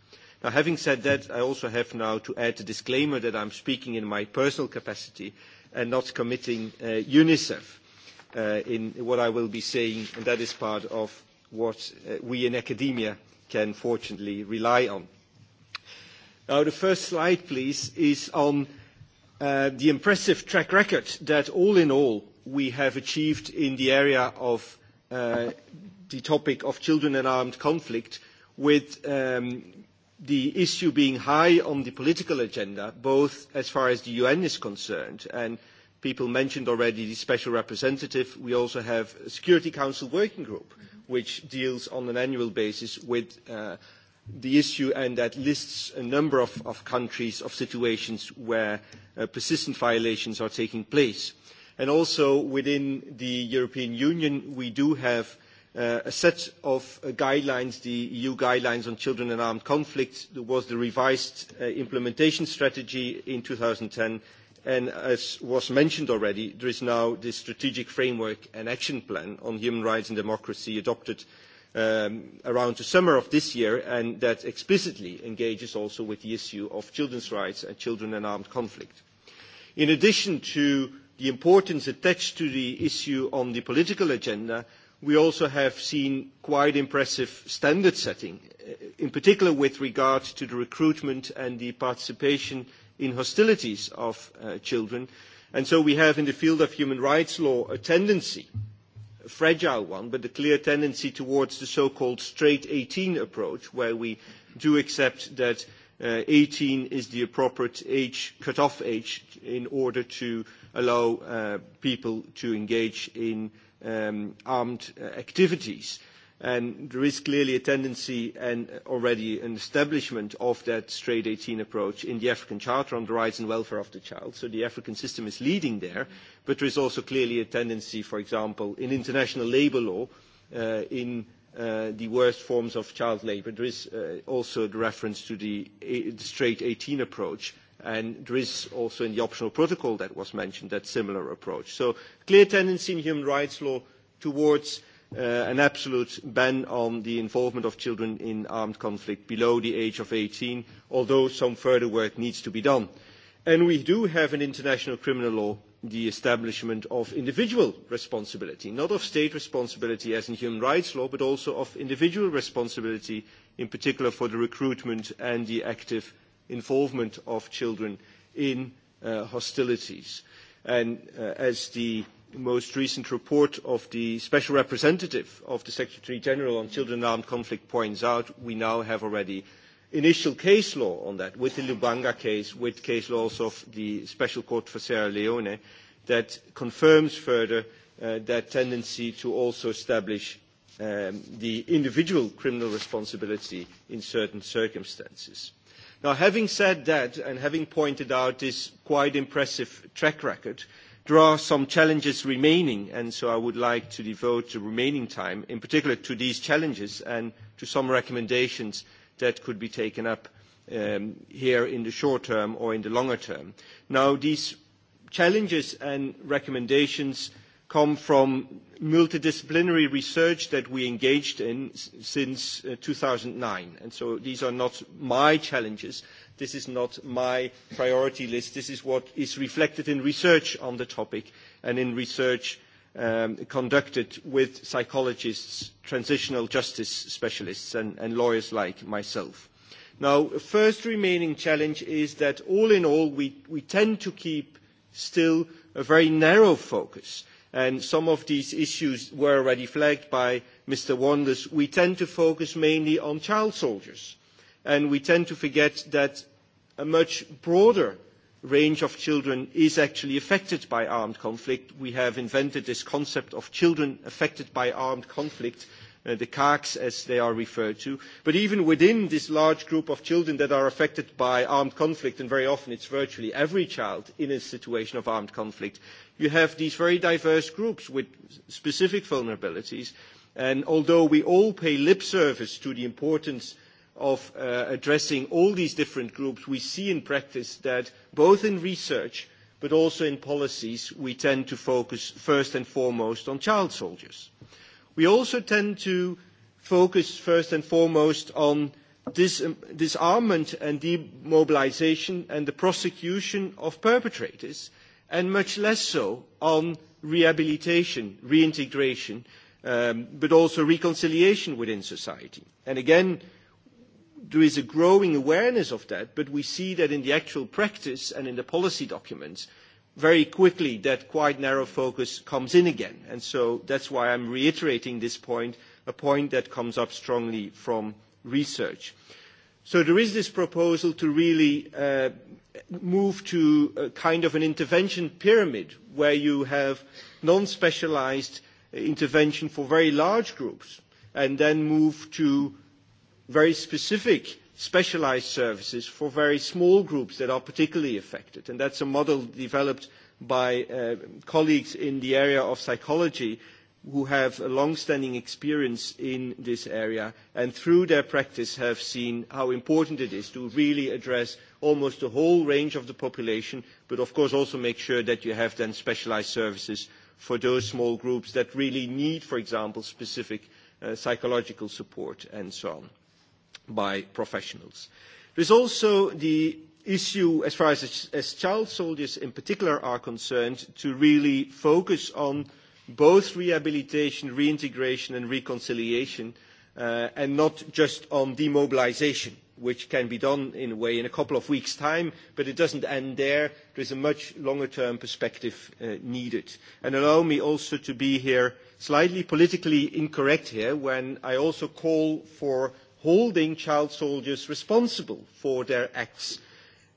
Speaker 15: Now, having said that, I also have now to add a disclaimer that I'm speaking in my personal capacity and not committing uh, UNICEF uh, in what I will be saying, and that is part of what uh, we in academia can fortunately rely on. Now, oh, the first slide, please, is on uh, the impressive track record that all in all we have achieved in the area of uh, the topic of children and armed conflict, with um, the issue being high on the political agenda, both as far as the UN is concerned, and people mentioned already the special representative. We also have a Security Council working group, which deals on an annual basis with uh, the issue and that lists a number of, of countries, of situations where uh, persistent violations are taking place. And also within the European Union, we do have uh, a set of uh, guidelines, the EU guidelines on children and armed conflict. There was the revised uh, implementation strategy in 2010, and as was mentioned already, there is now the strategic framework and action plan on human rights and democracy adopted uh, um, around the summer of this year and that explicitly engages also with the issue of children's rights and children and armed conflict. In addition to the importance attached to the issue on the political agenda, we also have seen quite impressive standard setting, uh, in particular with regard to the recruitment and the participation in hostilities of uh, children. And so we have in the field of human rights law a tendency uh, fragile one, but a clear tendency towards the so-called straight 18 approach, where we do accept that uh, 18 is the appropriate age, cut-off age, in order to allow uh, people to engage in um, armed uh, activities. Uh, And there is clearly a tendency and already an establishment of that straight 18 approach in the African Charter on the Rights and Welfare of the Child. So the African system is leading there, but there is also clearly a tendency, for example, in international labor law, uh, in uh, the worst forms of child labor. There is uh, also the reference to the, a, the straight 18 approach, and there is also in the optional protocol that was mentioned that similar approach. So clear tendency in human rights law towards uh, an absolute ban on the involvement of children in armed conflict below the age of 18, although some further work needs to be done. And we do have in international criminal law the establishment of individual responsibility, not of state responsibility as in human rights law, but also of individual responsibility, in particular for the recruitment and the active involvement of children in uh, hostilities. And uh, as the most recent report of the Special Representative of the Secretary General on Children in Armed Conflict points out, we now have already initial case law on that, with the Lubanga case, with case laws of the Special Court for Sierra Leone, that confirms further uh, that tendency to also establish um, the individual criminal responsibility in certain circumstances. Now, having said that, and having pointed out this quite impressive track record, uh, There are some challenges remaining, and so I would like to devote the remaining time, in particular, to these challenges and to some recommendations that could be taken up um, here in the short term or in the longer term. Now, these challenges and recommendations uh, come from multidisciplinary research that we engaged in since uh, 2009. And so these are not my challenges. This is not my priority list. This is what is reflected in research on the topic and in research um, conducted with psychologists, transitional justice specialists, and, and lawyers like myself. Now, first remaining challenge is that all in all, we, we tend to keep still a very narrow focus and some of these issues were already flagged by Mr. Wanders, we tend to focus mainly on child soldiers. And we tend to forget that a much broader range of children is actually affected by armed conflict. We have invented this concept of children affected by armed conflict, uh, the CACs as they are referred to. But even within this large group of children that are affected by armed conflict, and very often it's virtually every child in a situation of armed conflict, you have these very diverse groups with specific vulnerabilities. And although we all pay lip service to the importance of uh, addressing all these different groups, we see in practice that both in research but also in policies, we tend to focus first and foremost on child soldiers. We also tend to focus first and foremost on dis- disarmament and demobilization and the prosecution of perpetrators. Uh, and much less so on rehabilitation, reintegration, um, but also reconciliation within society. And again, there is a growing awareness of that, but we see that in the actual practice and in the policy documents, very quickly that quite narrow focus comes in again. And so that's why I'm reiterating this point, a point that comes up strongly from research. So there is this proposal to really uh, move to a kind of an intervention pyramid where you have non-specialized intervention for very large groups and then move to very specific specialized services for very small groups that are particularly affected. And that's a model developed by uh, colleagues in the area of psychology who have a long-standing experience in this area and through their practice have seen how important it is to really address almost the whole range of the population, but of course also make sure that you have then specialized services for those small groups that really need, for example, specific uh, psychological support and so on by professionals. There's also the issue, as far as, as child soldiers in particular are concerned, to really focus on both rehabilitation, reintegration and reconciliation, uh, and not just on demobilization which can be done in a way in a couple of weeks' time, but it doesn't end there. There is a much longer-term perspective uh, needed. And allow me also to be here slightly politically incorrect here when I also call for holding child soldiers responsible for their acts.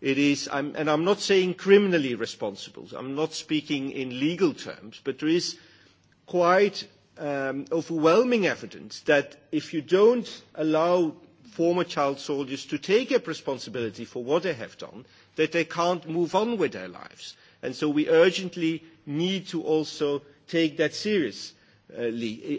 Speaker 15: It is, I'm, and I'm not saying criminally responsible. I'm not speaking in legal terms, but there is quite um, overwhelming evidence that if you don't allow former child soldiers to take up responsibility for what they have done, that they can't move on with their lives. And so we urgently need to also take that seriously.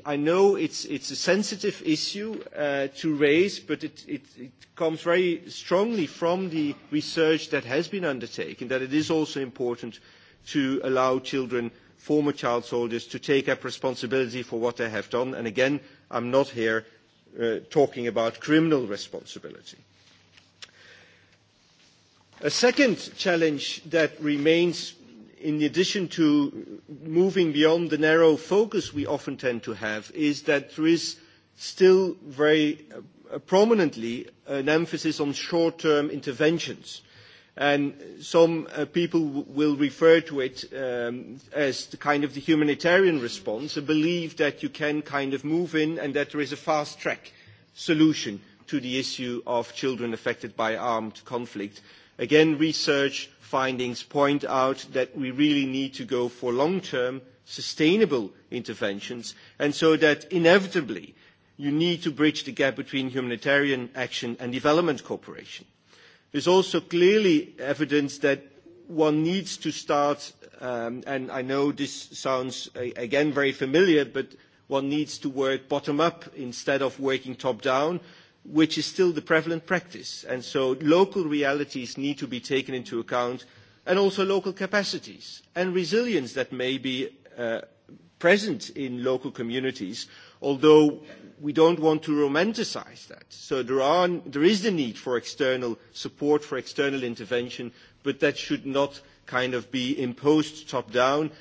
Speaker 15: I know it's, it's a sensitive issue uh, to raise, but it, it, it comes very strongly from the research that has been undertaken that it is also important to allow children, former child soldiers, to take up responsibility for what they have done. And again, I'm not here uh, talking about criminal responsibility. A second challenge that remains, in addition to moving beyond the narrow focus we often tend to have, is that there is still very uh, prominently an emphasis on short-term interventions And some uh, people w- will refer to it um, as the kind of the humanitarian response, a belief that you can kind of move in and that there is a fast track solution to the issue of children affected by armed conflict. Again, research findings point out that we really need to go for long-term sustainable interventions, and so that inevitably you need to bridge the gap between humanitarian action and development cooperation. There's also clearly evidence that one needs to start, um, and I know this sounds, again, very familiar, but one needs to work bottom-up instead of working top-down, which is still the prevalent practice. And so local realities need to be taken into account, and also local capacities and resilience that may be uh, present in local communities, although we don't want to romanticize that. So there, are, there is the need for external support, for external intervention, but that should not kind of be imposed top down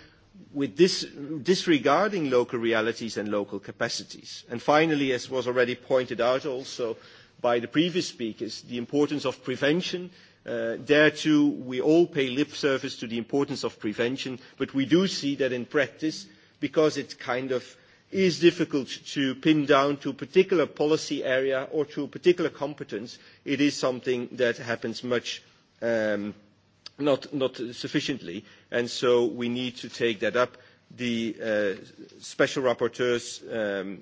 Speaker 15: with this, disregarding local realities and local capacities. And finally, as was already pointed out also by the previous speakers, the importance of prevention. Uh, there too, we all pay lip service to the importance of prevention, but we do see that in practice, because it kind of uh, is difficult to pin down to a particular policy area or to a particular competence. It is something that happens much um, not, not sufficiently, and so we need to take that up. The uh, special rapporteur's um,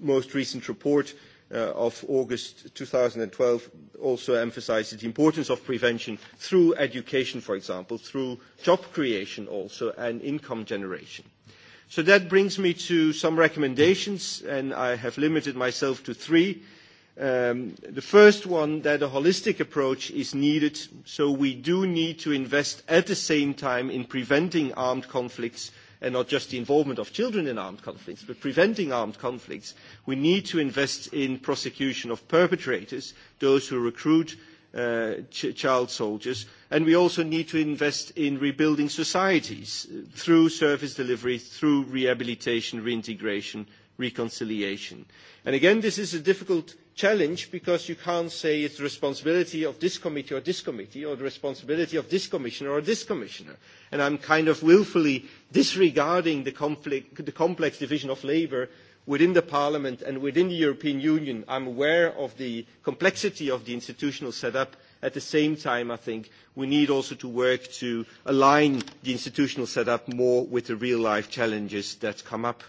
Speaker 15: most recent report uh, of August 2012 also emphasizes the importance of prevention through education, for example, through job creation also, and income generation. Uh, So that brings me to some recommendations, and I have limited myself to three. Um, the first one, that a holistic approach is needed, so we do need to invest at the same time in preventing armed conflicts and not just the involvement of children in armed conflicts, but preventing armed conflicts. We need to invest in prosecution of perpetrators, those who recruit uh, ch- child soldiers, And we also need to invest in rebuilding societies through service delivery, through rehabilitation, reintegration, reconciliation. And again, this is a difficult challenge because you can't say it's the responsibility of this committee or this committee or the responsibility of this commissioner or this commissioner. And I'm kind of willfully disregarding the, conflict, the complex division of labour within the parliament and within the European Union. I'm aware of the complexity of the institutional setup At the same time, I think we need also to work to align the institutional setup more with the real-life challenges that come up.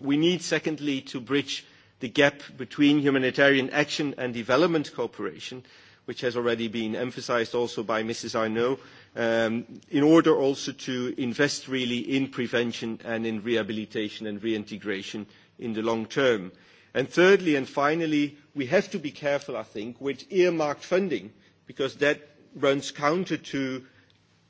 Speaker 15: We need, secondly, to bridge the gap between humanitarian action and development cooperation, which has already been emphasized also by Mrs. Arnault, um, in order also to invest really in prevention and in rehabilitation and reintegration in the long term. Uh, And thirdly and finally, we have to be careful, I think, with earmarked funding, because that runs counter to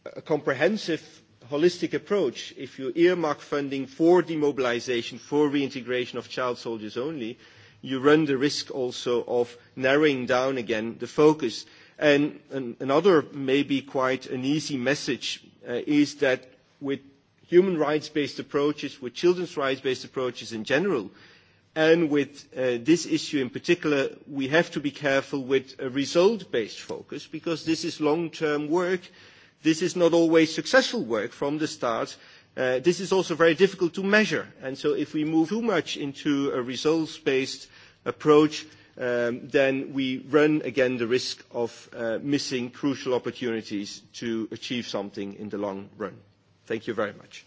Speaker 15: a comprehensive, holistic approach. If you earmark funding for demobilization, for reintegration of child soldiers only, you run the risk also of narrowing down again the focus. And, and another maybe quite an easy message uh, is that with human rights-based approaches, with children's rights-based approaches in general, uh, and with uh, this issue in particular, we have to be careful with a result-based focus because this is long-term work. This is not always successful work from the start. Uh, this is also very difficult to measure. And so if we move too much into a results-based approach, um, then we run again the risk of uh, missing crucial opportunities to achieve something in the long run. Thank you very much.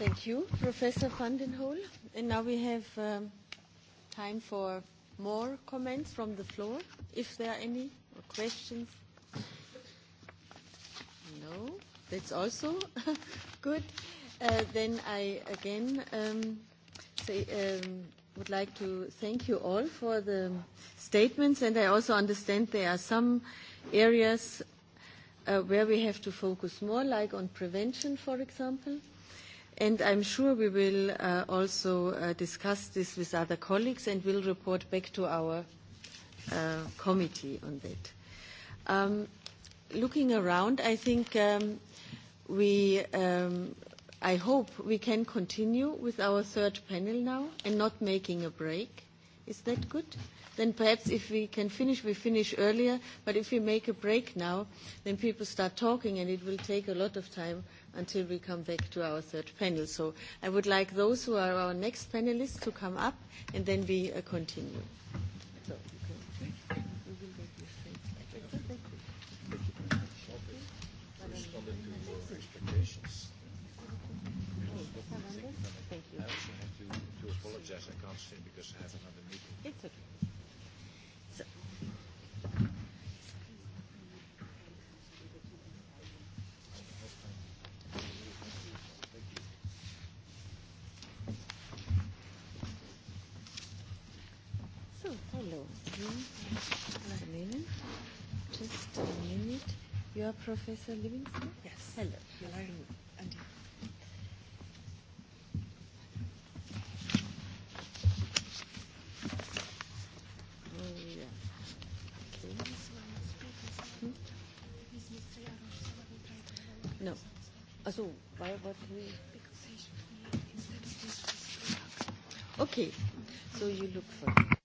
Speaker 1: Thank you, Professor van den Hol. And now we have um, time for more comments from the floor, if there are any, or questions. No, that's also (laughs) good. Uh, then I again um, say, um, would like to thank you all for the statements, and I also understand there are some areas uh, where we have to focus more, like on prevention, for example. And I'm sure we will uh, also uh, discuss this with other colleagues and will report back to our uh, committee on that. Um, looking around, I think um, we, um, I hope we can continue with our third panel now and not making a break. Is that good? Then perhaps if we can finish, we finish earlier, but if we make a break now, then people start talking, and it will take a lot of time until we come back to our third panel. So I would like those who are our next panelists to come up, and then we uh, continue. So,
Speaker 13: okay.
Speaker 12: Thank you. I also have to, to apologize. I can't stay because I have another meeting.
Speaker 13: It's okay.
Speaker 1: You are Professor Livingston? Yes. Hello. Hello. Andy. Oh, yeah. okay. hmm? No. Uh, so, why what we... Okay. So you look for...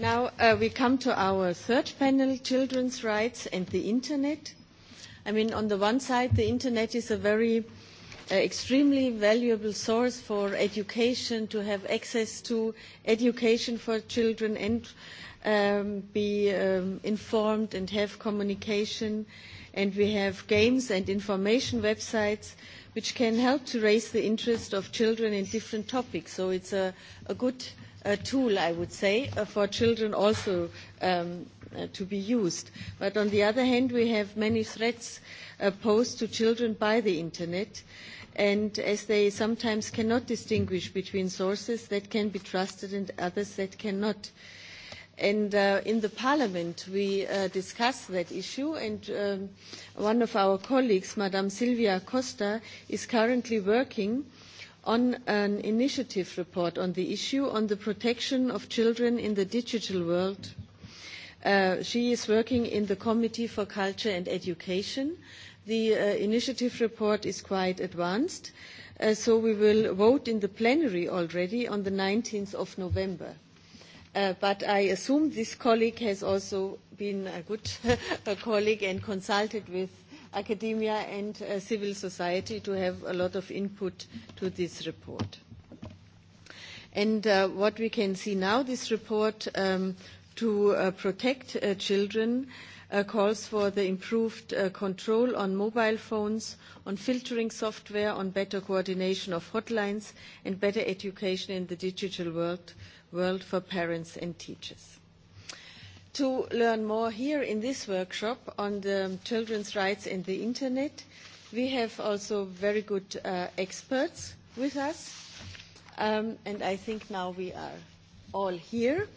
Speaker 1: Now uh, we come to our third panel, children's rights and the internet. I mean, on the one side, the internet is a very uh, extremely valuable source for education, to have access to education for children and um, be um, informed and have communication. And we have games and information websites which can help to raise the interest of children in different topics. So it's a, a good uh, a tool, I would say, uh, for children also um, uh, to be used. But on the other hand, we have many threats uh, posed to children by the Internet, and as they sometimes cannot distinguish between sources that can be trusted and others that cannot. And uh, in the Parliament, we uh, discussed that issue, and um, one of our colleagues, Madame Silvia Costa, is currently working uh, on an initiative report on the issue on the protection of children in the digital world. Uh, she is working in the Committee for Culture and Education. The uh, initiative report is quite advanced, uh, so we will vote in the plenary already on the 19th of November. Uh, but I assume this colleague has also been a good (laughs) a colleague and consulted with uh, academia and uh, civil society to have a lot of input to this report. And uh, what we can see now, this report um, to uh, protect uh, children uh, calls for the improved uh, control on mobile phones, on filtering software, on better coordination of hotlines, and better education in the digital world, world for parents and teachers to learn more here in this workshop on the children's rights and the internet. We have also very good uh, experts with us, um, and I think now we are all here.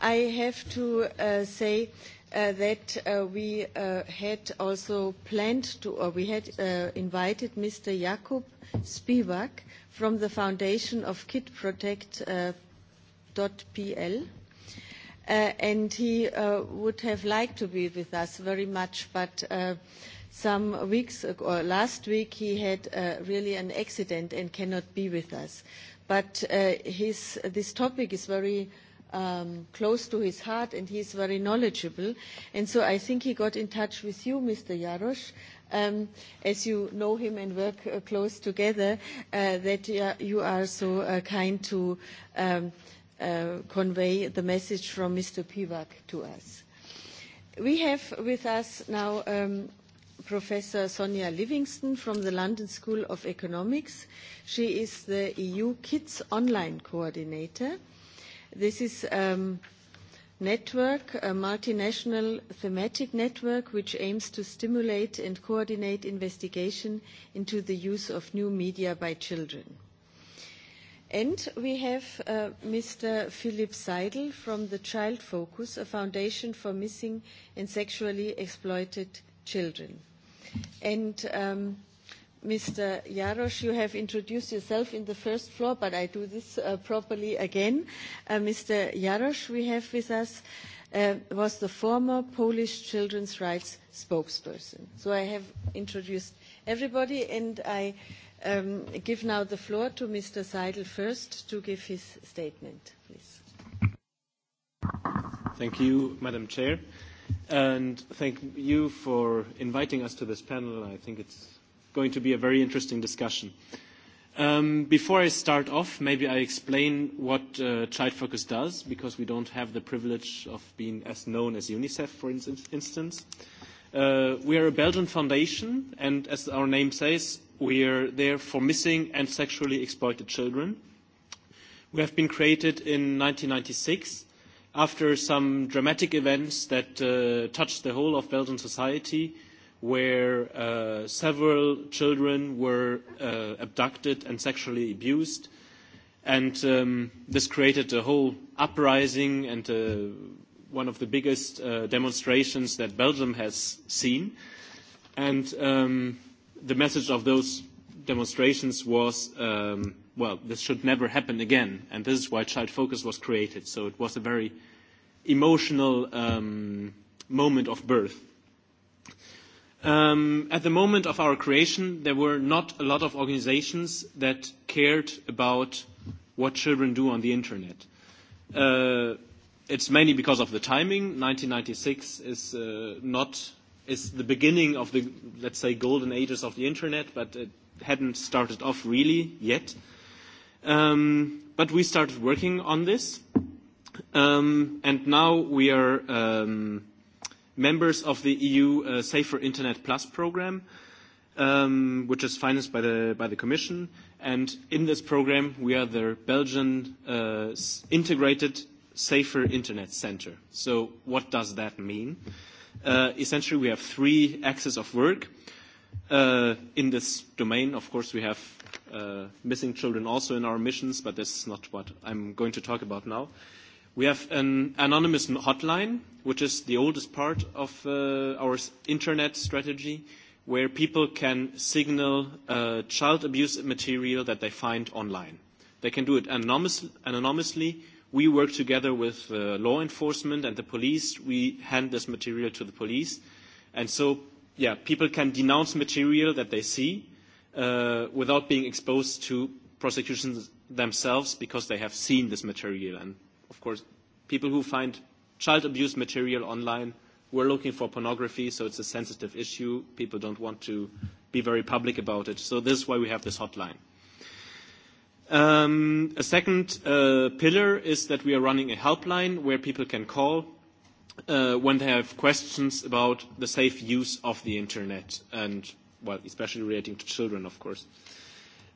Speaker 1: I have to uh, say uh, that uh, we uh, had also planned to, or we had uh, invited Mr. Jakub Spivak from the foundation of kidprotect.pl. Uh, uh, and he uh, would have liked to be with us very much, but uh, some weeks ago, or last week he had uh, really an accident and cannot be with us. But uh, his, this topic is very um, close to his heart and he is very knowledgeable. And so I think he got in touch with you, Mr. Jarosz, um, as you know him and work uh, close together, uh, that uh, you are so uh, kind to um, uh, convey the message from Mr. Pivak to us. We have with us now um, Professor Sonia Livingston from the London School of Economics. She is the EU Kids Online Coordinator. This is um, network, a multinational thematic network which aims to stimulate and coordinate investigation into the use of new media by children. And we have uh, Mr. Philipp Seidel from the Child Focus, a foundation for missing and sexually exploited children. And um, Mr. Jarosz, you have introduced yourself in the first floor, but I do this uh, properly again. Uh, Mr. Jarosz, we have with us, uh, was the former Polish children's rights spokesperson. So I have introduced everybody, and I uh, um, give now the floor to Mr. Seidel first to give his statement, please.
Speaker 16: Thank you, Madam Chair. And thank you for inviting us to this panel. I think it's going to be a very interesting discussion. Um, before I start off, maybe I explain what uh, Child Focus does, because we don't have the privilege of being as known as UNICEF, for in- instance. Uh, we are a Belgian foundation, and as our name says, We're there for missing and sexually exploited children. We have been created in 1996 after some dramatic events that uh, touched the whole of Belgian society, where uh, several children were uh, abducted and sexually abused. And um, this created a whole uprising and uh, one of the biggest uh, demonstrations that Belgium has seen. And um, the message of those demonstrations was, um, well, this should never happen again. And this is why Child Focus was created. So it was a very emotional um, moment of birth. Um, at the moment of our creation, there were not a lot of organizations that cared about what children do on the internet. Uh, it's mainly because of the timing. 1996 is uh, not is the beginning of the, let's say, golden ages of the internet, but it hadn't started off really yet. Um, but we started working on this, um, and now we are um, members of the EU uh, Safer Internet Plus program, um, which is financed by the, by the Commission. And in this program, we are the Belgian uh, Integrated Safer Internet Center. So what does that mean? Uh, Uh, essentially, we have three axes of work. Uh, in this domain, of course, we have uh, missing children also in our missions, but this is not what I'm going to talk about now. We have an anonymous hotline, which is the oldest part of uh, our internet strategy, where people can signal uh, child abuse material that they find online. They can do it anonymous, anonymously, We work together with uh, law enforcement and the police. We hand this material to the police. And so, yeah, people can denounce material that they see uh, without being exposed to prosecutions themselves because they have seen this material. And, of course, people who find child abuse material online were looking for pornography, so it's a sensitive issue. People don't want to be very public about it. So this is why we have this hotline. Um, a second uh, pillar is that we are running a helpline where people can call uh, when they have questions about the safe use of the internet and, well, especially relating to children, of course.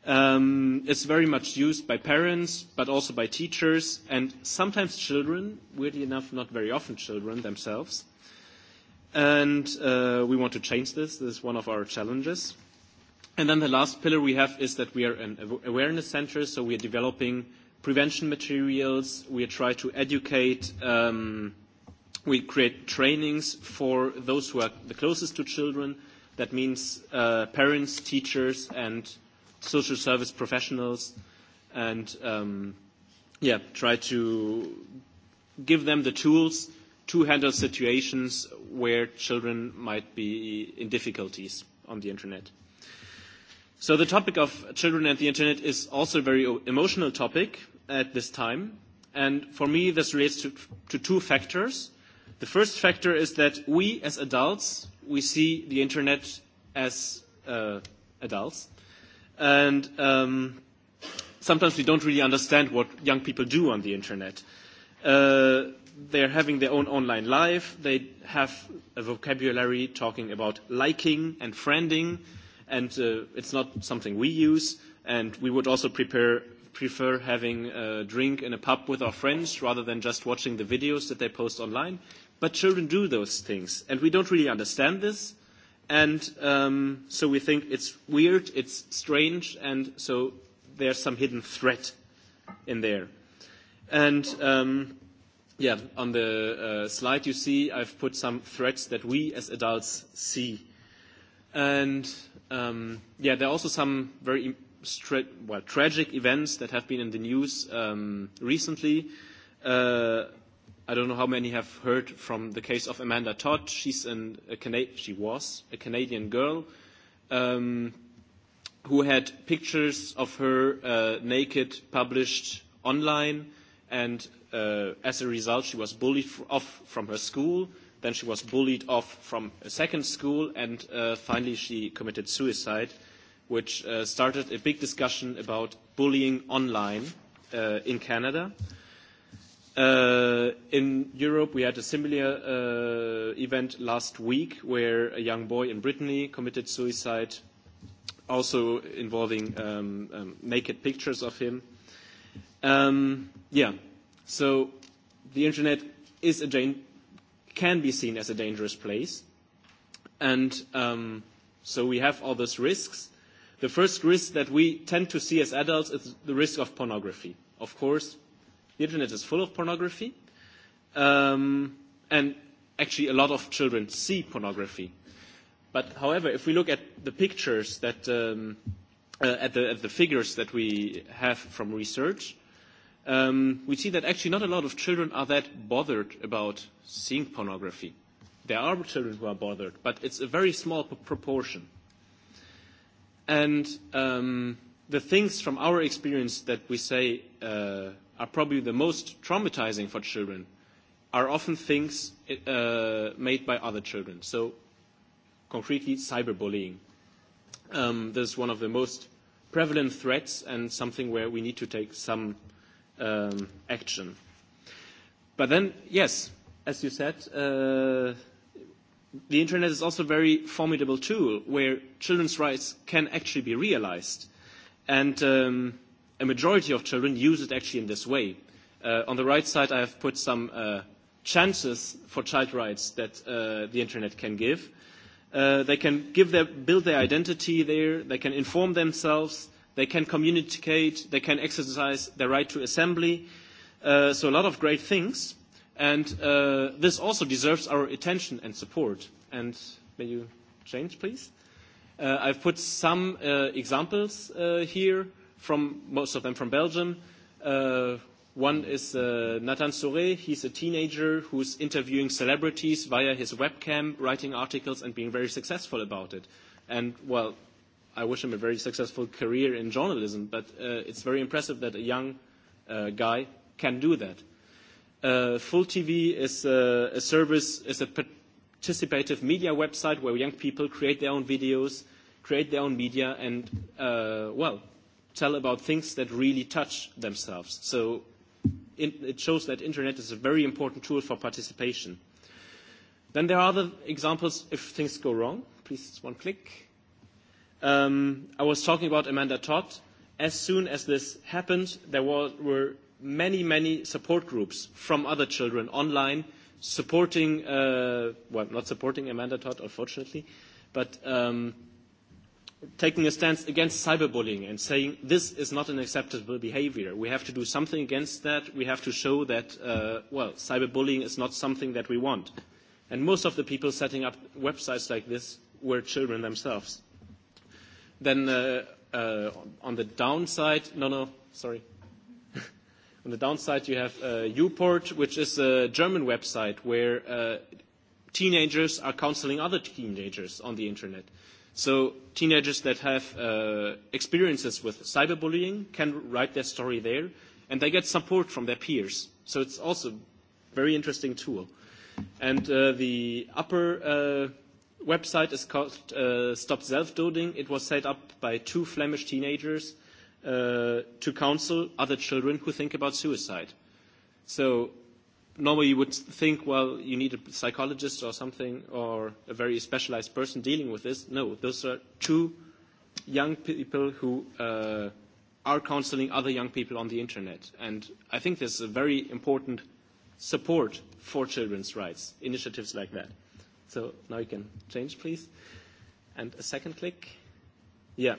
Speaker 16: Um, it's very much used by parents, but also by teachers and sometimes children, weirdly enough, not very often children themselves. And uh, we want to change this. This is one of our challenges. And then the last pillar we have is that we are an awareness center, so we are developing prevention materials. We try to educate. Um, we create trainings for those who are the closest to children. That means uh, parents, teachers, and social service professionals, and um, yeah, try to give them the tools to handle situations where children might be in difficulties on the internet. So the topic of children and the internet is also a very emotional topic at this time. And for me, this relates to, to two factors. The first factor is that we as adults, we see the internet as uh, adults. And um, sometimes we don't really understand what young people do on the internet. Uh, they're having their own online life. They have a vocabulary talking about liking and friending. Uh, and uh, it's not something we use. And we would also prepare, prefer having a drink in a pub with our friends rather than just watching the videos that they post online. But children do those things, and we don't really understand this. And um, so we think it's weird, it's strange, and so there's some hidden threat in there. And um, yeah, on the uh, slide you see, I've put some threats that we as adults see. And um, yeah, there are also some very stra- well, tragic events that have been in the news um, recently. Uh, I don't know how many have heard from the case of Amanda Todd. She's an, a Cana- she was a Canadian girl um, who had pictures of her uh, naked published online, and uh, as a result, she was bullied f- off from her school. Uh, Then she was bullied off from a second school, and uh, finally she committed suicide, which uh, started a big discussion about bullying online uh, in Canada. Uh, in Europe, we had a similar uh, event last week where a young boy in Brittany committed suicide, also involving um, um, naked pictures of him. Um, yeah, so the internet is a, can be seen as a dangerous place. And um, so we have all these risks. The first risk that we tend to see as adults is the risk of pornography. Of course, the internet is full of pornography. Um, and actually, a lot of children see pornography. But however, if we look at the pictures that, um, uh, at, the, at the figures that we have from research, uh, um, we see that actually not a lot of children are that bothered about seeing pornography. There are children who are bothered, but it's a very small p- proportion. And um, the things from our experience that we say uh, are probably the most traumatizing for children are often things uh, made by other children. So, concretely, cyberbullying. Um, this is one of the most prevalent threats and something where we need to take some uh, um, action. But then, yes, as you said, uh, the internet is also a very formidable tool where children's rights can actually be realized. And um, a majority of children use it actually in this way. Uh, on the right side, I have put some uh, chances for child rights that uh, the internet can give. Uh, they can give their, build their identity there. They can inform themselves. They can communicate. They can exercise their right to assembly. Uh, so a lot of great things. And uh, this also deserves our attention and support. And may you change, please? Uh, I've put some uh, examples uh, here, from most of them from Belgium. Uh, one is uh, Nathan Sore. He's a teenager who's interviewing celebrities via his webcam, writing articles, and being very successful about it. And, well, I wish him a very successful career in journalism, but uh, it's very impressive that a young uh, guy can do that. Uh, Full TV is a, uh, a service, is a participative media website where young people create their own videos, create their own media, and, uh, well, tell about things that really touch themselves. So it, it shows that internet is a very important tool for participation. Then there are other examples if things go wrong. Please, one click Um, I was talking about Amanda Todd. As soon as this happened, there was, were many, many support groups from other children online supporting, uh, well, not supporting Amanda Todd, unfortunately, but um, taking a stance against cyberbullying and saying this is not an acceptable behavior. We have to do something against that. We have to show that, uh, well, cyberbullying is not something that we want. And most of the people setting up websites like this were children themselves. Then uh, uh, on the downside, no, no, sorry. (laughs) on the downside, you have uh, Uport, which is a German website where uh, teenagers are counseling other teenagers on the internet. So teenagers that have uh, experiences with cyberbullying can write their story there, and they get support from their peers. So it's also a very interesting tool. And uh, the upper uh, website is called uh, Stop Self-Doding. It was set up by two Flemish teenagers uh, to counsel other children who think about suicide. So normally you would think, well, you need a psychologist or something or a very specialized person dealing with this. No, those are two young people who uh, are counseling other young people on the internet. And I think there's a very important support for children's rights, initiatives like that. Mm-hmm. So now you can change, please. And a second click. Yeah.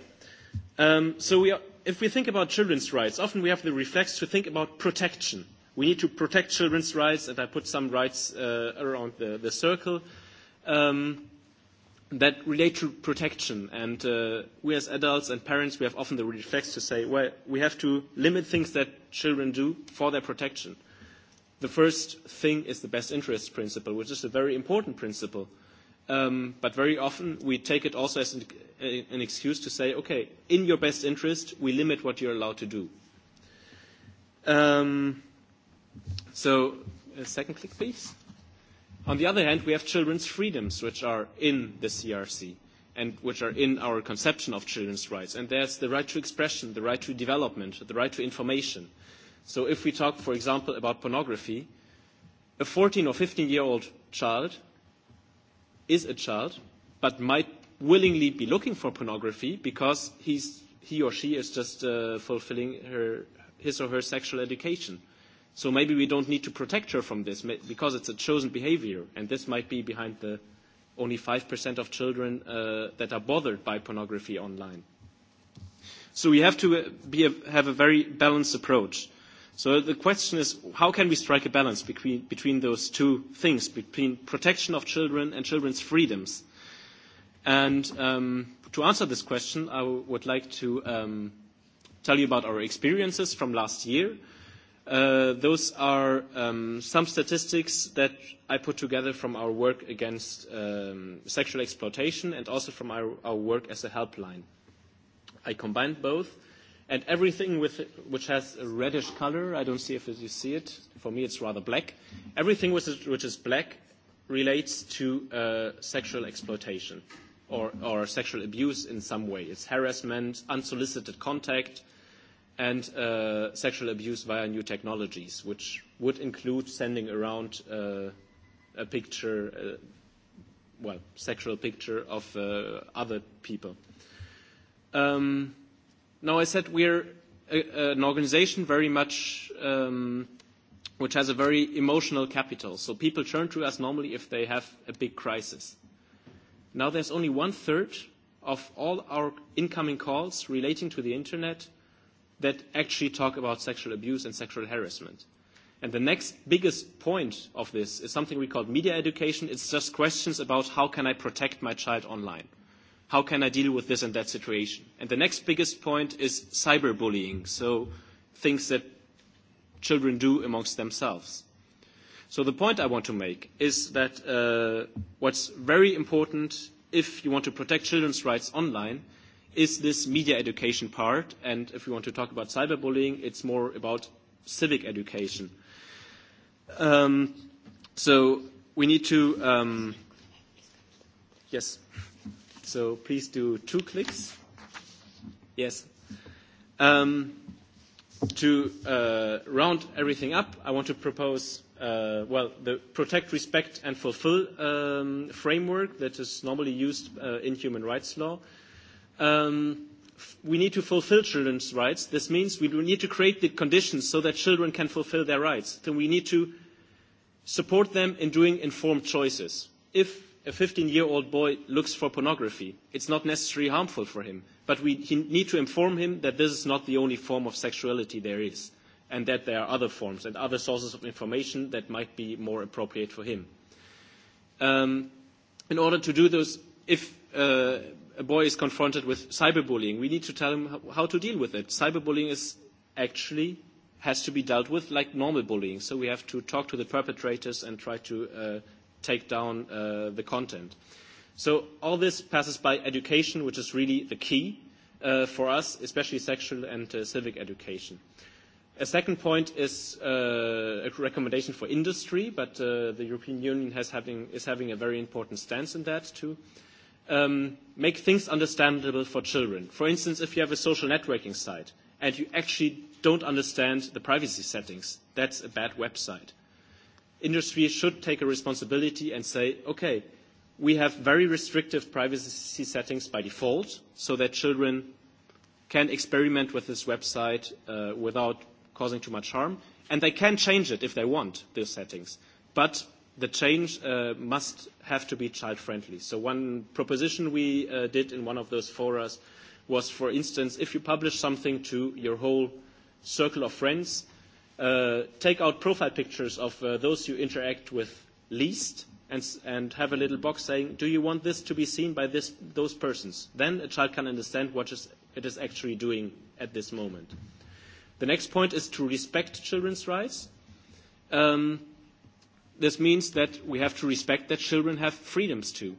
Speaker 16: Um, so we are, if we think about children's rights, often we have the reflex to think about protection. We need to protect children's rights, and I put some rights uh, around the, the circle um, that relate to protection. And uh, we as adults and parents, we have often the reflex to say, well, we have to limit things that children do for their protection. The first thing is the best interest principle, which is a very important principle. Um, but very often we take it also as an, uh, an excuse to say, okay, in your best interest, we limit what you're allowed to do. Um, so, a uh, second click, please. On the other hand, we have children's freedoms, which are in the CRC and which are in our conception of children's rights. And there's the right to expression, the right to development, the right to information. So if we talk, for example, about pornography, a 14 or 15 year old child is a child, but might willingly be looking for pornography because he's, he or she is just uh, fulfilling her, his or her sexual education. So maybe we don't need to protect her from this because it's a chosen behavior, and this might be behind the only 5% of children uh, that are bothered by pornography online. So we have to uh, be a, have a very balanced approach. So the question is, how can we strike a balance between, between those two things, between protection of children and children's freedoms? And um, to answer this question, I would like to um, tell you about our experiences from last year. Uh, those are um, some statistics that I put together from our work against um, sexual exploitation and also from our, our work as a helpline. I combined both And everything with, which has a reddish color, I don't see if you see it. For me, it's rather black. Everything which is, which is black relates to uh, sexual exploitation or, or sexual abuse in some way. It's harassment, unsolicited contact, and uh, sexual abuse via new technologies, which would include sending around uh, a picture, uh, well, sexual picture of uh, other people. Um, No, I said we're a, an organization very much um, which has a very emotional capital. So people turn to us normally if they have a big crisis. Now there's only one third of all our incoming calls relating to the internet that actually talk about sexual abuse and sexual harassment. And the next biggest point of this is something we call media education. It's just questions about how can I protect my child online how can I deal with this and that situation? And the next biggest point is cyberbullying, so things that children do amongst themselves. So the point I want to make is that uh, what's very important if you want to protect children's rights online is this media education part, and if we want to talk about cyberbullying, it's more about civic education. Um, so we need to. Um, yes. So please do two clicks. Yes. Um, to uh, round everything up, I want to propose, uh, well, the protect, respect, and fulfill um, framework that is normally used uh, in human rights law. Um, we need to fulfill children's rights. This means we need to create the conditions so that children can fulfill their rights. Then we need to support them in doing informed choices. If a 15 year old boy looks for pornography, it's not necessarily harmful for him. But we he, need to inform him that this is not the only form of sexuality there is, and that there are other forms and other sources of information that might be more appropriate for him. Um, in order to do this, if uh, a boy is confronted with cyberbullying, we need to tell him how to deal with it. Cyberbullying is actually has to be dealt with like normal bullying. So we have to talk to the perpetrators and try to uh, take down uh, the content. So all this passes by education, which is really the key uh, for us, especially sexual and uh, civic education. A second point is uh, a recommendation for industry, but uh, the European Union has having, is having a very important stance in that too. Um, make things understandable for children. For instance, if you have a social networking site and you actually don't understand the privacy settings, that's a bad website industry should take a responsibility and say, okay, we have very restrictive privacy settings by default so that children can experiment with this website uh, without causing too much harm. And they can change it if they want, those settings. But the change uh, must have to be child friendly. So, one proposition we uh, did in one of those forums was, for instance, if you publish something to your whole circle of friends, uh, uh, take out profile pictures of uh, those you interact with least and, and have a little box saying, do you want this to be seen by this, those persons? Then a child can understand what is, it is actually doing at this moment. The next point is to respect children's rights. Um, this means that we have to respect that children have freedoms too.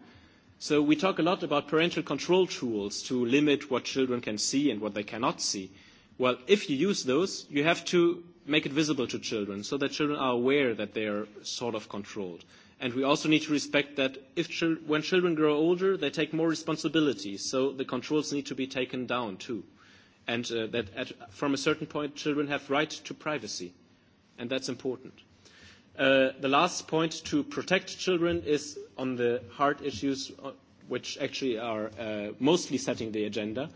Speaker 16: So we talk a lot about parental control tools to limit what children can see and what they cannot see. Well, if you use those, you have to make it visible to children so that children are aware that they are sort of controlled. And we also need to respect that if chil- when children grow older, they take more responsibility, so the controls need to be taken down too. And uh, that at, from a certain point, children have right to privacy, and that's important. Uh, the last point to protect children is on the hard issues, uh, which actually are uh, mostly setting the agenda. Uh,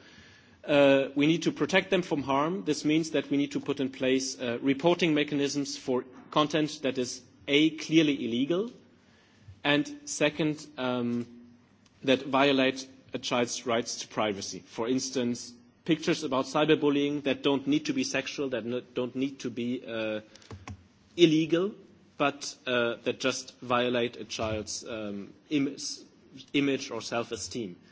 Speaker 16: Uh, we need to protect them from harm. This means that we need to put in place uh, reporting mechanisms for content that is A, clearly illegal, and second, um, that violate a child's rights to privacy. For instance, pictures about cyberbullying that don't need to be sexual, that no, don't need to be uh, illegal, but uh, that just violate a child's um, Im- image or self-esteem. Uh,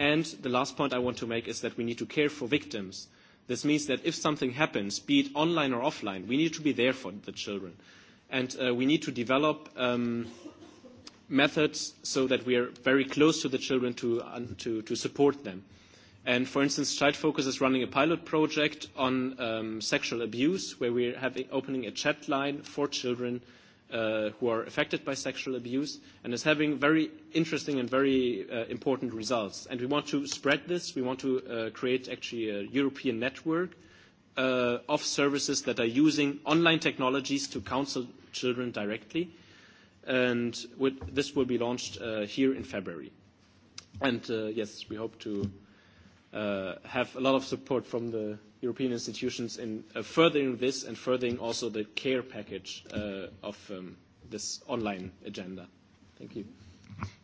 Speaker 16: And the last point I want to make is that we need to care for victims. This means that if something happens, be it online or offline, we need to be there for the children. And uh, we need to develop um, methods so that we are very close to the children to, uh, to, to support them. And for instance, Child Focus is running a pilot project on um, sexual abuse where we're having, opening a chat line for children uh, uh, who are affected by sexual abuse and is having very interesting and very uh, important results. And we want to spread this. We want to uh, create actually a European network uh, of services that are using online technologies to counsel children directly. And with, this will be launched uh, here in February. And uh, yes, we hope to uh, have a lot of support from the European institutions in uh, furthering this and furthering also the care package uh, of um, this online agenda. Thank you.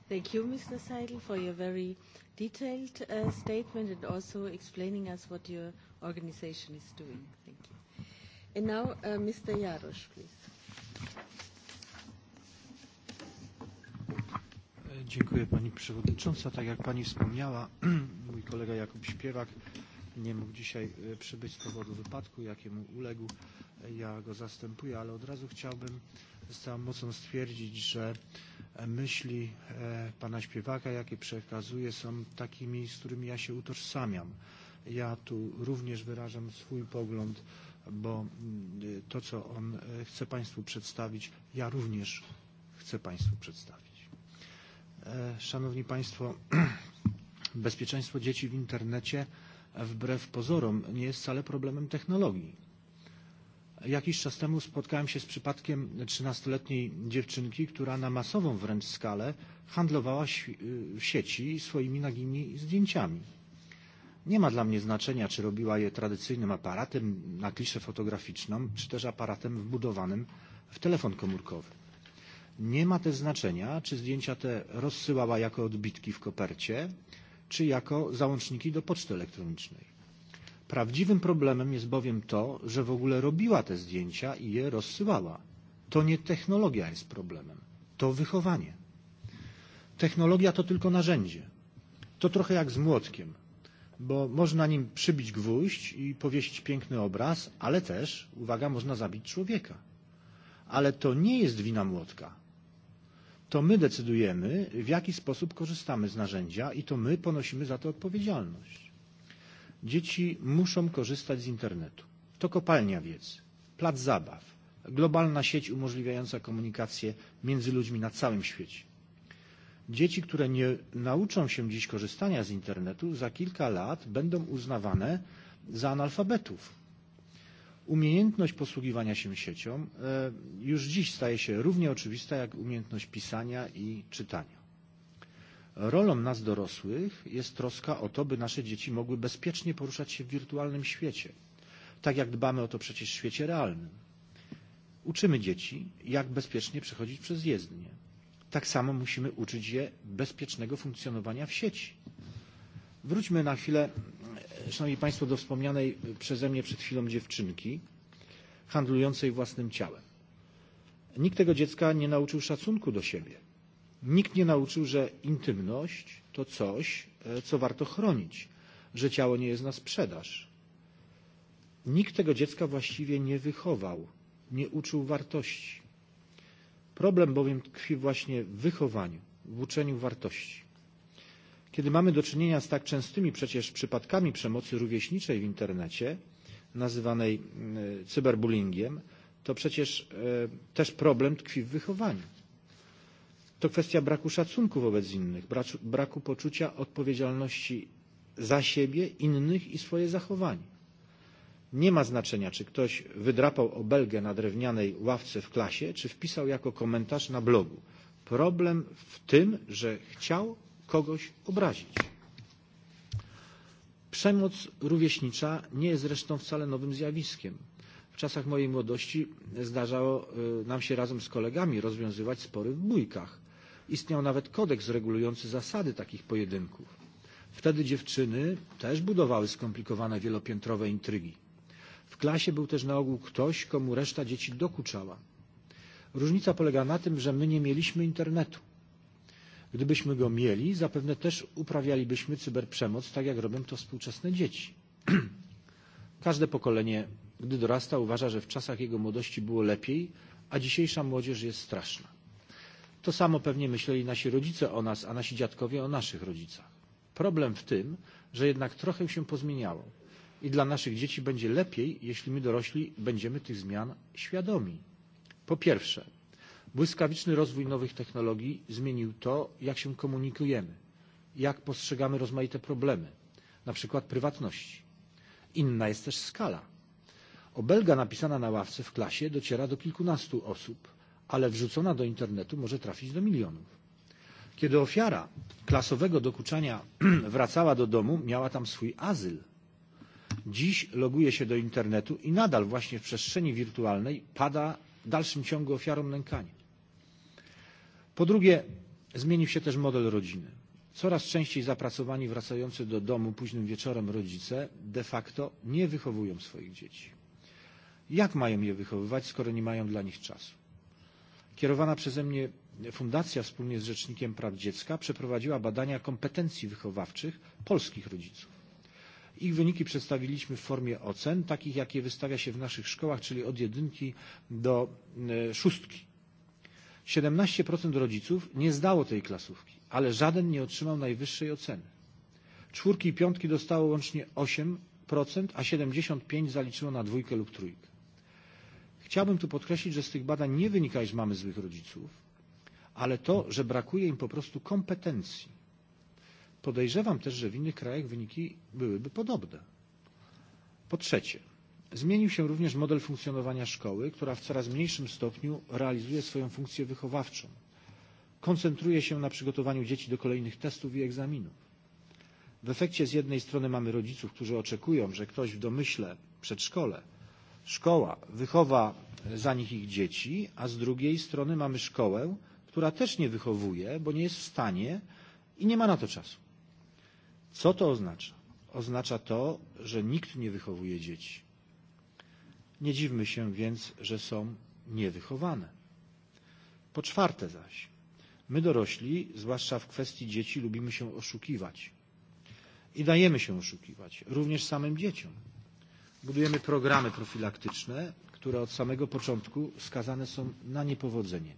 Speaker 1: Thank you, Mr. Seidel, for your very detailed uh, statement and also explaining us what your organization is doing. Thank you. And now, uh, Mr. Jarosz, please.
Speaker 10: Dziękuję Pani Przewodnicząca. Tak jak Pani wspomniała, (clears throat) mój kolega Jakub Śpiewak nie mógł dzisiaj e, przybyć z powodu wypadku, jakiemu uległ. E, ja go zastępuję, ale od razu chciałbym z całą mocą stwierdzić, że e, myśli pana śpiewaka, jakie przekazuje, są takimi, z którymi ja się utożsamiam. Ja tu również wyrażam swój pogląd, bo mm, to, co on chce Państwu przedstawić, ja również chcę Państwu przedstawić. Szanowni Państwo, (clears throat) bezpieczeństwo dzieci w internecie wbrew pozorom nie jest wcale problemem technologii. Jakiś czas temu spotkałem się z przypadkiem 13-letniej dziewczynki, która na masową wręcz skalę handlowała w sieci swoimi nagimi zdjęciami. Nie ma dla mnie znaczenia, czy robiła je tradycyjnym aparatem na kliszę fotograficzną, czy też aparatem wbudowanym w telefon komórkowy. Nie ma też znaczenia, czy zdjęcia te rozsyłała jako odbitki w kopercie, czy jako załączniki do poczty elektronicznej. Prawdziwym problemem jest bowiem to, że w ogóle robiła te zdjęcia i je rozsyłała. To nie technologia jest problemem, to wychowanie. Technologia to tylko narzędzie. To trochę jak z młotkiem, bo można nim przybić gwóźdź i powiesić piękny obraz, ale też, uwaga, można zabić człowieka. Ale to nie jest wina młotka, to my decydujemy, w jaki sposób korzystamy z narzędzia i to my ponosimy za to odpowiedzialność. Dzieci muszą korzystać z internetu. To kopalnia wiedzy, plac zabaw, globalna sieć umożliwiająca komunikację między ludźmi na całym świecie. Dzieci, które nie nauczą się dziś korzystania z internetu, za kilka lat będą uznawane za analfabetów, umiejętność posługiwania się siecią e, już dziś staje się równie oczywista jak umiejętność pisania i czytania. Rolą nas dorosłych jest troska o to, by nasze dzieci mogły bezpiecznie poruszać się w wirtualnym świecie, tak jak dbamy o to przecież w świecie realnym. Uczymy dzieci, jak bezpiecznie przechodzić przez jezdnię. Tak samo musimy uczyć je bezpiecznego funkcjonowania w sieci. Wróćmy na chwilę Szanowni Państwo, do wspomnianej przeze mnie przed chwilą dziewczynki handlującej własnym ciałem. Nikt tego dziecka nie nauczył szacunku do siebie. Nikt nie nauczył, że intymność to coś, e, co warto chronić, że ciało nie jest na sprzedaż. Nikt tego dziecka właściwie nie wychował, nie uczył wartości. Problem bowiem tkwi właśnie w wychowaniu, w uczeniu wartości. Kiedy mamy do czynienia z tak częstymi przecież przypadkami przemocy rówieśniczej w internecie, nazywanej mm, cyberbullyingiem, to przecież e, też problem tkwi w wychowaniu. To kwestia braku szacunku wobec innych, braku poczucia odpowiedzialności za siebie, innych i swoje zachowanie. Nie ma znaczenia, czy ktoś wydrapał obelgę na drewnianej ławce w klasie, czy wpisał jako komentarz na blogu. Problem w tym, że chciał kogoś obrazić. Przemoc rówieśnicza nie jest zresztą wcale nowym zjawiskiem. W czasach mojej młodości zdarzało e, nam się razem z kolegami rozwiązywać spory w bójkach. Istniał nawet kodeks regulujący zasady takich pojedynków. Wtedy dziewczyny też budowały skomplikowane wielopiętrowe intrygi. W klasie był też na ogół ktoś, komu reszta dzieci dokuczała. Różnica polega na tym, że my nie mieliśmy internetu. Gdybyśmy go mieli, zapewne też uprawialibyśmy cyberprzemoc, tak jak robią to współczesne dzieci. (clears throat) Każde pokolenie, gdy dorasta, uważa, że w czasach jego młodości było lepiej, a dzisiejsza młodzież jest straszna. To samo pewnie myśleli nasi rodzice o nas, a nasi dziadkowie o naszych rodzicach. Problem w tym, że jednak trochę się pozmieniało i dla naszych dzieci będzie lepiej, jeśli my dorośli będziemy tych zmian świadomi. Po pierwsze, Błyskawiczny rozwój nowych technologii zmienił to, jak się komunikujemy, jak postrzegamy rozmaite problemy, na przykład prywatności. Inna jest też skala. Obelga napisana na ławce w klasie dociera do kilkunastu osób, ale wrzucona do internetu może trafić do milionów. Kiedy ofiara klasowego dokuczania (clears throat) wracała do domu, miała tam swój azyl. Dziś loguje się do internetu i nadal właśnie w przestrzeni wirtualnej pada w dalszym ciągu ofiarom nękania. Po drugie, zmienił się też model rodziny. Coraz częściej zapracowani wracający do domu późnym wieczorem rodzice de facto nie wychowują swoich dzieci. Jak mają je wychowywać, skoro nie mają dla nich czasu? Kierowana przeze mnie fundacja wspólnie z Rzecznikiem Praw Dziecka przeprowadziła badania kompetencji wychowawczych polskich rodziców. Ich wyniki przedstawiliśmy w formie ocen, takich jakie wystawia się w naszych szkołach, czyli od jedynki do e, szóstki. 17% rodziców nie zdało tej klasówki, ale żaden nie otrzymał najwyższej oceny. Czwórki i piątki dostało łącznie 8%, a 75% zaliczyło na dwójkę lub trójkę. Chciałbym tu podkreślić, że z tych badań nie wynika, iż mamy złych rodziców, ale to, że brakuje im po prostu kompetencji. Podejrzewam też, że w innych krajach wyniki byłyby podobne. Po trzecie, Zmienił się również model funkcjonowania szkoły, która w coraz mniejszym stopniu realizuje swoją funkcję wychowawczą. Koncentruje się na przygotowaniu dzieci do kolejnych testów i egzaminów. W efekcie z jednej strony mamy rodziców, którzy oczekują, że ktoś w domyśle przedszkole, szkoła wychowa za nich ich dzieci, a z drugiej strony mamy szkołę, która też nie wychowuje, bo nie jest w stanie i nie ma na to czasu. Co to oznacza? Oznacza to, że nikt nie wychowuje dzieci. Nie dziwmy się więc, że są niewychowane. Po czwarte zaś, my dorośli, zwłaszcza w kwestii dzieci, lubimy się oszukiwać i dajemy się oszukiwać, również samym dzieciom. Budujemy programy profilaktyczne, które od samego początku skazane są na niepowodzenie,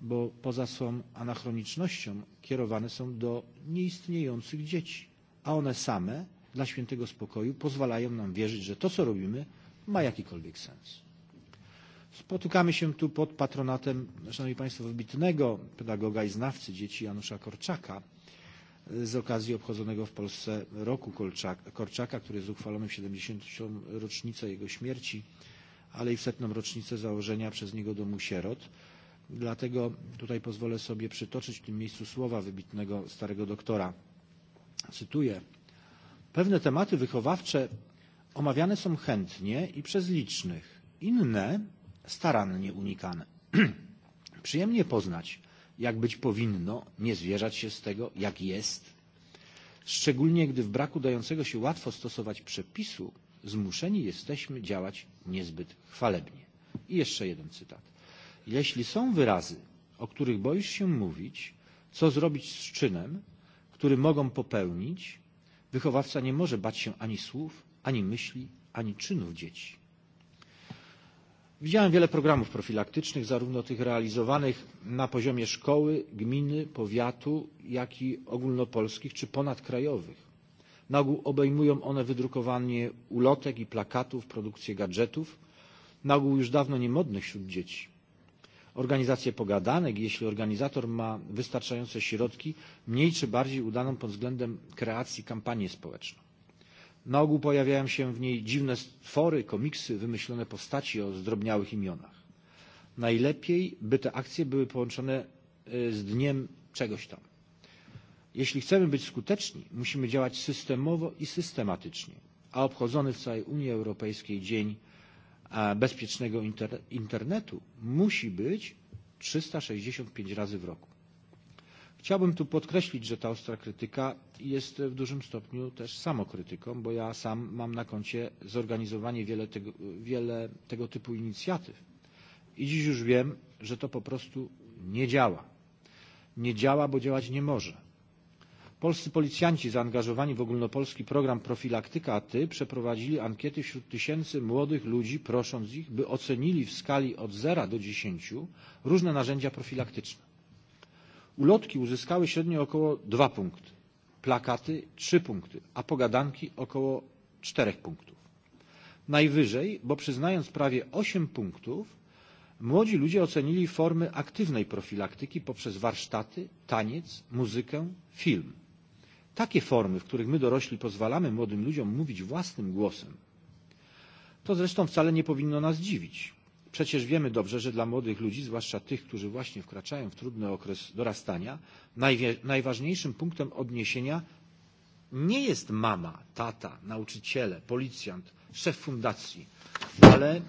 Speaker 10: bo poza swą anachronicznością kierowane są do nieistniejących dzieci, a one same dla świętego spokoju pozwalają nam wierzyć, że to, co robimy, ma jakikolwiek sens. Spotykamy się tu pod patronatem, szanowni państwo, wybitnego pedagoga i znawcy dzieci Janusza Korczaka z okazji obchodzonego w Polsce roku Korczaka, Korczaka który jest uchwalony w 70. rocznicę jego śmierci, ale i w setną rocznicę założenia przez niego domu sierot. Dlatego tutaj pozwolę sobie przytoczyć w tym miejscu słowa wybitnego starego doktora. Cytuję. Pewne tematy wychowawcze omawiane są chętnie i przez licznych, inne starannie unikane. (clears throat) Przyjemnie poznać, jak być powinno, nie zwierzać się z tego, jak jest, szczególnie gdy w braku dającego się łatwo stosować przepisu zmuszeni jesteśmy działać niezbyt chwalebnie. I jeszcze jeden cytat. Jeśli są wyrazy, o których boisz się mówić, co zrobić z czynem, który mogą popełnić, wychowawca nie może bać się ani słów, ani myśli, ani czynów dzieci. Widziałem wiele programów profilaktycznych, zarówno tych realizowanych na poziomie szkoły, gminy, powiatu, jak i ogólnopolskich czy ponadkrajowych. Na ogół obejmują one wydrukowanie ulotek i plakatów, produkcję gadżetów, na ogół już dawno niemodnych wśród dzieci. Organizacje pogadanek, jeśli organizator ma wystarczające środki, mniej czy bardziej udaną pod względem kreacji kampanię społeczną. Na ogół pojawiają się w niej dziwne stwory, komiksy, wymyślone postaci o zdrobniałych imionach. Najlepiej, by te akcje były połączone z dniem czegoś tam. Jeśli chcemy być skuteczni, musimy działać systemowo i systematycznie, a obchodzony w całej Unii Europejskiej Dzień Bezpiecznego Internetu musi być 365 razy w roku. Chciałbym tu podkreślić, że ta ostra krytyka jest w dużym stopniu też samokrytyką, bo ja sam mam na koncie zorganizowanie wiele tego, wiele tego typu inicjatyw. I dziś już wiem, że to po prostu nie działa. Nie działa, bo działać nie może. Polscy policjanci zaangażowani w ogólnopolski program Profilaktyka ATY przeprowadzili ankiety wśród tysięcy młodych ludzi, prosząc ich, by ocenili w skali od 0 do 10 różne narzędzia profilaktyczne. Ulotki uzyskały średnio około 2 punkty, plakaty 3 punkty, a pogadanki około 4 punktów. Najwyżej, bo przyznając prawie 8 punktów, młodzi ludzie ocenili formy aktywnej profilaktyki poprzez warsztaty, taniec, muzykę, film. Takie formy, w których my dorośli pozwalamy młodym ludziom mówić własnym głosem, to zresztą wcale nie powinno nas dziwić Przecież wiemy dobrze, że dla młodych ludzi, zwłaszcza tych, którzy właśnie wkraczają w trudny okres dorastania, najważniejszym punktem odniesienia nie jest mama, tata, nauczyciele, policjant, szef fundacji, ale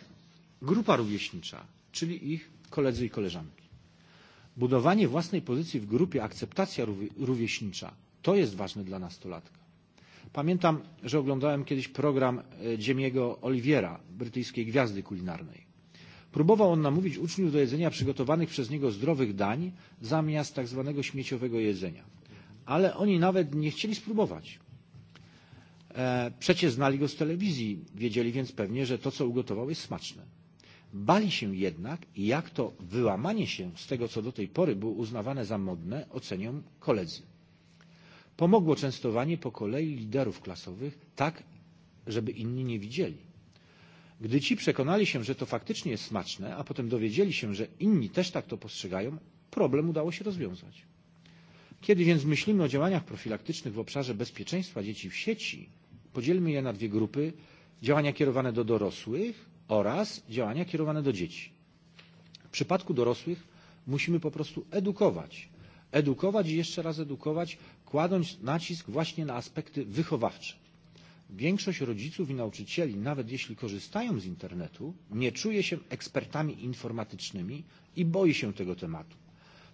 Speaker 10: grupa rówieśnicza, czyli ich koledzy i koleżanki. Budowanie własnej pozycji w grupie, akceptacja rówieśnicza to jest ważne dla nastolatka. Pamiętam, że oglądałem kiedyś program Dziemiego e, Oliwiera, brytyjskiej gwiazdy kulinarnej Próbował on namówić uczniów do jedzenia przygotowanych przez niego zdrowych dań zamiast tak zwanego śmieciowego jedzenia. Ale oni nawet nie chcieli spróbować. E, przecie znali go z telewizji, wiedzieli więc pewnie, że to, co ugotował, jest smaczne. Bali się jednak, jak to wyłamanie się z tego, co do tej pory było uznawane za modne, ocenią koledzy. Pomogło częstowanie po kolei liderów klasowych tak, żeby inni nie widzieli Gdy ci przekonali się, że to faktycznie jest smaczne, a potem dowiedzieli się, że inni też tak to postrzegają, problem udało się rozwiązać. Kiedy więc myślimy o działaniach profilaktycznych w obszarze bezpieczeństwa dzieci w sieci, podzielmy je na dwie grupy działania kierowane do dorosłych oraz działania kierowane do dzieci. W przypadku dorosłych musimy po prostu edukować, edukować i jeszcze raz edukować, kładąc nacisk właśnie na aspekty wychowawcze większość rodziców i nauczycieli, nawet jeśli korzystają z internetu, nie czuje się ekspertami informatycznymi i boi się tego tematu.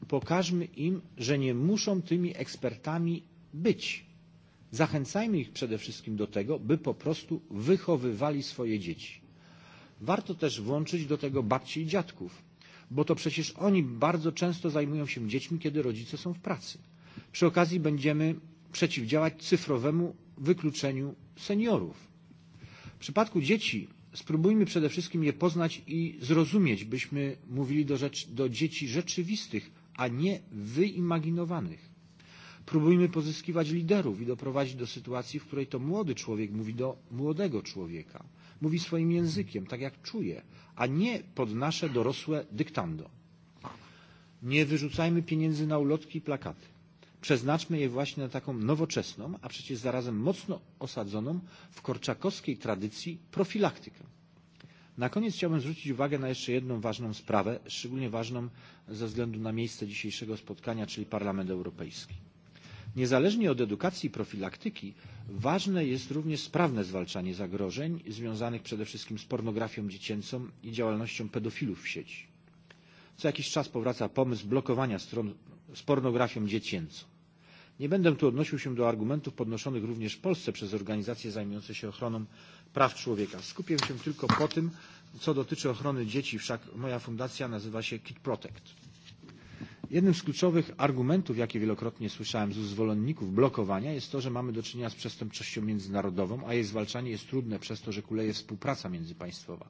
Speaker 10: Pokażmy im, że nie muszą tymi ekspertami być. Zachęcajmy ich przede wszystkim do tego, by po prostu wychowywali swoje dzieci. Warto też włączyć do tego babci i dziadków, bo to przecież oni bardzo często zajmują się dziećmi, kiedy rodzice są w pracy. Przy okazji będziemy przeciwdziałać cyfrowemu wykluczeniu seniorów. W przypadku dzieci spróbujmy przede wszystkim je poznać i zrozumieć, byśmy mówili do, rzecz, do dzieci rzeczywistych, a nie wyimaginowanych. Próbujmy pozyskiwać liderów i doprowadzić do sytuacji, w której to młody człowiek mówi do młodego człowieka, mówi swoim językiem, tak jak czuje, a nie pod nasze dorosłe dyktando. Nie wyrzucajmy pieniędzy na ulotki i plakaty. Przeznaczmy je właśnie na taką nowoczesną, a przecież zarazem mocno osadzoną w korczakowskiej tradycji profilaktykę. Na koniec chciałbym zwrócić uwagę na jeszcze jedną ważną sprawę, szczególnie ważną ze względu na miejsce dzisiejszego spotkania, czyli Parlament Europejski. Niezależnie od edukacji i profilaktyki, ważne jest również sprawne zwalczanie zagrożeń związanych przede wszystkim z pornografią dziecięcą i działalnością pedofilów w sieci. Co jakiś czas powraca pomysł blokowania stron z pornografią dziecięcą. Nie będę tu odnosił się do argumentów podnoszonych również w Polsce przez organizacje zajmujące się ochroną praw człowieka. Skupię się tylko po tym, co dotyczy ochrony dzieci, wszak moja fundacja nazywa się Kid Protect. Jednym z kluczowych argumentów, jakie wielokrotnie słyszałem z zwolenników blokowania, jest to, że mamy do czynienia z przestępczością międzynarodową, a jej zwalczanie jest trudne przez to, że kuleje współpraca międzypaństwowa.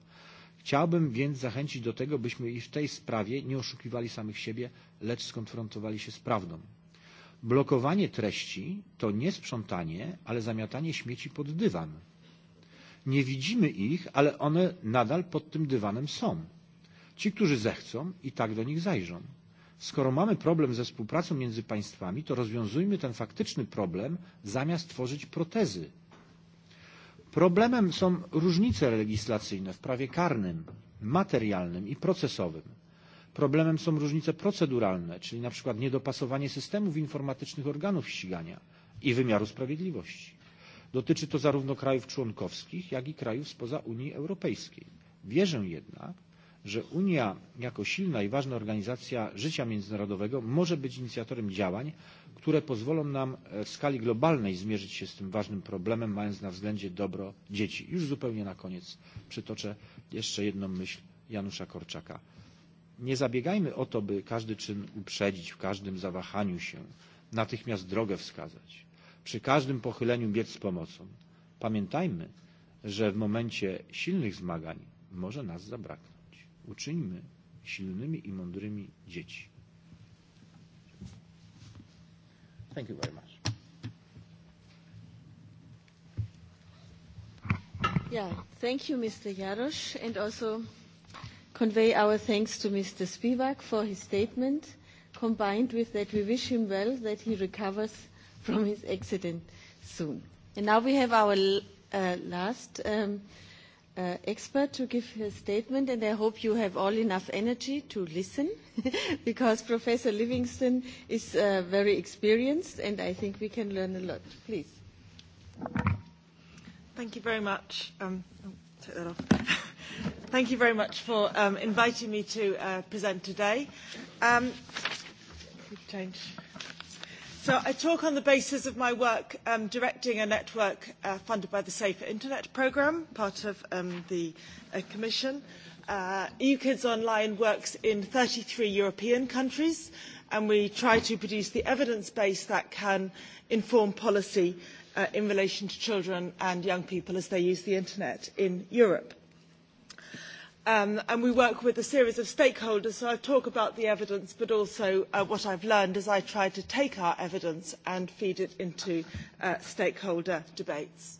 Speaker 10: Chciałbym więc zachęcić do tego, byśmy i w tej sprawie nie oszukiwali samych siebie, lecz skonfrontowali się z prawdą. Blokowanie treści to nie sprzątanie, ale zamiatanie śmieci pod dywan. Nie widzimy ich, ale one nadal pod tym dywanem są. Ci, którzy zechcą, i tak do nich zajrzą. Skoro mamy problem ze współpracą między państwami, to rozwiązujmy ten faktyczny problem, zamiast tworzyć protezy. Problemem są różnice legislacyjne w prawie karnym, materialnym i procesowym. Problemem są różnice proceduralne, czyli na przykład niedopasowanie systemów informatycznych organów ścigania i wymiaru sprawiedliwości. Dotyczy to zarówno krajów członkowskich, jak i krajów spoza Unii Europejskiej. Wierzę jednak, że Unia jako silna i ważna organizacja życia międzynarodowego może być inicjatorem działań, które pozwolą nam e, w skali globalnej zmierzyć się z tym ważnym problemem, mając na względzie dobro dzieci. Już zupełnie na koniec przytoczę jeszcze jedną myśl Janusza Korczaka nie zabiegajmy o to, by każdy czyn uprzedzić, w każdym zawahaniu się, natychmiast drogę wskazać, przy każdym pochyleniu biec z pomocą. Pamiętajmy, że w momencie silnych zmagań może nas zabraknąć. Uczyńmy silnymi i mądrymi dzieci. Thank you very much.
Speaker 1: Yeah, thank you, Mr. Jarosz, and also convey our thanks to Mr. Spivak for his statement, combined with that we wish him well, that he recovers from his accident soon. And now we have our uh, last um, uh, expert to give his statement, and I hope you have all enough energy to listen, (laughs) because Professor Livingston is uh, very experienced,
Speaker 13: and I think we can learn a lot. Please. Thank you very much. Um, that, Earl. (laughs) Thank you very much for um, inviting me to uh, present today. Um, change. So I talk on the basis of my work um, directing a network uh, funded by the Safer Internet Programme, part of um, the uh, Commission. Uh, EUKIDS Online works in 33 European countries, and we try to produce the evidence base that can inform policy uh, uh, in relation to children and young people as they use the internet in Europe. Um, and we work with a series of stakeholders, so I talk about the evidence, but also uh, what I've learned as I try to take our evidence and feed it into uh, stakeholder debates.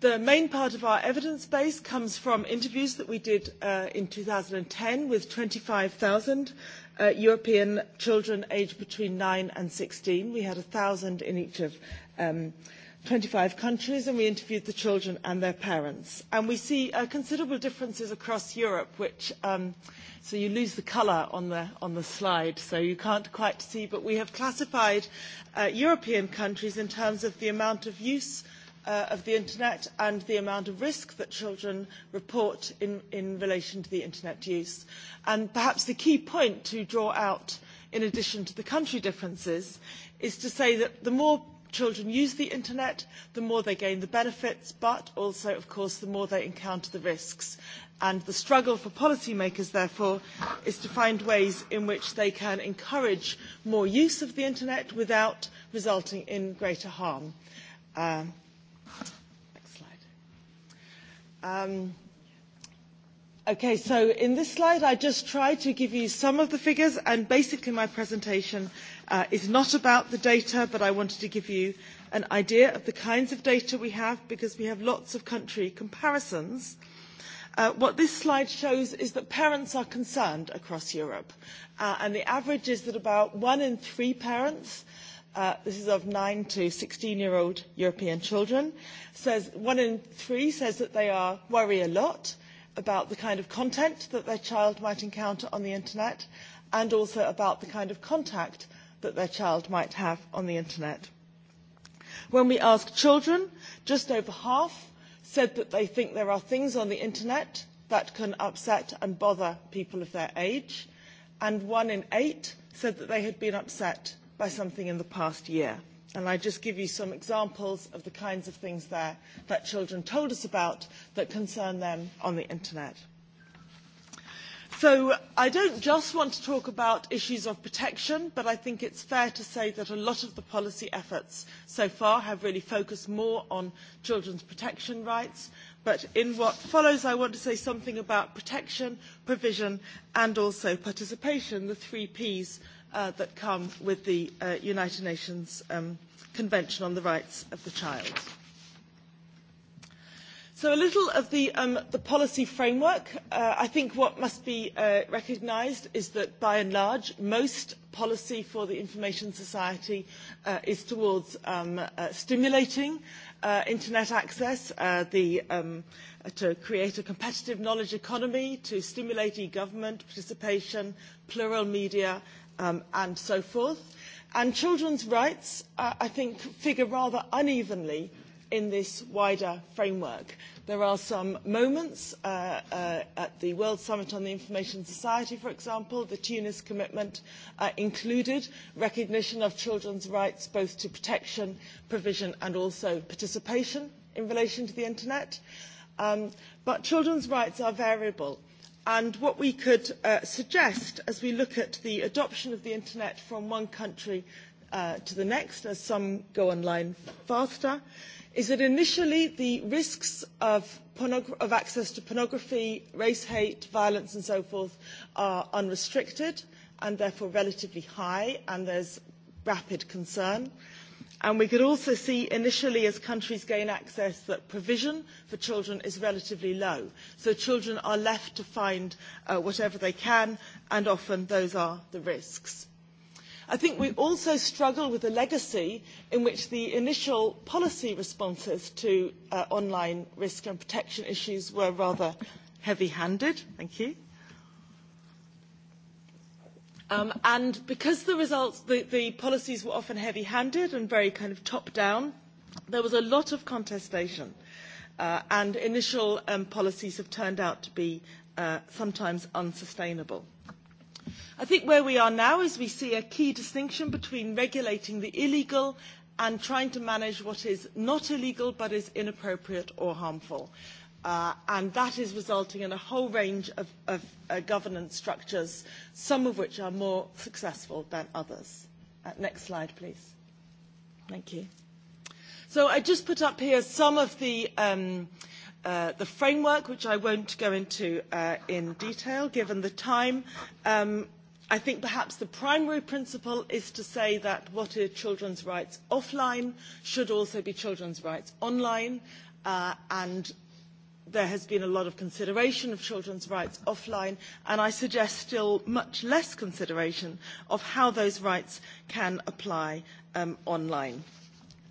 Speaker 13: The main part of our evidence base comes from interviews that we did uh, in 2010 with 25,000 uh, European children aged between 9 and 16. We had 1,000 in each of um, uh, 25 countries and we interviewed the children and their parents. And we see uh, considerable differences across Europe, which, um, so you lose the colour on the, on the slide, so you can't quite see, but we have classified uh, European countries in terms of the amount of use uh, of the internet and the amount of risk that children report in, in relation to the internet use. And perhaps the key point to draw out in addition to the country differences is to say that the more children use the internet, the more they gain the benefits, but also, of course, the more they encounter the risks. And the struggle for policymakers, therefore, is to find ways in which they can encourage more use of the internet without resulting in greater harm. Um, next slide. Um, Okay, so in this slide, I just tried to give you some of the figures, and basically my presentation uh, is not about the data, but I wanted to give you an idea of the kinds of data we have because we have lots of country comparisons. Uh, what this slide shows is that parents are concerned across Europe, uh, and the average is that about one in three parents uh, this is of 9 to 16-year-old European children, says one in three says that they are worry a lot about the kind of content that their child might encounter on the internet and also about the kind of contact that their child might have on the internet. When we asked children, just over half said that they think there are things on the internet that can upset and bother people of their age, and one in eight said that they had been upset by something in the past year. And I just give you some examples of the kinds of things there that children told us about that concern them on the internet. So I don't just want to talk about issues of protection, but I think it's fair to say that a lot of the policy efforts so far have really focused more on children's protection rights. But in what follows, I want to say something about protection, provision, and also participation, the three Ps uh, that come with the uh, United Nations um, Convention on the Rights of the Child. So a little of the, um, the policy framework. Uh, I think what must be uh, recognised is that by and large, most policy for the information society uh, is towards um, uh, stimulating uh, internet access, uh, the, um, to create a competitive knowledge economy, to stimulate e-government participation, plural media, um, and so forth. And children's rights, uh, I think, figure rather unevenly in this wider framework. There are some moments uh, uh, at the World Summit on the Information Society, for example, the Tunis commitment uh, included recognition of children's rights both to protection, provision and also participation in relation to the internet. Um, but children's rights are variable. And what we could uh, suggest as we look at the adoption of the internet from one country uh, to the next, as some go online faster, uh, is that initially the risks of, of access to pornography, race hate, violence and so forth are unrestricted and therefore relatively high and there's rapid concern. And we could also see initially as countries gain access that provision for children is relatively low. So children are left to find uh, whatever they can and often those are the risks. I think we also struggle with a legacy in which the initial policy responses to uh, online risk and protection issues were rather heavy-handed. Thank you. Um, and because the results, the, the policies were often heavy-handed and very kind of top-down, there was a lot of contestation. Uh, and initial um, policies have turned out to be uh, sometimes unsustainable. I think where we are now is we see a key distinction between regulating the illegal and trying to manage what is not illegal but is inappropriate or harmful. Uh, and that is resulting in a whole range of, of uh, governance structures, some of which are more successful than others. Uh, next slide, please. Thank you. So I just put up here some of the um, uh, Uh, the framework, which I won't go into uh, in detail given the time, um, I think perhaps the primary principle is to say that what are children's rights offline should also be children's rights online, uh, and there has been a lot of consideration of children's rights offline, and I suggest still much less consideration of how those rights can apply um, online.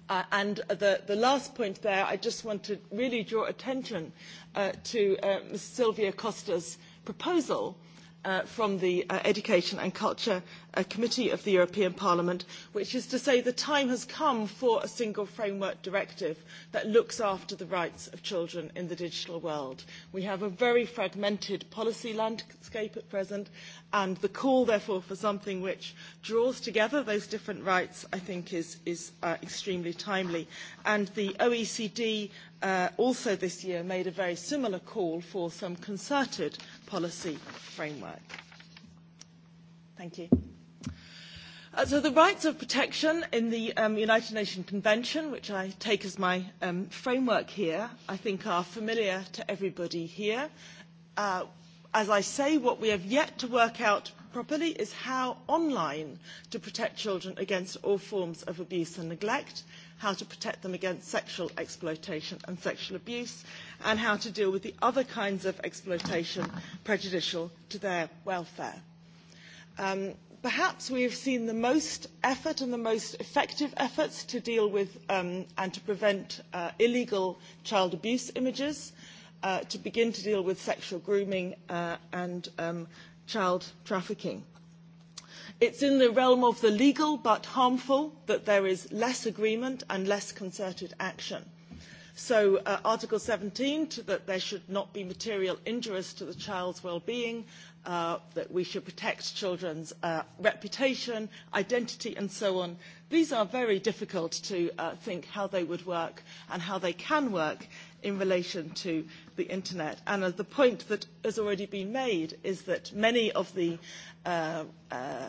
Speaker 13: Uh, and the, the last point there, I just want to really draw attention uh, to uh, Ms. Sylvia Costa's proposal uh, uh, from the uh, Education and Culture uh, Committee of the European Parliament, which is to say the time has come for a single framework directive that looks after the rights of children in the digital world. We have a very fragmented policy landscape at present, and the call, therefore, for something which draws together those different rights, I think, is, is uh, extremely timely. And the OECD uh, also this year made a very similar call for some concerted policy framework. Thank you. Uh, so the rights of protection in the um, United Nations Convention, which I take as my um, framework here, I think are familiar to everybody here. Uh, as I say, what we have yet to work out properly is how online to protect children against all forms of abuse and neglect how to protect them against sexual exploitation and sexual abuse, and how to deal with the other kinds of exploitation prejudicial to their welfare. Um, perhaps we have seen the most effort and the most effective efforts to deal with um, and to prevent uh, illegal child abuse images, uh, to begin to deal with sexual grooming uh, and um, child trafficking. It's in the realm of the legal but harmful that there is less agreement and less concerted action. So uh, Article 17, to, that there should not be material injuries to the child's well-being, uh, that we should protect children's uh, reputation, identity, and so on. These are very difficult to uh, think how they would work and how they can work in relation to the internet. And uh, the point that has already been made is that many of the uh, uh,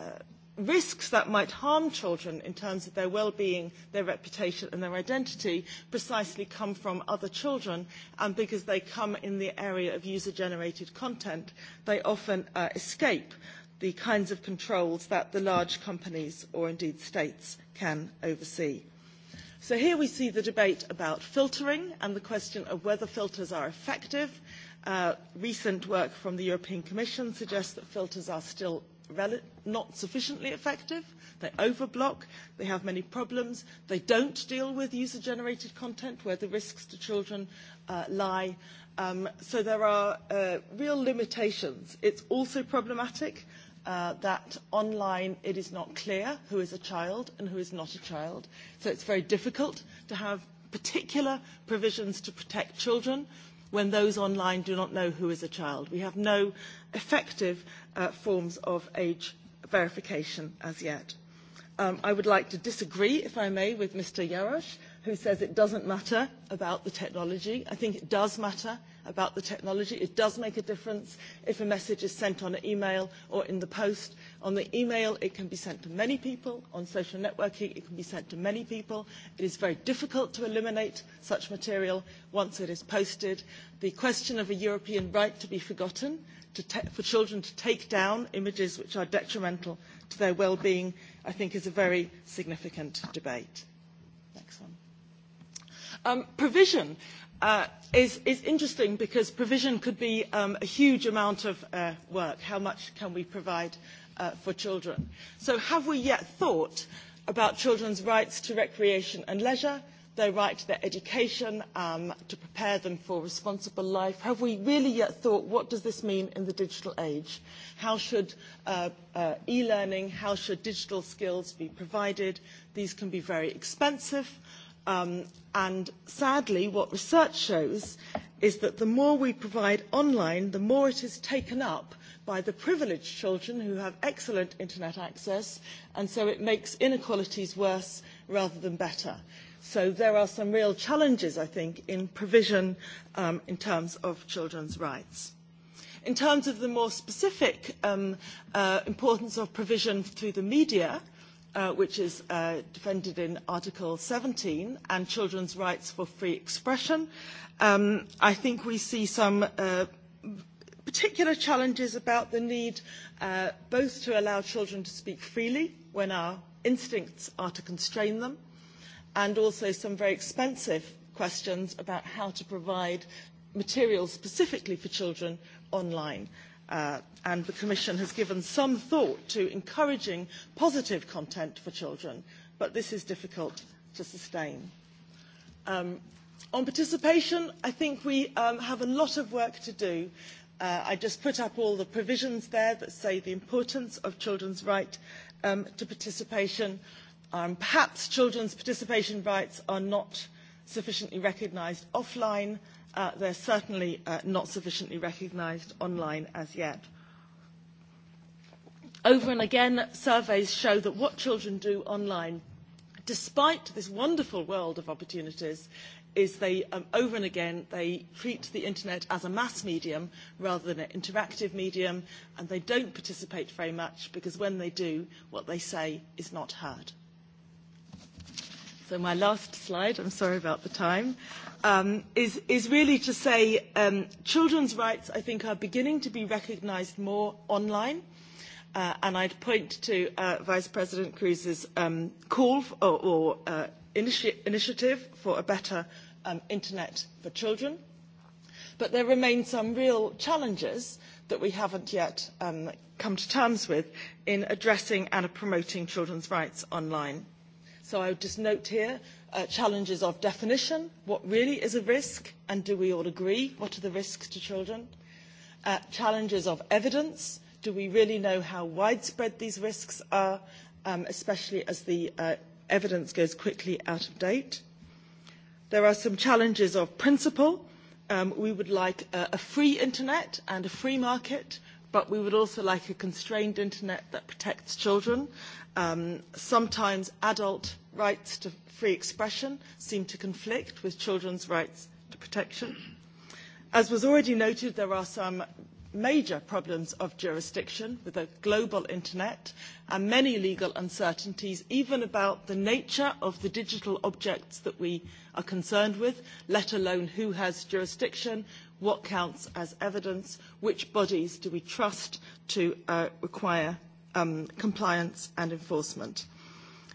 Speaker 13: risks that might harm children in terms of their well-being, their reputation and their identity precisely come from other children and because they come in the area of user-generated content, they often uh, escape the kinds of controls that the large companies or indeed states can oversee. So here we see the debate about filtering and the question of whether filters are effective. Uh, recent work from the European Commission suggests that filters are still rel- not sufficiently effective. They overblock. They have many problems. They don't deal with user-generated content where the risks to children uh, lie. Um, so there are uh, real limitations. It's also problematic uh, that online it is not clear who is a child and who is not a child. So it's very difficult to have particular provisions to protect children when those online do not know who is a child. We have no effective uh, forms of age verification as yet. Um, I would like to disagree, if I may, with Mr. Yarosh, who says it doesn't matter about the technology. I think it does matter about the technology. It does make a difference if a message is sent on an email or in the post. On the email, it can be sent to many people. On social networking, it can be sent to many people. It is very difficult to eliminate such material once it is posted. The question of a European right to be forgotten, to te- for children to take down images which are detrimental to their well-being, I think is a very significant debate. Next one. Um, provision uh, is, is interesting because provision could be um, a huge amount of uh, work. How much can we provide uh, for children? So have we yet thought about children's rights to recreation and leisure, their right to their education, um, to prepare them for responsible life? Have we really yet thought what does this mean in the digital age? How should uh, uh, e-learning, how should digital skills be provided? These can be very expensive Um, and sadly, what research shows is that the more we provide online, the more it is taken up by the privileged children who have excellent internet access, and so it makes inequalities worse rather than better. So there are some real challenges, I think, in provision um, in terms of children's rights. In terms of the more specific um, uh, importance of provision through the media, uh, which is uh, defended in Article 17, and children's rights for free expression. Um, I think we see some uh, particular challenges about the need uh, both to allow children to speak freely when our instincts are to constrain them, and also some very expensive questions about how to provide materials specifically for children online. Uh, and the Commission has given some thought to encouraging positive content for children, but this is difficult to sustain. Um, on participation, I think we um, have a lot of work to do. Uh, I just put up all the provisions there that say the importance of children's right um, to participation. Um, perhaps children's participation rights are not sufficiently recognised offline, uh, they're certainly uh, not sufficiently recognised online as yet. Over and again, surveys show that what children do online, despite this wonderful world of opportunities, is they, um, over and again, they treat the internet as a mass medium rather than an interactive medium, and they don't participate very much because when they do, what they say is not heard so my last slide, I'm sorry about the time, um, is, is really to say um, children's rights, I think, are beginning to be recognised more online. Uh, and I'd point to uh, Vice President Cruz's um, call for, or, or uh, initi- initiative for a better um, internet for children. But there remain some real challenges that we haven't yet um, come to terms with in addressing and promoting children's rights online. So I would just note here uh, challenges of definition, what really is a risk, and do we all agree what are the risks to children? Uh, challenges of evidence, do we really know how widespread these risks are, um, especially as the uh, evidence goes quickly out of date? There are some challenges of principle. Um, we would like a, a free internet and a free market, but we would also like a constrained internet that protects children. Um, sometimes adult rights to free expression seem to conflict with children's rights to protection. As was already noted, there are some major problems of jurisdiction with the global internet and many legal uncertainties even about the nature of the digital objects that we are concerned with, let alone who has jurisdiction, what counts as evidence, which bodies do we trust to uh, require um, compliance and enforcement.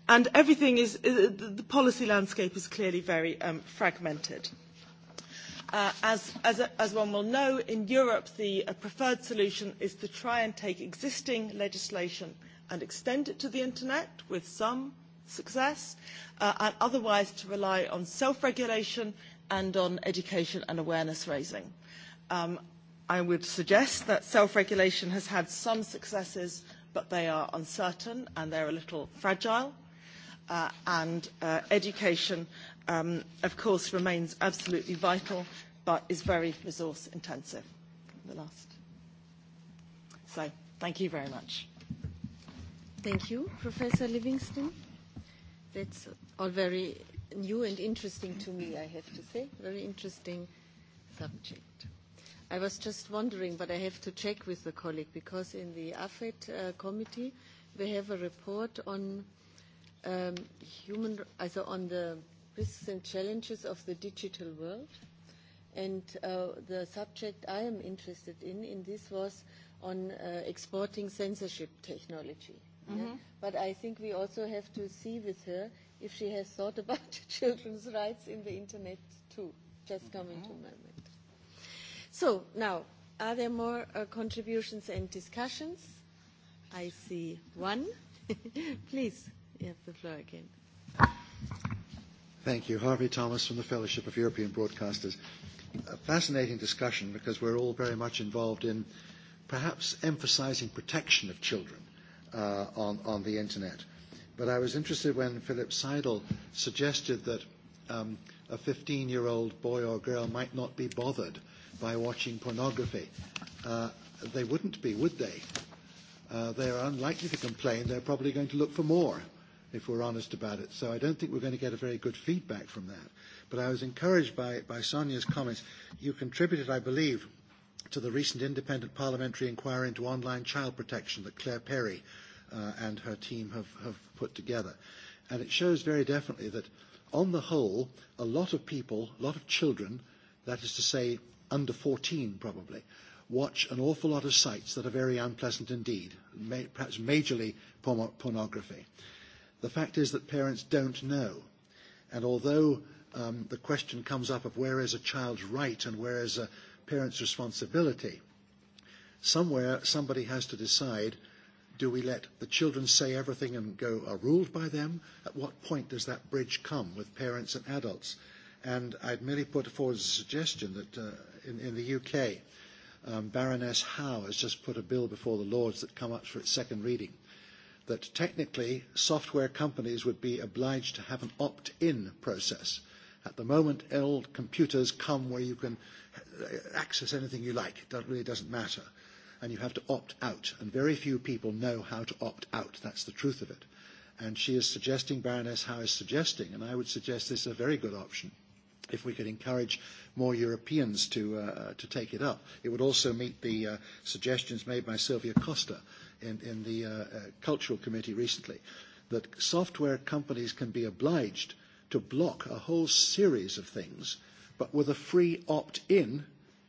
Speaker 13: And everything is, is the policy landscape is clearly very um, fragmented. Uh, as, as, as one will know, in Europe, the uh, preferred solution is to try and take existing legislation and extend it to the internet with some success, uh, and otherwise to rely on self-regulation and on education and awareness raising. Um, I would suggest that self-regulation has had some successes, but they are uncertain and they're a little fragile uh, and uh, education, um, of course, remains absolutely vital, but is very resource intensive. The last. So, thank you very much. Thank you, Professor Livingston. That's
Speaker 1: all very new and interesting to me, I have to say. Very interesting subject. I was just wondering, but I have to check with the colleague because in the AFET uh, committee, we have a report on um, human, also on the risks and challenges of the digital world. And uh, the subject I am interested in in this was on uh, exporting censorship technology. Mm-hmm. Yeah? But I think we also have to see with her if she has thought about (laughs) children's rights in the internet too. Just mm-hmm. coming to my mind. So now, are there more uh, contributions and discussions? I see one. (laughs) Please. You have the floor again.
Speaker 9: Thank you. Harvey Thomas from the Fellowship of European Broadcasters. A fascinating discussion because we're all very much involved in perhaps emphasizing protection of children uh, on, on the internet. But I was interested when Philip Seidel suggested that um, a 15 year old boy or girl might not be bothered by watching pornography. Uh, they wouldn't be, would they? Uh, they are unlikely to complain. They're probably going to look for more. Uh, if we're honest about it. So I don't think we're going to get a very good feedback from that. But I was encouraged by, by Sonia's comments. You contributed, I believe, to the recent independent parliamentary inquiry into online child protection that Claire Perry uh, and her team have, have put together. And it shows very definitely that, on the whole, a lot of people, a lot of children, that is to say, under 14 probably, watch an awful lot of sites that are very unpleasant indeed, may, perhaps majorly porn- pornography. Uh, The fact is that parents don't know. And although um, the question comes up of where is a child's right and where is a parent's responsibility, somewhere somebody has to decide do we let the children say everything and go are ruled by them? At what point does that bridge come with parents and adults? And I'd merely put forward a suggestion that uh, in, in the UK, um, Baroness Howe has just put a bill before the Lords that come up for its second reading that technically software companies would be obliged to have an opt-in process. At the moment, old computers come where you can uh, access anything you like. It really doesn't matter. And you have to opt out. And very few people know how to opt out. That's the truth of it. And she is suggesting, Baroness Howe is suggesting, and I would suggest this is a very good option if we could encourage more Europeans to, uh, to take it up. It would also meet the uh, suggestions made by Sylvia Costa in, in the uh, uh, Cultural Committee recently, that software companies can be obliged to block a whole series of things, but with a free opt-in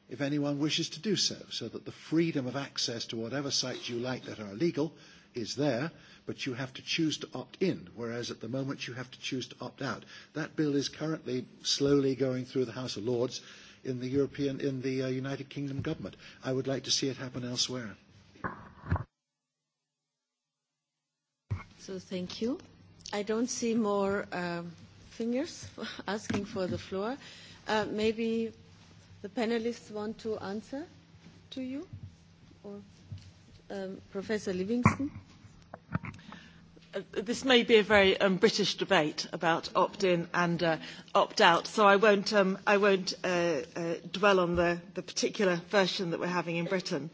Speaker 9: if anyone wishes to do so, so that the freedom of access to whatever sites you like that are legal is there, but you have to choose to opt in, whereas at the moment you have to choose to opt out. That bill is currently slowly going through the House of Lords in the European, in the uh, United Kingdom government. I would like to see it happen elsewhere.
Speaker 1: So thank you. I don't see more uh, fingers (laughs) asking for the floor. Uh, maybe the panelists want to answer to you, or um, Professor Livingston.
Speaker 13: Uh, this may be a very um, British debate about opt-in and uh, opt-out, so I won't, um, I won't uh, uh, dwell on the, the particular version that we're having in Britain.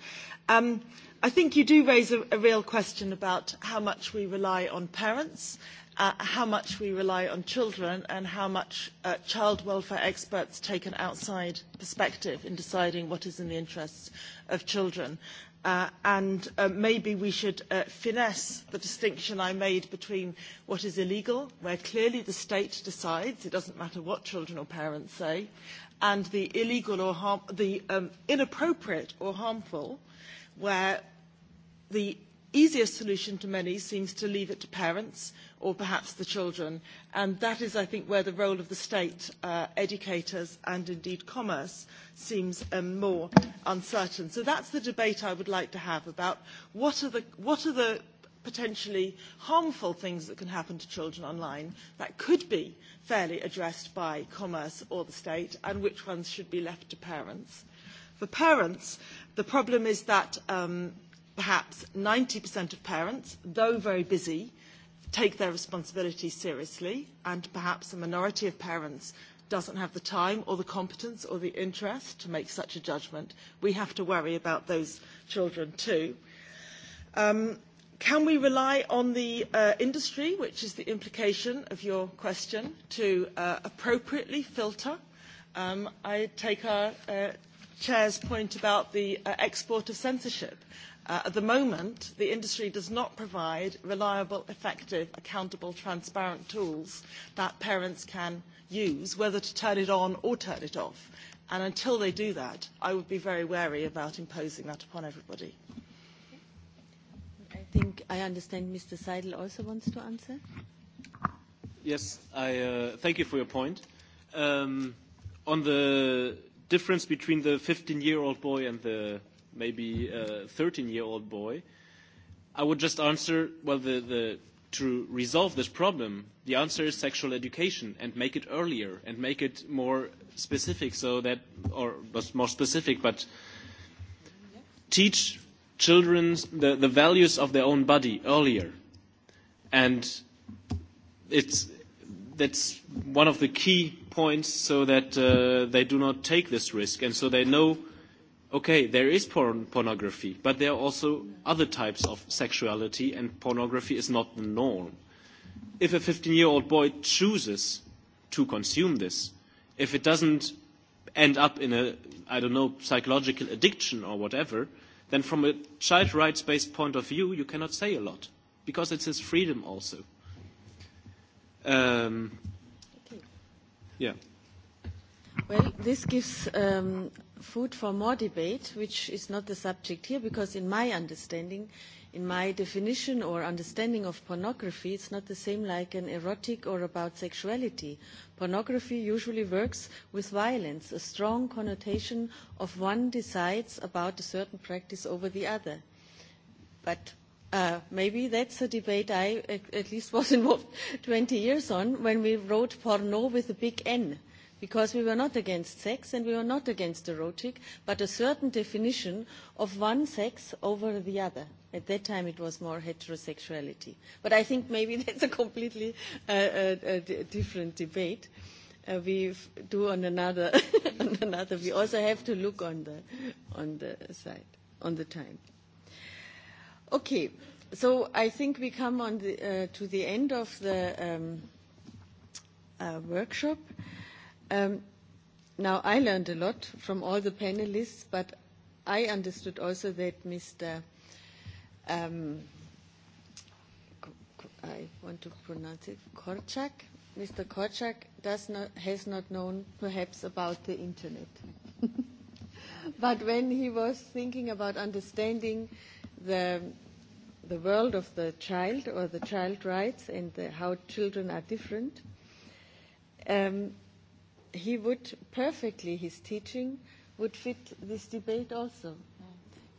Speaker 13: Um, I think you do raise a, a real question about how much we rely on parents, uh, how much we rely on children, and how much uh, child welfare experts take an outside perspective in deciding what is in the interests of children. Uh, and uh, maybe we should uh, finesse the distinction I made between what is illegal, where clearly the state decides, it doesn't matter what children or parents say, and the illegal or harm, the um, inappropriate or harmful, where the easiest solution to many seems to leave it to parents or perhaps the children. And that is, I think, where the role of the state, uh, educators and indeed commerce seems um, more uncertain. So that's the debate I would like to have about what are the, what are the potentially harmful things that can happen to children online that could be fairly addressed by commerce or the state and which ones should be left to parents. For parents, the problem is that um, perhaps 90% of parents, though very busy, take their responsibility seriously, and perhaps a minority of parents doesn't have the time or the competence or the interest to make such a judgment. We have to worry about those children too. Um, can we rely on the uh, industry, which is the implication of your question, to uh, appropriately filter? Um, I take our uh, chair's point about the uh, export of censorship. Uh, at the moment, the industry does not provide reliable, effective, accountable, transparent tools that parents can use, whether to turn it on or turn it off. And until they do that, I would be very wary about imposing that upon everybody.
Speaker 1: I think I understand Mr. Seidel also wants to answer.
Speaker 16: Yes, I uh, thank you for your point. Um, on the difference between the 15-year-old boy and the maybe a 13-year-old boy, I would just answer, well, the, the, to resolve this problem, the answer is sexual education and make it earlier and make it more specific so that, or more specific, but teach children the, the values of their own body earlier. And it's, that's one of the key points so that uh, they do not take this risk and so they know – okay, there is porn- pornography, but there are also other types of sexuality, and pornography is not the norm. If a 15 year old boy chooses to consume this, if it doesn't end up in a, I don't know, psychological addiction or whatever, then from a child rights based point of view, you cannot say a lot because it's his freedom also. Um,
Speaker 1: okay. Yeah. Well, this gives um, food for more debate, which is not the subject here, because in my understanding, in my definition or understanding of pornography, it's not the same like an erotic or about sexuality. Pornography usually works with violence, a strong connotation of one decides about a certain practice over the other. But uh, maybe that's a debate I at, at least was involved 20 years on when we wrote porno with a big N. Uh, because we were not against sex and we were not against erotic, but a certain definition of one sex over the other. At that time, it was more heterosexuality. But I think maybe (laughs) that's a completely uh, uh, uh d- different debate. Uh, we do on another, (laughs) on another. We also have to look on the, on the side, on the time. Okay, so I think we come on the, uh, to the end of the um, uh, workshop. Uh, Um, now, I learned a lot from all the panelists, but I understood also that Mr. Um, I want to pronounce it Korczak. Mr. Korczak does not, has not known perhaps about the internet. (laughs) but when he was thinking about understanding the, the world of the child or the child rights and the, how children are different, um, he would perfectly, his teaching would fit this debate also.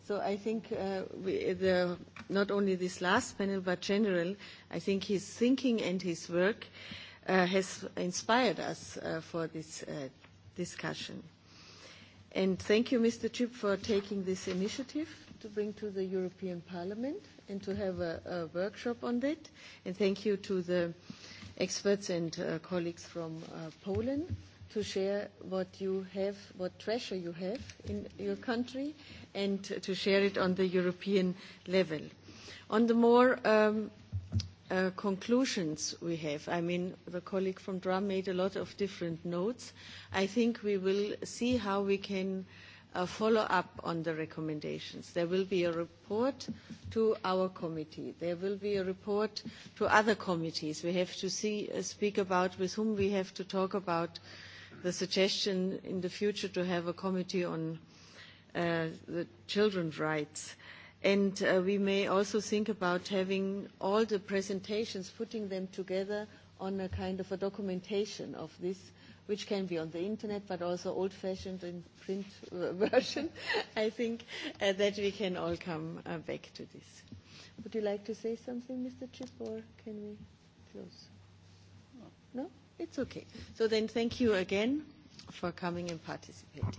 Speaker 1: So I think uh, we, the, not only this last panel, but general, I think his thinking and his work uh, has inspired us uh, for this uh, discussion. And thank you, Mr. Chip, for taking this initiative to bring to the European Parliament and to have a, a workshop on that. And thank you to the experts and uh, colleagues from uh, Poland to share what you have, what treasure you have in your country, and to share it on the European level. On the more um, uh, conclusions we have, I mean, the colleague from DRUM made a lot of different notes. I think we will see how we can uh, follow up on the recommendations. There will be a report to our committee. There will be a report to other committees. We have to see, uh, speak about with whom we have to talk about uh, the suggestion in the future to have a committee on uh, the children's rights. And uh, we may also think about having all the presentations, putting them together on a kind of a documentation of this, which can be on the internet, but also old-fashioned in print uh, (laughs) version. I think uh, that we can all come uh, back to this. Would you like to say something, Mr. Chip, or can we close? No? It's okay. So then thank you again for coming and participating.